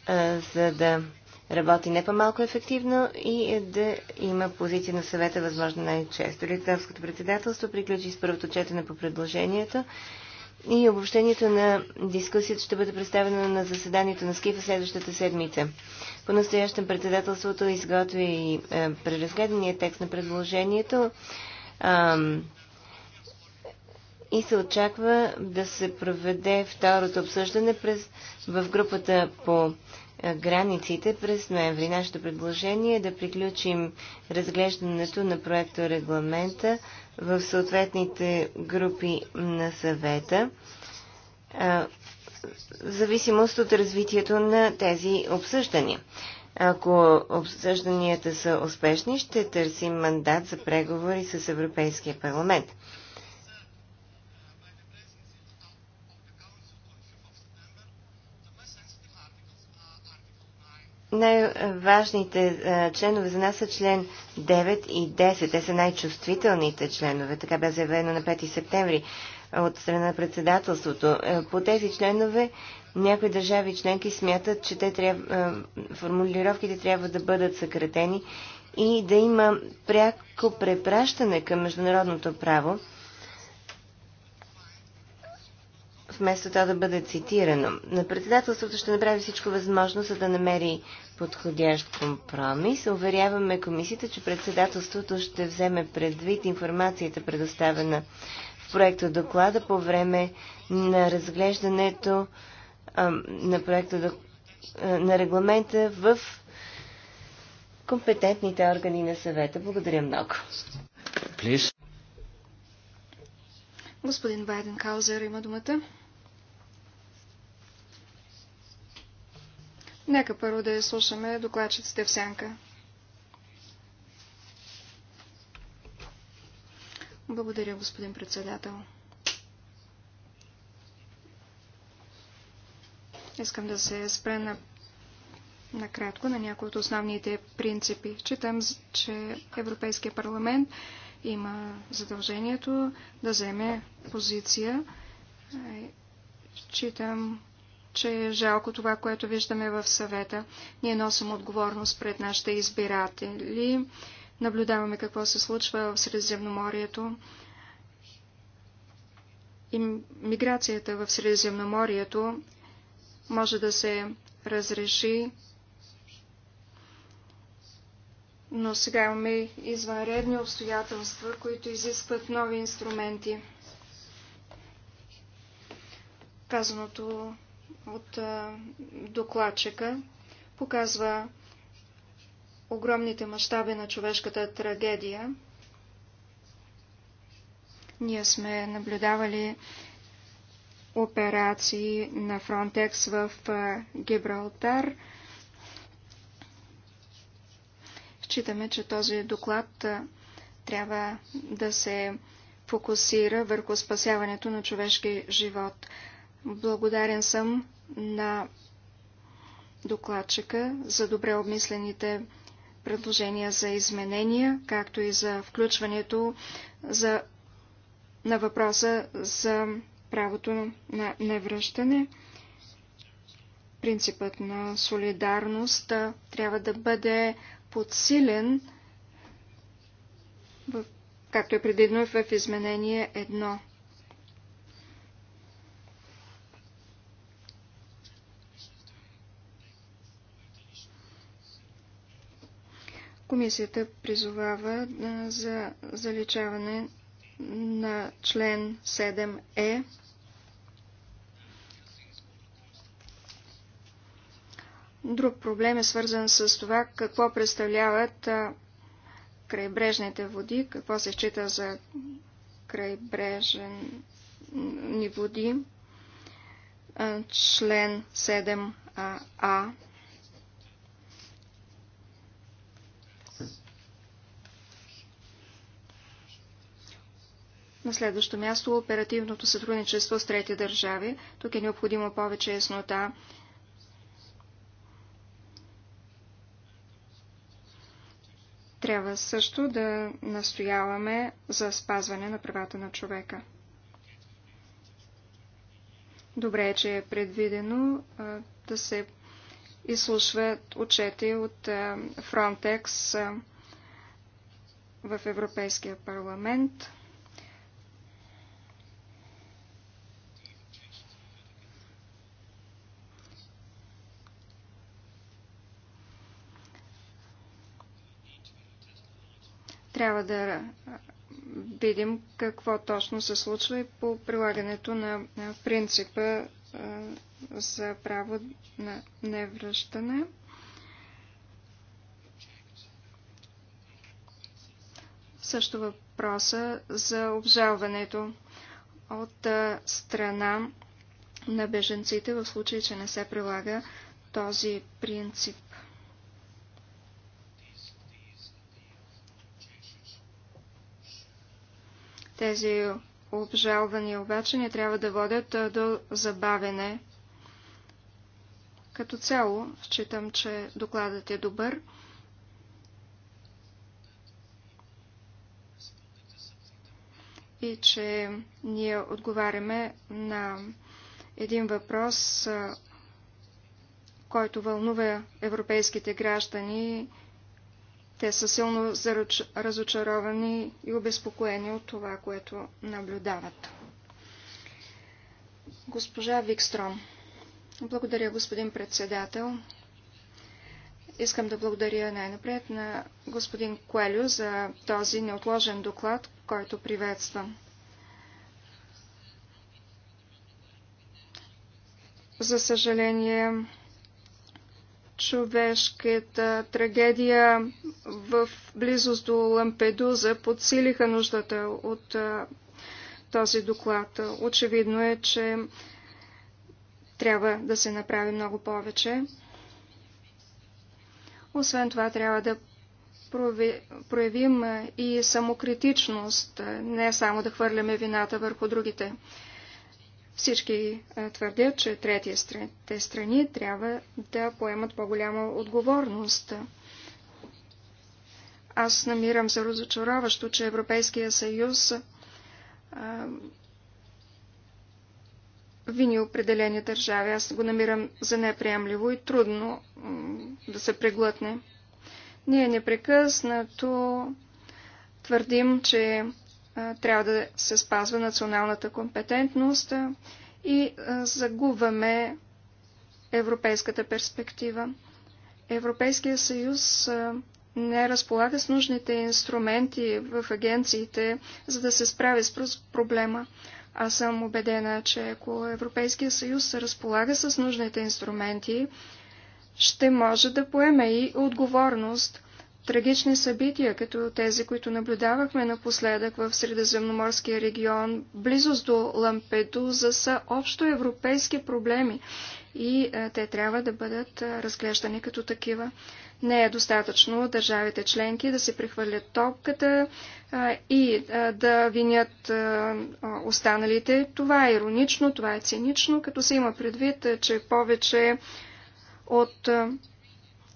Speaker 1: а, за да работи не по-малко ефективно и да има позиция на съвета възможно най-често. Литовското председателство приключи с първото четене по предложението и обобщението на дискусията ще бъде представено на заседанието на Скифа следващата седмица. По настоящем председателството изготви и е, преразгледания текст на предложението и се очаква да се проведе второто обсъждане през, в групата по границите през ноември. Нашето предложение е да приключим разглеждането на проекта регламента в съответните групи на съвета в зависимост от развитието на тези обсъждания. Ако обсъжданията са успешни, ще търсим мандат за преговори с Европейския парламент. най-важните е, членове за нас са член 9 и 10. Те са най-чувствителните членове, така бе заявено на 5 септември от страна на председателството. Е, по тези членове някои държави членки смятат, че те трябва, е, формулировките трябва да бъдат съкратени и да има пряко препращане към международното право, вместо то да бъде цитирано. На председателството ще направи всичко възможно, за да намери подходящ компромис. Уверяваме комисията, че председателството ще вземе предвид информацията, предоставена в проекта доклада по време на разглеждането а, на проекта на регламента в компетентните органи на съвета. Благодаря много.
Speaker 2: Please. Господин Байден Каузер има думата. Нека първо да слушаме докладчиците в сянка. Благодаря, господин председател. Искам да се спре на, накратко на някои от основните принципи. Читам, че Европейския парламент има задължението да вземе позиция. Е, Читам, че е жалко това, което виждаме в съвета. Ние носим отговорност пред нашите избиратели. Наблюдаваме какво се случва в Средиземноморието. И миграцията в Средиземноморието може да се разреши, но сега имаме извънредни обстоятелства, които изискват нови инструменти. Казаното от докладчика показва огромните мащаби на човешката трагедия. Ние сме наблюдавали операции на Фронтекс в Гибралтар. Считаме, че този доклад трябва да се фокусира върху спасяването на човешки живот. Благодарен съм на докладчика за добре обмислените предложения за изменения, както и за включването за, на въпроса за правото на невръщане. Принципът на солидарност трябва да бъде подсилен, както е предвидено в изменение 1. Комисията призовава за заличаване на член 7е. Друг проблем е свързан с това какво представляват крайбрежните води, какво се счита за крайбрежни води. Член 7а На следващо място оперативното сътрудничество с трети държави. Тук е необходимо повече яснота. Трябва също да настояваме за спазване на правата на човека. Добре е, че е предвидено да се изслушват отчети от Frontex в Европейския парламент. Трябва да видим какво точно се случва и по прилагането на принципа за право на невръщане. Също въпроса за обжалването от страна на беженците в случай, че не се прилага този принцип. Тези обжалвания обаче не трябва да водят до забавене. Като цяло, считам, че докладът е добър. И че ние отговаряме на един въпрос, който вълнува европейските граждани те са силно разочаровани и обезпокоени от това, което наблюдават. Госпожа Викстром. Благодаря, господин председател. Искам да благодаря най-напред на господин Коелю за този неотложен доклад, който приветствам. За съжаление, човешката трагедия в близост до Лампедуза подсилиха нуждата от а, този доклад. Очевидно е, че трябва да се направи много повече. Освен това, трябва да проявим и самокритичност, не само да хвърляме вината върху другите. Всички е, твърдят, че третите страни трябва да поемат по-голяма отговорност. Аз намирам за разочароващо, че Европейския съюз е, вини определени държави. Аз го намирам за неприемливо и трудно да се преглътне. Ние непрекъснато твърдим, че трябва да се спазва националната компетентност и загубваме европейската перспектива. Европейския съюз не разполага с нужните инструменти в агенциите, за да се справи с проблема. Аз съм убедена, че ако Европейския съюз се разполага с нужните инструменти, ще може да поеме и отговорност – трагични събития, като тези, които наблюдавахме напоследък в Средиземноморския регион, близост до Лампедуза, са общо европейски проблеми и а, е, те трябва да бъдат а, е, разглеждани като такива. Не е достатъчно държавите членки да се прехвърлят топката а, е, и а, да винят а, останалите. Това е иронично, това е цинично, като се има предвид, а, че повече от. А,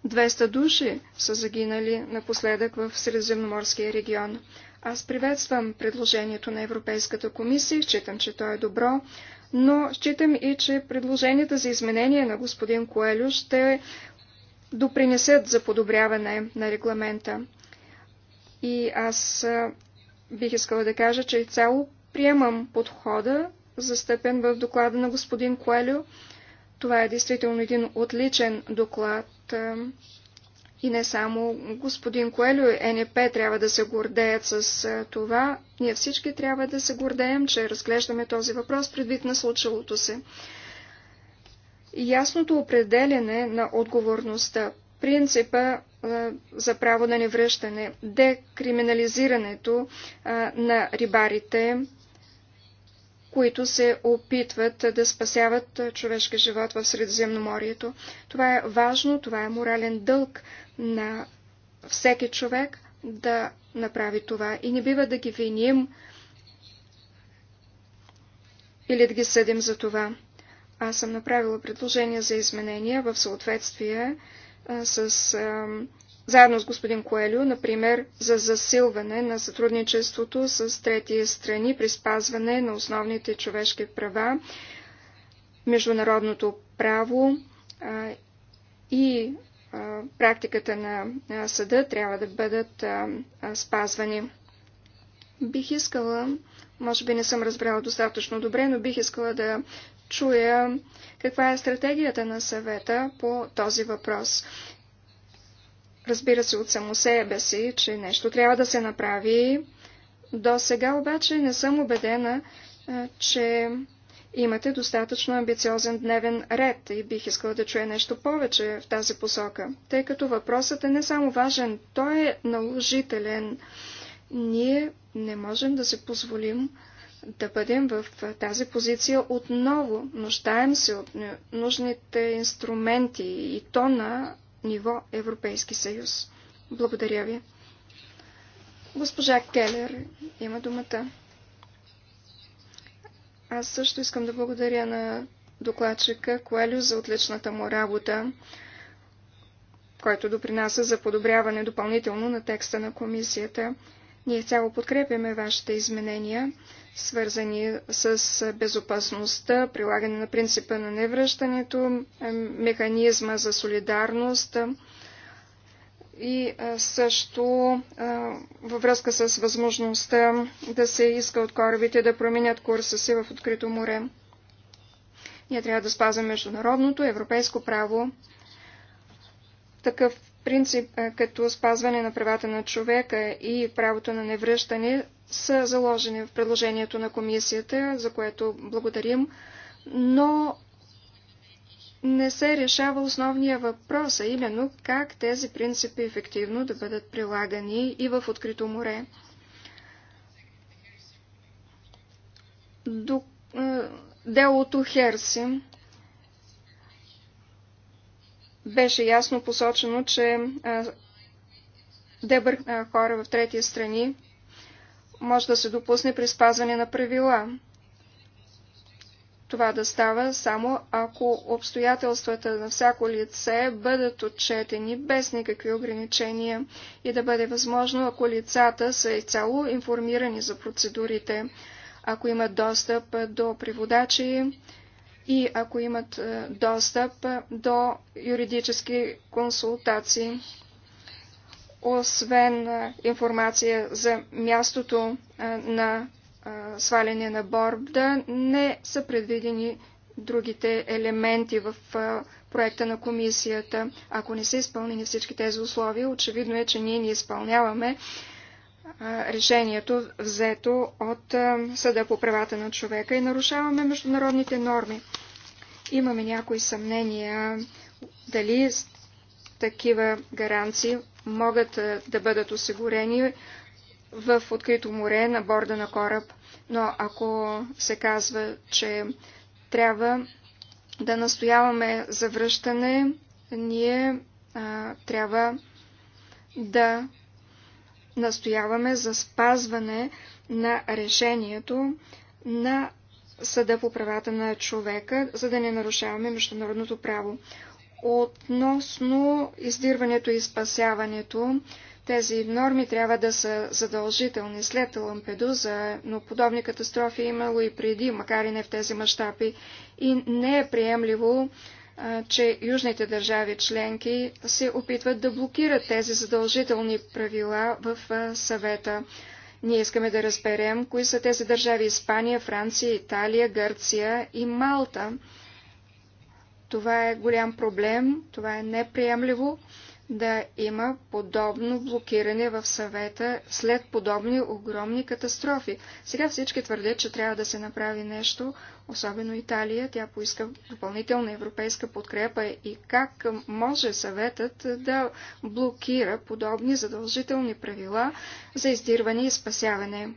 Speaker 2: 200 души са загинали напоследък в Средиземноморския регион. Аз приветствам предложението на Европейската комисия, считам, че то е добро, но считам и, че предложенията за изменение на господин Коелю ще допринесат за подобряване на регламента. И аз бих искала да кажа, че цяло приемам подхода, застъпен в доклада на господин Коелю. Това е действително един отличен доклад, и не само господин Коелю, НП трябва да се гордеят с това. Ние всички трябва да се гордеем, че разглеждаме този въпрос предвид на случилото се. Ясното определене на отговорността, принципа за право на невръщане, декриминализирането на рибарите, които се опитват да спасяват човешки живот в Средиземноморието. Това е важно, това е морален дълг на всеки човек да направи това. И не бива да ги виним или да ги съдим за това. Аз съм направила предложение за изменения в съответствие с заедно с господин Коелю, например, за засилване на сътрудничеството с трети страни при спазване на основните човешки права, международното право а, и а, практиката на а, съда трябва да бъдат а, а, спазвани. Бих искала, може би не съм разбрала достатъчно добре, но бих искала да чуя каква е стратегията на съвета по този въпрос разбира се от само себе си, че нещо трябва да се направи. До сега обаче не съм убедена, че имате достатъчно амбициозен дневен ред и бих искала да чуя нещо повече в тази посока, тъй като въпросът е не само важен, той е наложителен. Ние не можем да се позволим да бъдем в тази позиция отново. Нуждаем се от нужните инструменти и то на ниво Европейски съюз. Благодаря ви. Госпожа Келер има думата. Аз също искам да благодаря на докладчика Коелю за отличната му работа, който допринася за подобряване допълнително на текста на комисията. Ние цяло подкрепяме вашите изменения свързани с безопасността, прилагане на принципа на невръщането, е, механизма за солидарност е, и е, също във връзка с възможността да се иска от корабите да променят курса си в открито море. Ние трябва да спазваме международното европейско право. Такъв принцип е, като спазване на правата на човека и правото на невръщане са заложени в предложението на комисията, за което благодарим, но не се решава основния въпрос, а именно как тези принципи ефективно да бъдат прилагани и в открито море. До, е, делото Херси беше ясно посочено, че дебър хора в трети страни може да се допусне при спазване на правила. Това да става само ако обстоятелствата на всяко лице бъдат отчетени без никакви ограничения и да бъде възможно, ако лицата са изцяло информирани за процедурите, ако имат достъп до приводачи и ако имат е, достъп е, до юридически консултации. Освен е, информация за мястото на сваляне на борда, не са предвидени другите елементи в проекта на комисията. Ако не са изпълнени всички тези условия, очевидно е, че ние не изпълняваме решението взето от Съда по правата на човека и нарушаваме международните норми. Имаме някои съмнения дали такива гаранции могат да бъдат осигурени в открито море на борда на кораб. Но ако се казва, че трябва да настояваме за връщане, ние а, трябва да настояваме за спазване на решението на Съда по правата на човека, за да не нарушаваме международното право. Относно издирването и спасяването, тези норми трябва да са задължителни след Лампедуза, но подобни катастрофи е имало и преди, макар и не в тези мащаби. И не е приемливо че южните държави членки се опитват да блокират тези задължителни правила в съвета. Ние искаме да разберем кои са тези държави Испания, Франция, Италия, Гърция и Малта. Това е голям проблем, това е неприемливо да има подобно блокиране в съвета след подобни огромни катастрофи. Сега всички твърдят, че трябва да се направи нещо, особено Италия. Тя поиска допълнителна европейска подкрепа и как може съветът да блокира подобни задължителни правила за издирване и спасяване.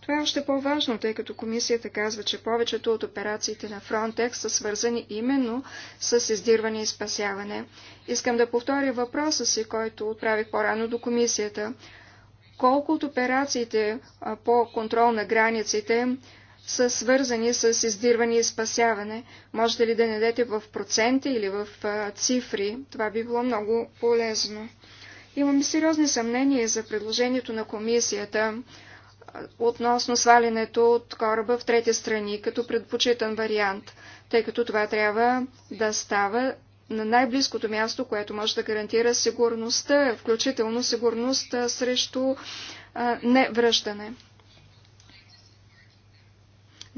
Speaker 2: Това е още по-важно, тъй като комисията казва, че повечето от операциите на Frontex са свързани именно с издирване и спасяване. Искам да повторя въпроса си, който отправих по-рано до комисията. Колко от операциите по контрол на границите са свързани с издирване и спасяване. Можете ли да не дадете в проценти или в цифри? Това би било много полезно. Имам сериозни съмнения за предложението на комисията относно свалянето от кораба в трети страни като предпочитан вариант, тъй като това трябва да става на най-близкото място, което може да гарантира сигурността, включително сигурност срещу невръщане.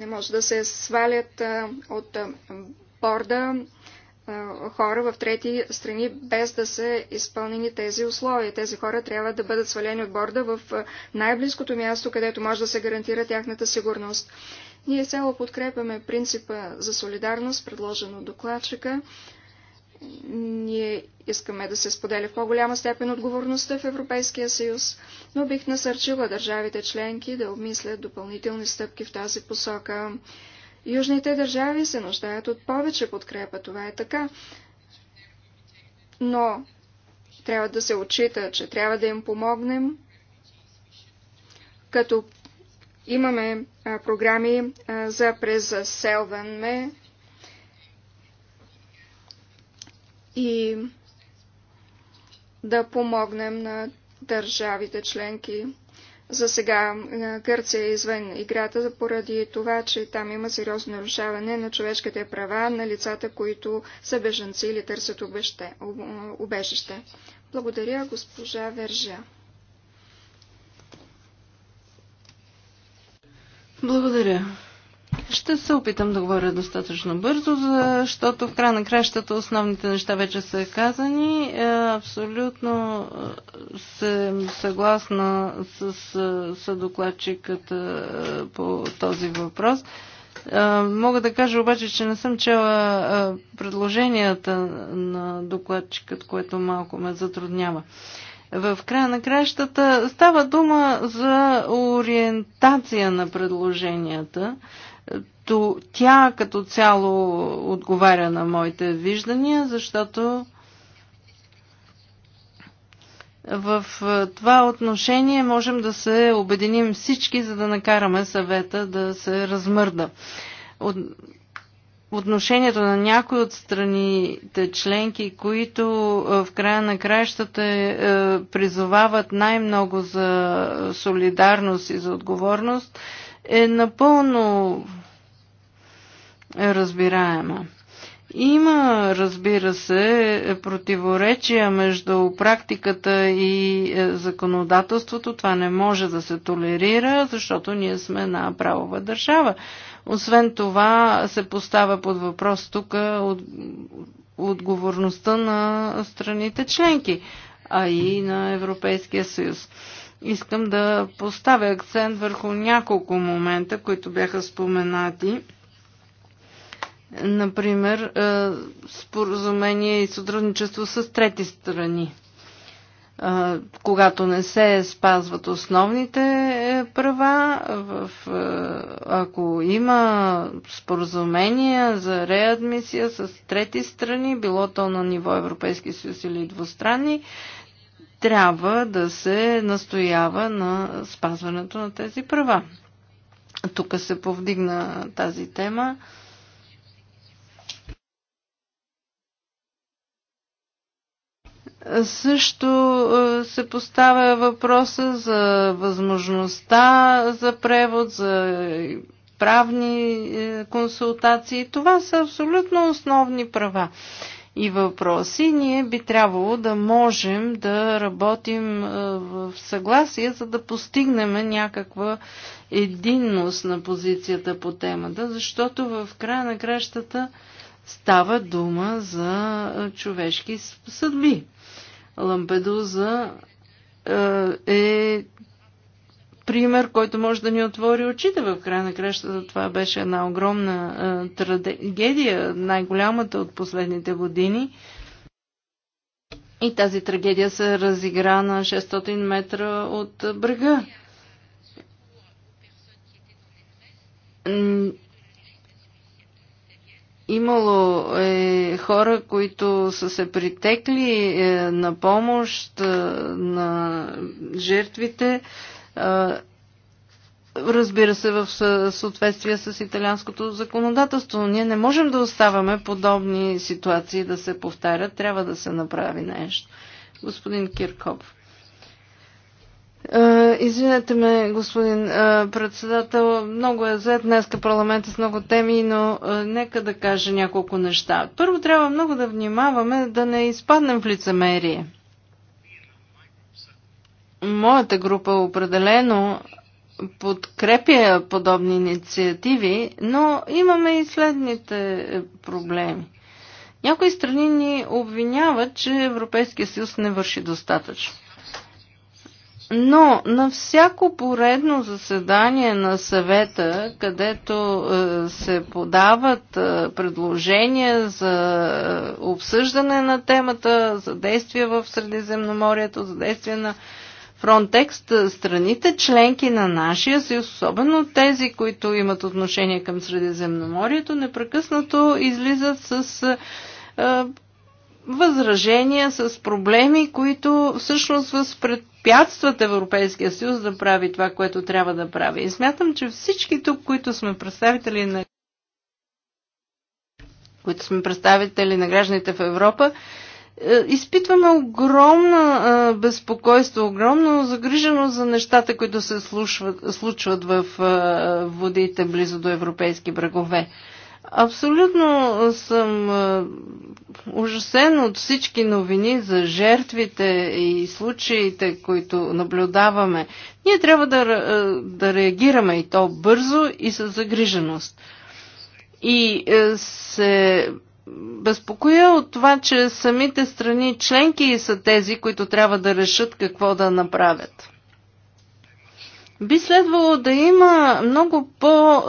Speaker 2: Не може да се свалят от борда хора в трети страни, без да са изпълнени тези условия. Тези хора трябва да бъдат свалени от борда в най-близкото място, където може да се гарантира тяхната сигурност. Ние цяло подкрепяме принципа за солидарност, предложен от докладчика. Ние искаме да се споделя в по-голяма степен отговорността в Европейския съюз, но бих насърчила държавите членки да обмислят допълнителни стъпки в тази посока. Южните държави се нуждаят от повече подкрепа, това е така. Но трябва да се отчита, че трябва да им помогнем, като имаме а, програми а, за презаселване, и да помогнем на държавите членки. За сега Гърция е извън играта поради това, че там има сериозно нарушаване на човешките права на лицата, които са беженци или търсят убежище. Благодаря, госпожа Вержа.
Speaker 3: Благодаря. Ще се опитам да говоря достатъчно бързо, защото в края на кращата основните неща вече са казани. Е, абсолютно е, съм съгласна с е, съдокладчиката по този въпрос. Мога да кажа обаче, че не съм чела предложенията на докладчикът, което малко ме затруднява. В края на кращата става дума за ориентация на предложенията. То, тя като цяло отговаря на моите виждания, защото в това отношение можем да се обединим всички, за да накараме съвета да се размърда. От... Отношението на някои от страните членки, които в края на краищата е, е, призовават най-много за солидарност и за отговорност, е напълно разбираема. Има, разбира се, противоречия между практиката и е, законодателството. Това не може да се толерира, защото ние сме една правова държава. Освен това се поставя под въпрос тук от, отговорността на страните членки, а и на Европейския съюз. Искам да поставя акцент върху няколко момента, които бяха споменати. Например, е, споразумение и сътрудничество с трети страни е, когато не се спазват основните е, права, ако има споразумения за реадмисия с трети страни, било то на ниво Европейски съюз или двустранни, трябва да се настоява на спазването на тези права. Тук се повдигна тази тема. Също е, се поставя въпроса за възможността за превод, за правни е, консултации. Това са абсолютно основни права и въпроси, ние би трябвало да можем да работим е, в съгласие, за да постигнем някаква единност на позицията по темата, защото в края на кращата става дума за е, човешки съдби. Лампедуза е, е пример, който може да ни отвори очите в края на кращата. Това беше една огромна а, трагедия, най-голямата от последните години. И тази трагедия се разигра на 600 метра от брега. Имало е хора, които са се притекли е, на помощ е, на жертвите разбира се, в съответствие с италианското законодателство. Ние не можем да оставаме подобни ситуации да се повтарят. Трябва да се направи нещо. Господин Киркоп. Извинете ме, господин председател, много е зает днеска парламента е с много теми, но нека да кажа няколко неща. Първо трябва много да внимаваме да не изпаднем в лицемерие. Моята група определено подкрепя подобни инициативи, но имаме и следните проблеми. Някои страни ни обвиняват, че Европейския съюз не върши достатъчно. Но на всяко поредно заседание на съвета, където е, се подават е, предложения за е, обсъждане на темата, за действия в Средиземноморието, за действия на Фронтекст страните, членки на нашия съюз, особено тези, които имат отношение към Средиземноморието, непрекъснато излизат с възражения, с проблеми, които всъщност възпрепятстват Европейския съюз да прави това, което трябва да прави. И смятам, че всички тук, които сме представители на които сме представители на гражданите в Европа, е, изпитваме огромно е, безпокойство, огромно загриженост за нещата, които се случват, случват в е, водите близо до европейски брегове. Абсолютно съм ужасен от всички новини за жертвите и случаите, които наблюдаваме. Ние трябва да, да реагираме и то бързо и с загриженост. И се безпокоя от това, че самите страни членки са тези, които трябва да решат какво да направят. Би следвало да има много по-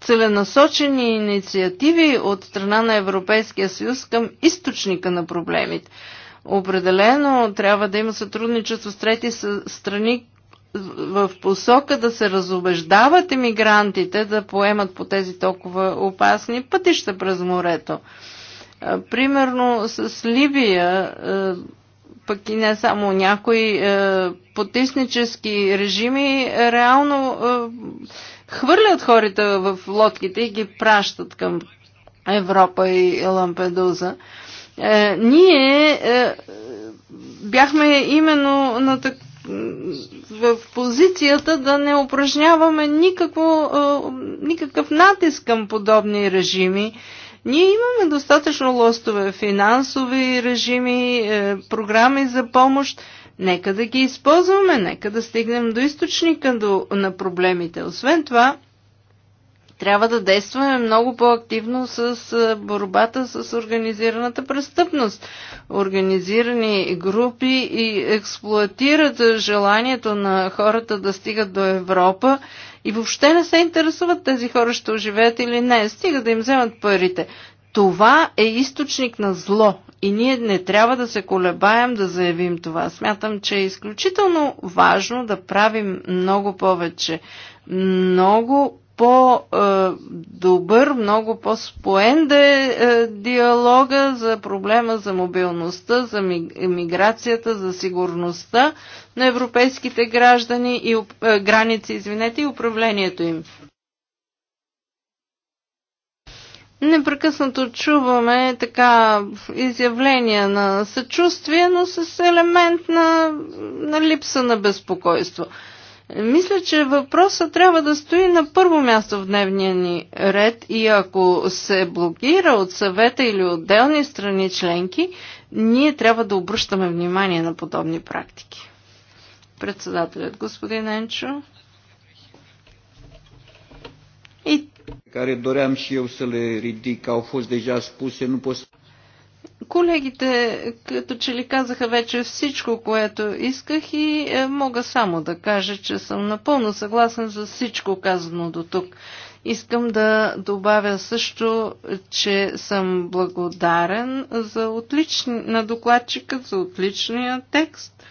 Speaker 3: целенасочени инициативи от страна на Европейския съюз към източника на проблемите. Определено трябва да има сътрудничество с трети страни, в посока да се разобеждават емигрантите да поемат по тези толкова опасни пътища през морето. Примерно с Либия, пък и не само някои потиснически режими, реално хвърлят хората в лодките и ги пращат към Европа и Лампедуза. Е, ние е, бяхме именно на такъв в позицията да не упражняваме никакво, никакъв натиск към подобни режими. Ние имаме достатъчно лостове, финансови режими, е, програми за помощ. Нека да ги използваме, нека да стигнем до източника на проблемите. Освен това, трябва да действаме много по-активно с борбата с организираната престъпност. Организирани групи и експлуатират желанието на хората да стигат до Европа и въобще не се интересуват тези хора ще оживеят или не. Стига да им вземат парите. Това е източник на зло и ние не трябва да се колебаем да заявим това. Смятам, че е изключително важно да правим много повече. Много по-добър, много по-споен да е, е диалога за проблема за мобилността, за миграцията, за сигурността на европейските граждани и е, граници, извинете, и управлението им. Непрекъснато чуваме така изявления на съчувствие, но с елемент на, на липса на безпокойство. Мисля, че въпросът трябва да стои на първо място в дневния ни ред и ако се блокира от съвета или отделни страни членки, ние трябва да обръщаме внимание на подобни практики. Председателят господин Енчо. И care doream și eu să le ridic au fost deja spuse, nu pot Колегите като че ли казаха вече всичко, което исках и е, мога само да кажа, че съм напълно съгласен за всичко казано до тук. Искам да добавя също, че съм благодарен за отлични, на докладчика за отличния текст.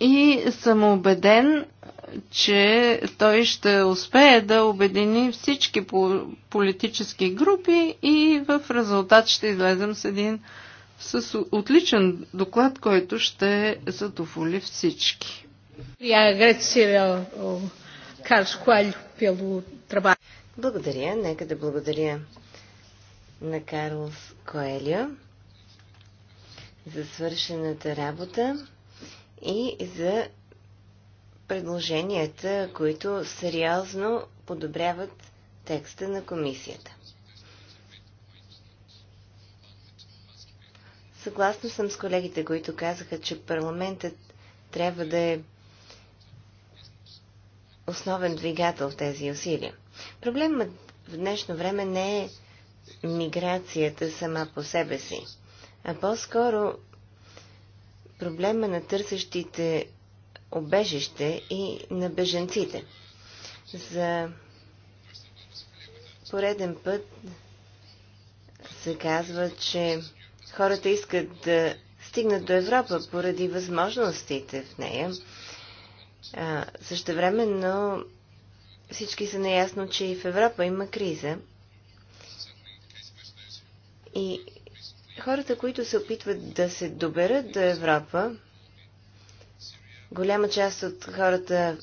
Speaker 3: И съм убеден, че той ще успее да обедини всички политически групи и в резултат ще излезем с един с отличен доклад, който ще задоволи всички.
Speaker 1: Благодаря. Нека да благодаря на Карлос Коелио за свършената работа и за предложенията, които сериозно подобряват текста на комисията. Съгласна съм с колегите, които казаха, че парламентът трябва да е основен двигател в тези усилия. Проблемът в днешно време не е миграцията сама по себе си, а по-скоро проблема на търсещите обежище и на беженците. За пореден път се казва, че хората искат да стигнат до Европа поради възможностите в нея. време, същевременно всички са наясно, че и в Европа има криза. И хората, които се опитват да се доберат до Европа, Голяма част от хората,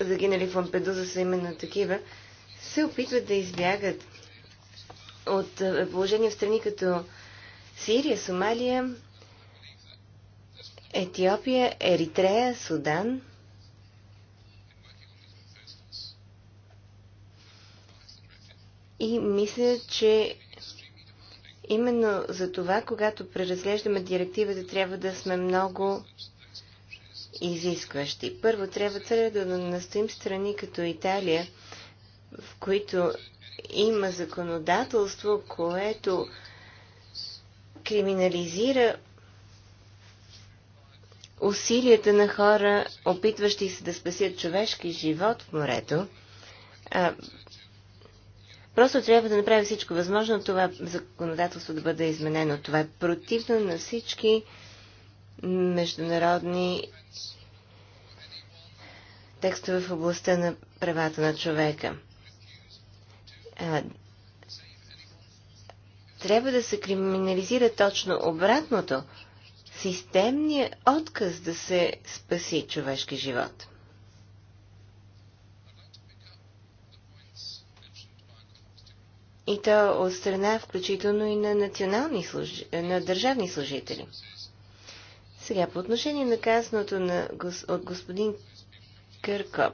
Speaker 1: загинали в Лампедуза, са именно такива, се опитват да избягат от положение в страни като Сирия, Сомалия, Етиопия, Еритрея, Судан. И мисля, че именно за това, когато преразглеждаме директивата, трябва да сме много изискващи. Първо, трябва да настоим страни като Италия, в които има законодателство, което криминализира усилията на хора, опитващи се да спасят човешки живот в морето. А, просто трябва да направи всичко възможно това законодателство да бъде изменено. Това е противно на всички международни текстове в областта на правата на човека. трябва да се криминализира точно обратното системният отказ да се спаси човешки живот. И то от страна, включително и на, национални служи... на държавни служители. Сега, по отношение на казаното на, от господин Къркоп,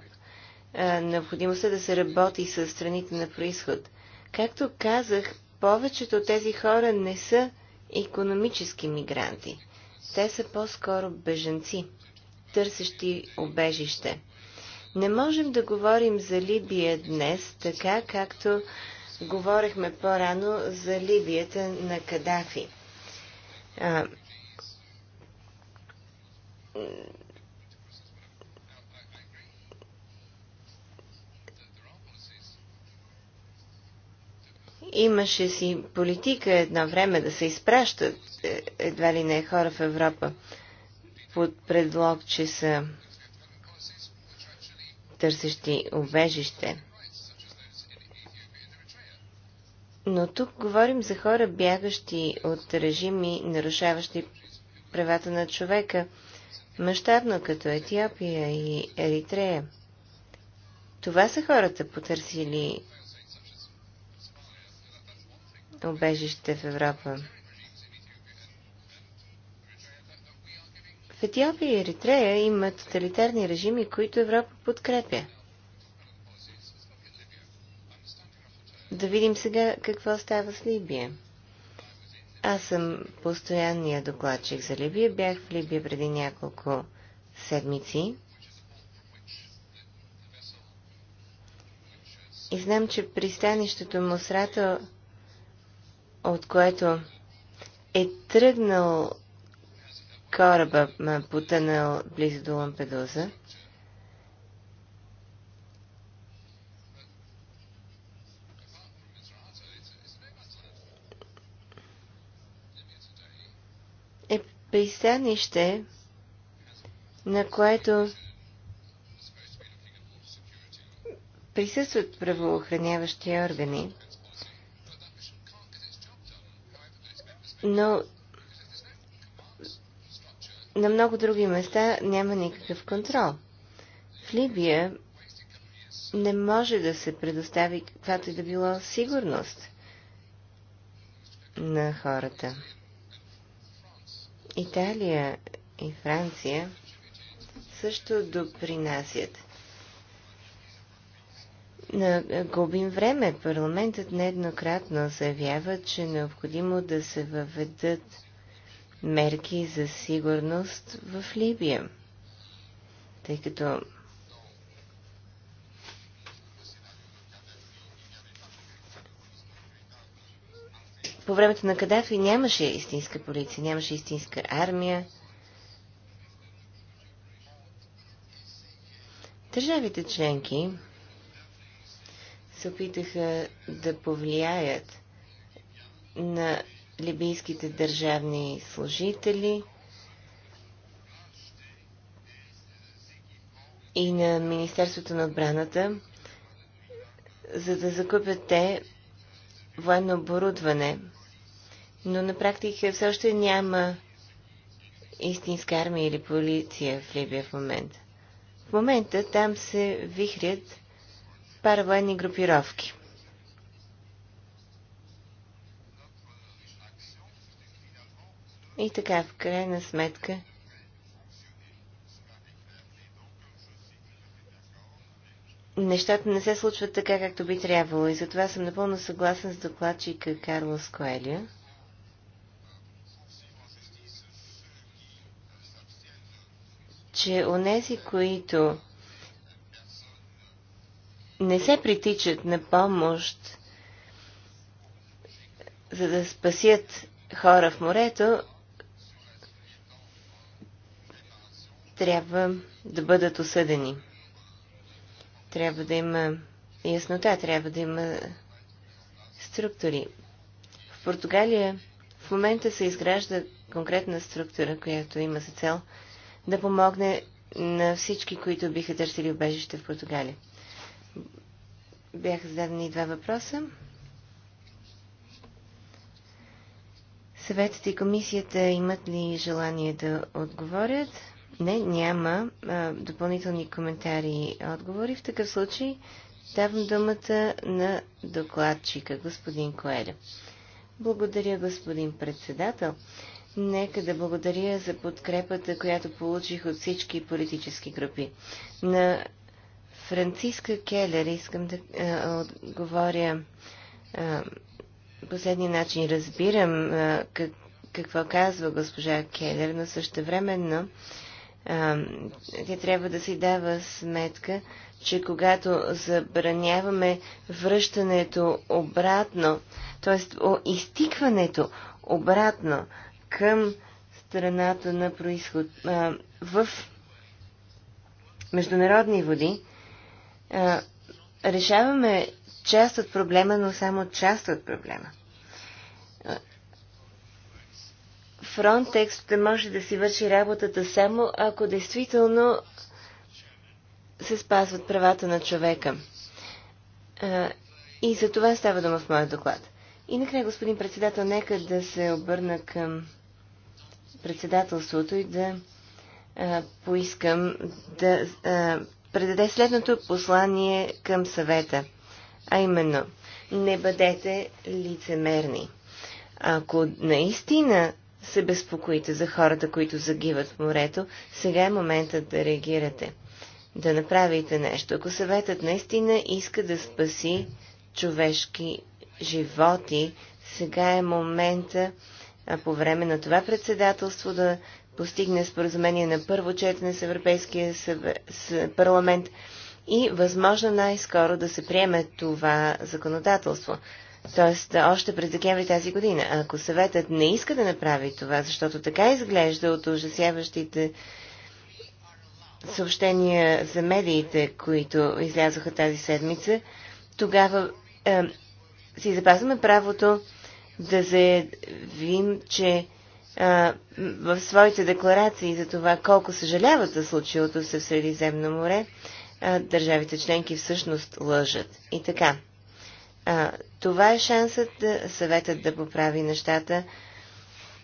Speaker 1: необходимостта да се работи с страните на происход. Както казах, повечето от тези хора не са економически мигранти. Те са по-скоро бежанци, търсещи обежище. Не можем да говорим за Либия днес, така както говорихме по-рано за Либията на Кадафи. Имаше си политика едно време да се изпращат е, едва ли не хора в Европа под предлог, че са търсещи обежище. Но тук говорим за хора бягащи от режими, нарушаващи правата на човека мащабно като Етиопия и Еритрея. Това са хората потърсили обежище в Европа. В Етиопия и Еритрея има тоталитарни режими, които Европа подкрепя. Да видим сега какво става с Либия. Аз съм постоянния докладчик за Либия. Бях в Либия преди няколко седмици. И знам, че пристанището Мосрато, от което е тръгнал кораба, потънал близо до Лампедуза, пристанище, на което присъстват правоохраняващи органи, но на много други места няма никакъв контрол. В Либия не може да се предостави каквато и да било сигурност на хората. Италия и Франция също допринасят. На губим време. Парламентът нееднократно заявява, че е необходимо да се въведат мерки за сигурност в Либия, тъй като по времето на Кадафи нямаше истинска полиция, нямаше истинска армия. Държавите членки се опитаха да повлияят на либийските държавни служители и на Министерството на отбраната, за да закупят те военно оборудване но на практика все още няма истинска армия или полиция в Либия в момента. В момента там се вихрят паравоенни групировки. И така, в крайна сметка, нещата не се случват така, както би трябвало. И затова съм напълно съгласен с докладчика Карлос Коелия. че онези, които не се притичат на помощ, за да спасят хора в морето, трябва да бъдат осъдени. Трябва да има яснота, трябва да има структури. В Португалия в момента се изгражда конкретна структура, която има за цел да помогне на всички, които биха търсили убежище в Португалия. Бяха зададени два въпроса. Съветът и комисията имат ли желание да отговорят? Не, няма а, допълнителни коментари и отговори. В такъв случай давам думата на докладчика, господин Коеля. Благодаря, господин председател. Нека да благодаря за подкрепата, която получих от всички политически групи. На Франциска Келер искам да а, отговоря а, последния начин. Разбирам а, как, какво казва госпожа Келер, но същевременно а, тя трябва да си дава сметка, че когато забраняваме връщането обратно, т.е. изтикването обратно към страната на происход. А, в международни води а, решаваме част от проблема, но само част от проблема. Фронтекст може да си върши работата само ако действително се спазват правата на човека. И за това става дума в моя доклад. И накрая, господин председател, нека да се обърна към председателството и да а, поискам да а, предаде следното послание към съвета, а именно не бъдете лицемерни. Ако наистина се безпокоите за хората, които загиват в морето, сега е моментът да реагирате. Да направите нещо. Ако съветът наистина иска да спаси човешки животи, сега е момента по време на това председателство да постигне споразумение на първо четене с Европейския парламент и възможно най-скоро да се приеме това законодателство. Тоест, още през декември тази година. Ако съветът не иска да направи това, защото така изглежда от ужасяващите съобщения за медиите, които излязоха тази седмица, тогава е, си запазваме правото да заявим, че а, в своите декларации за това колко съжаляват за случилото се в Средиземно море, а, държавите членки всъщност лъжат. И така. А, това е шансът да съветът да поправи нещата.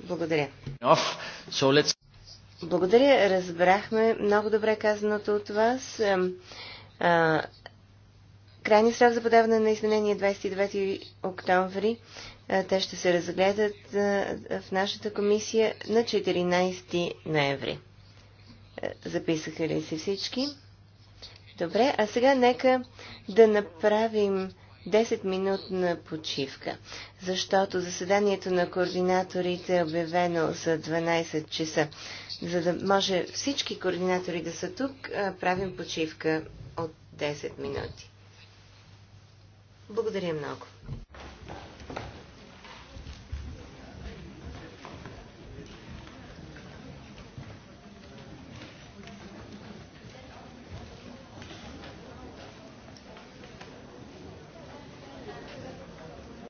Speaker 1: Благодаря. Благодаря. Разбрахме много добре казаното от вас. Крайният срок за подаване на изменение 29 е октомври. Е, те ще се разгледат е, в нашата комисия на 14 ноември. Е, записаха ли се всички? Добре, а сега нека да направим 10-минутна почивка, защото заседанието на координаторите е обявено за 12 часа. За да може всички координатори да са тук, правим почивка от 10 минути. Благодаря много.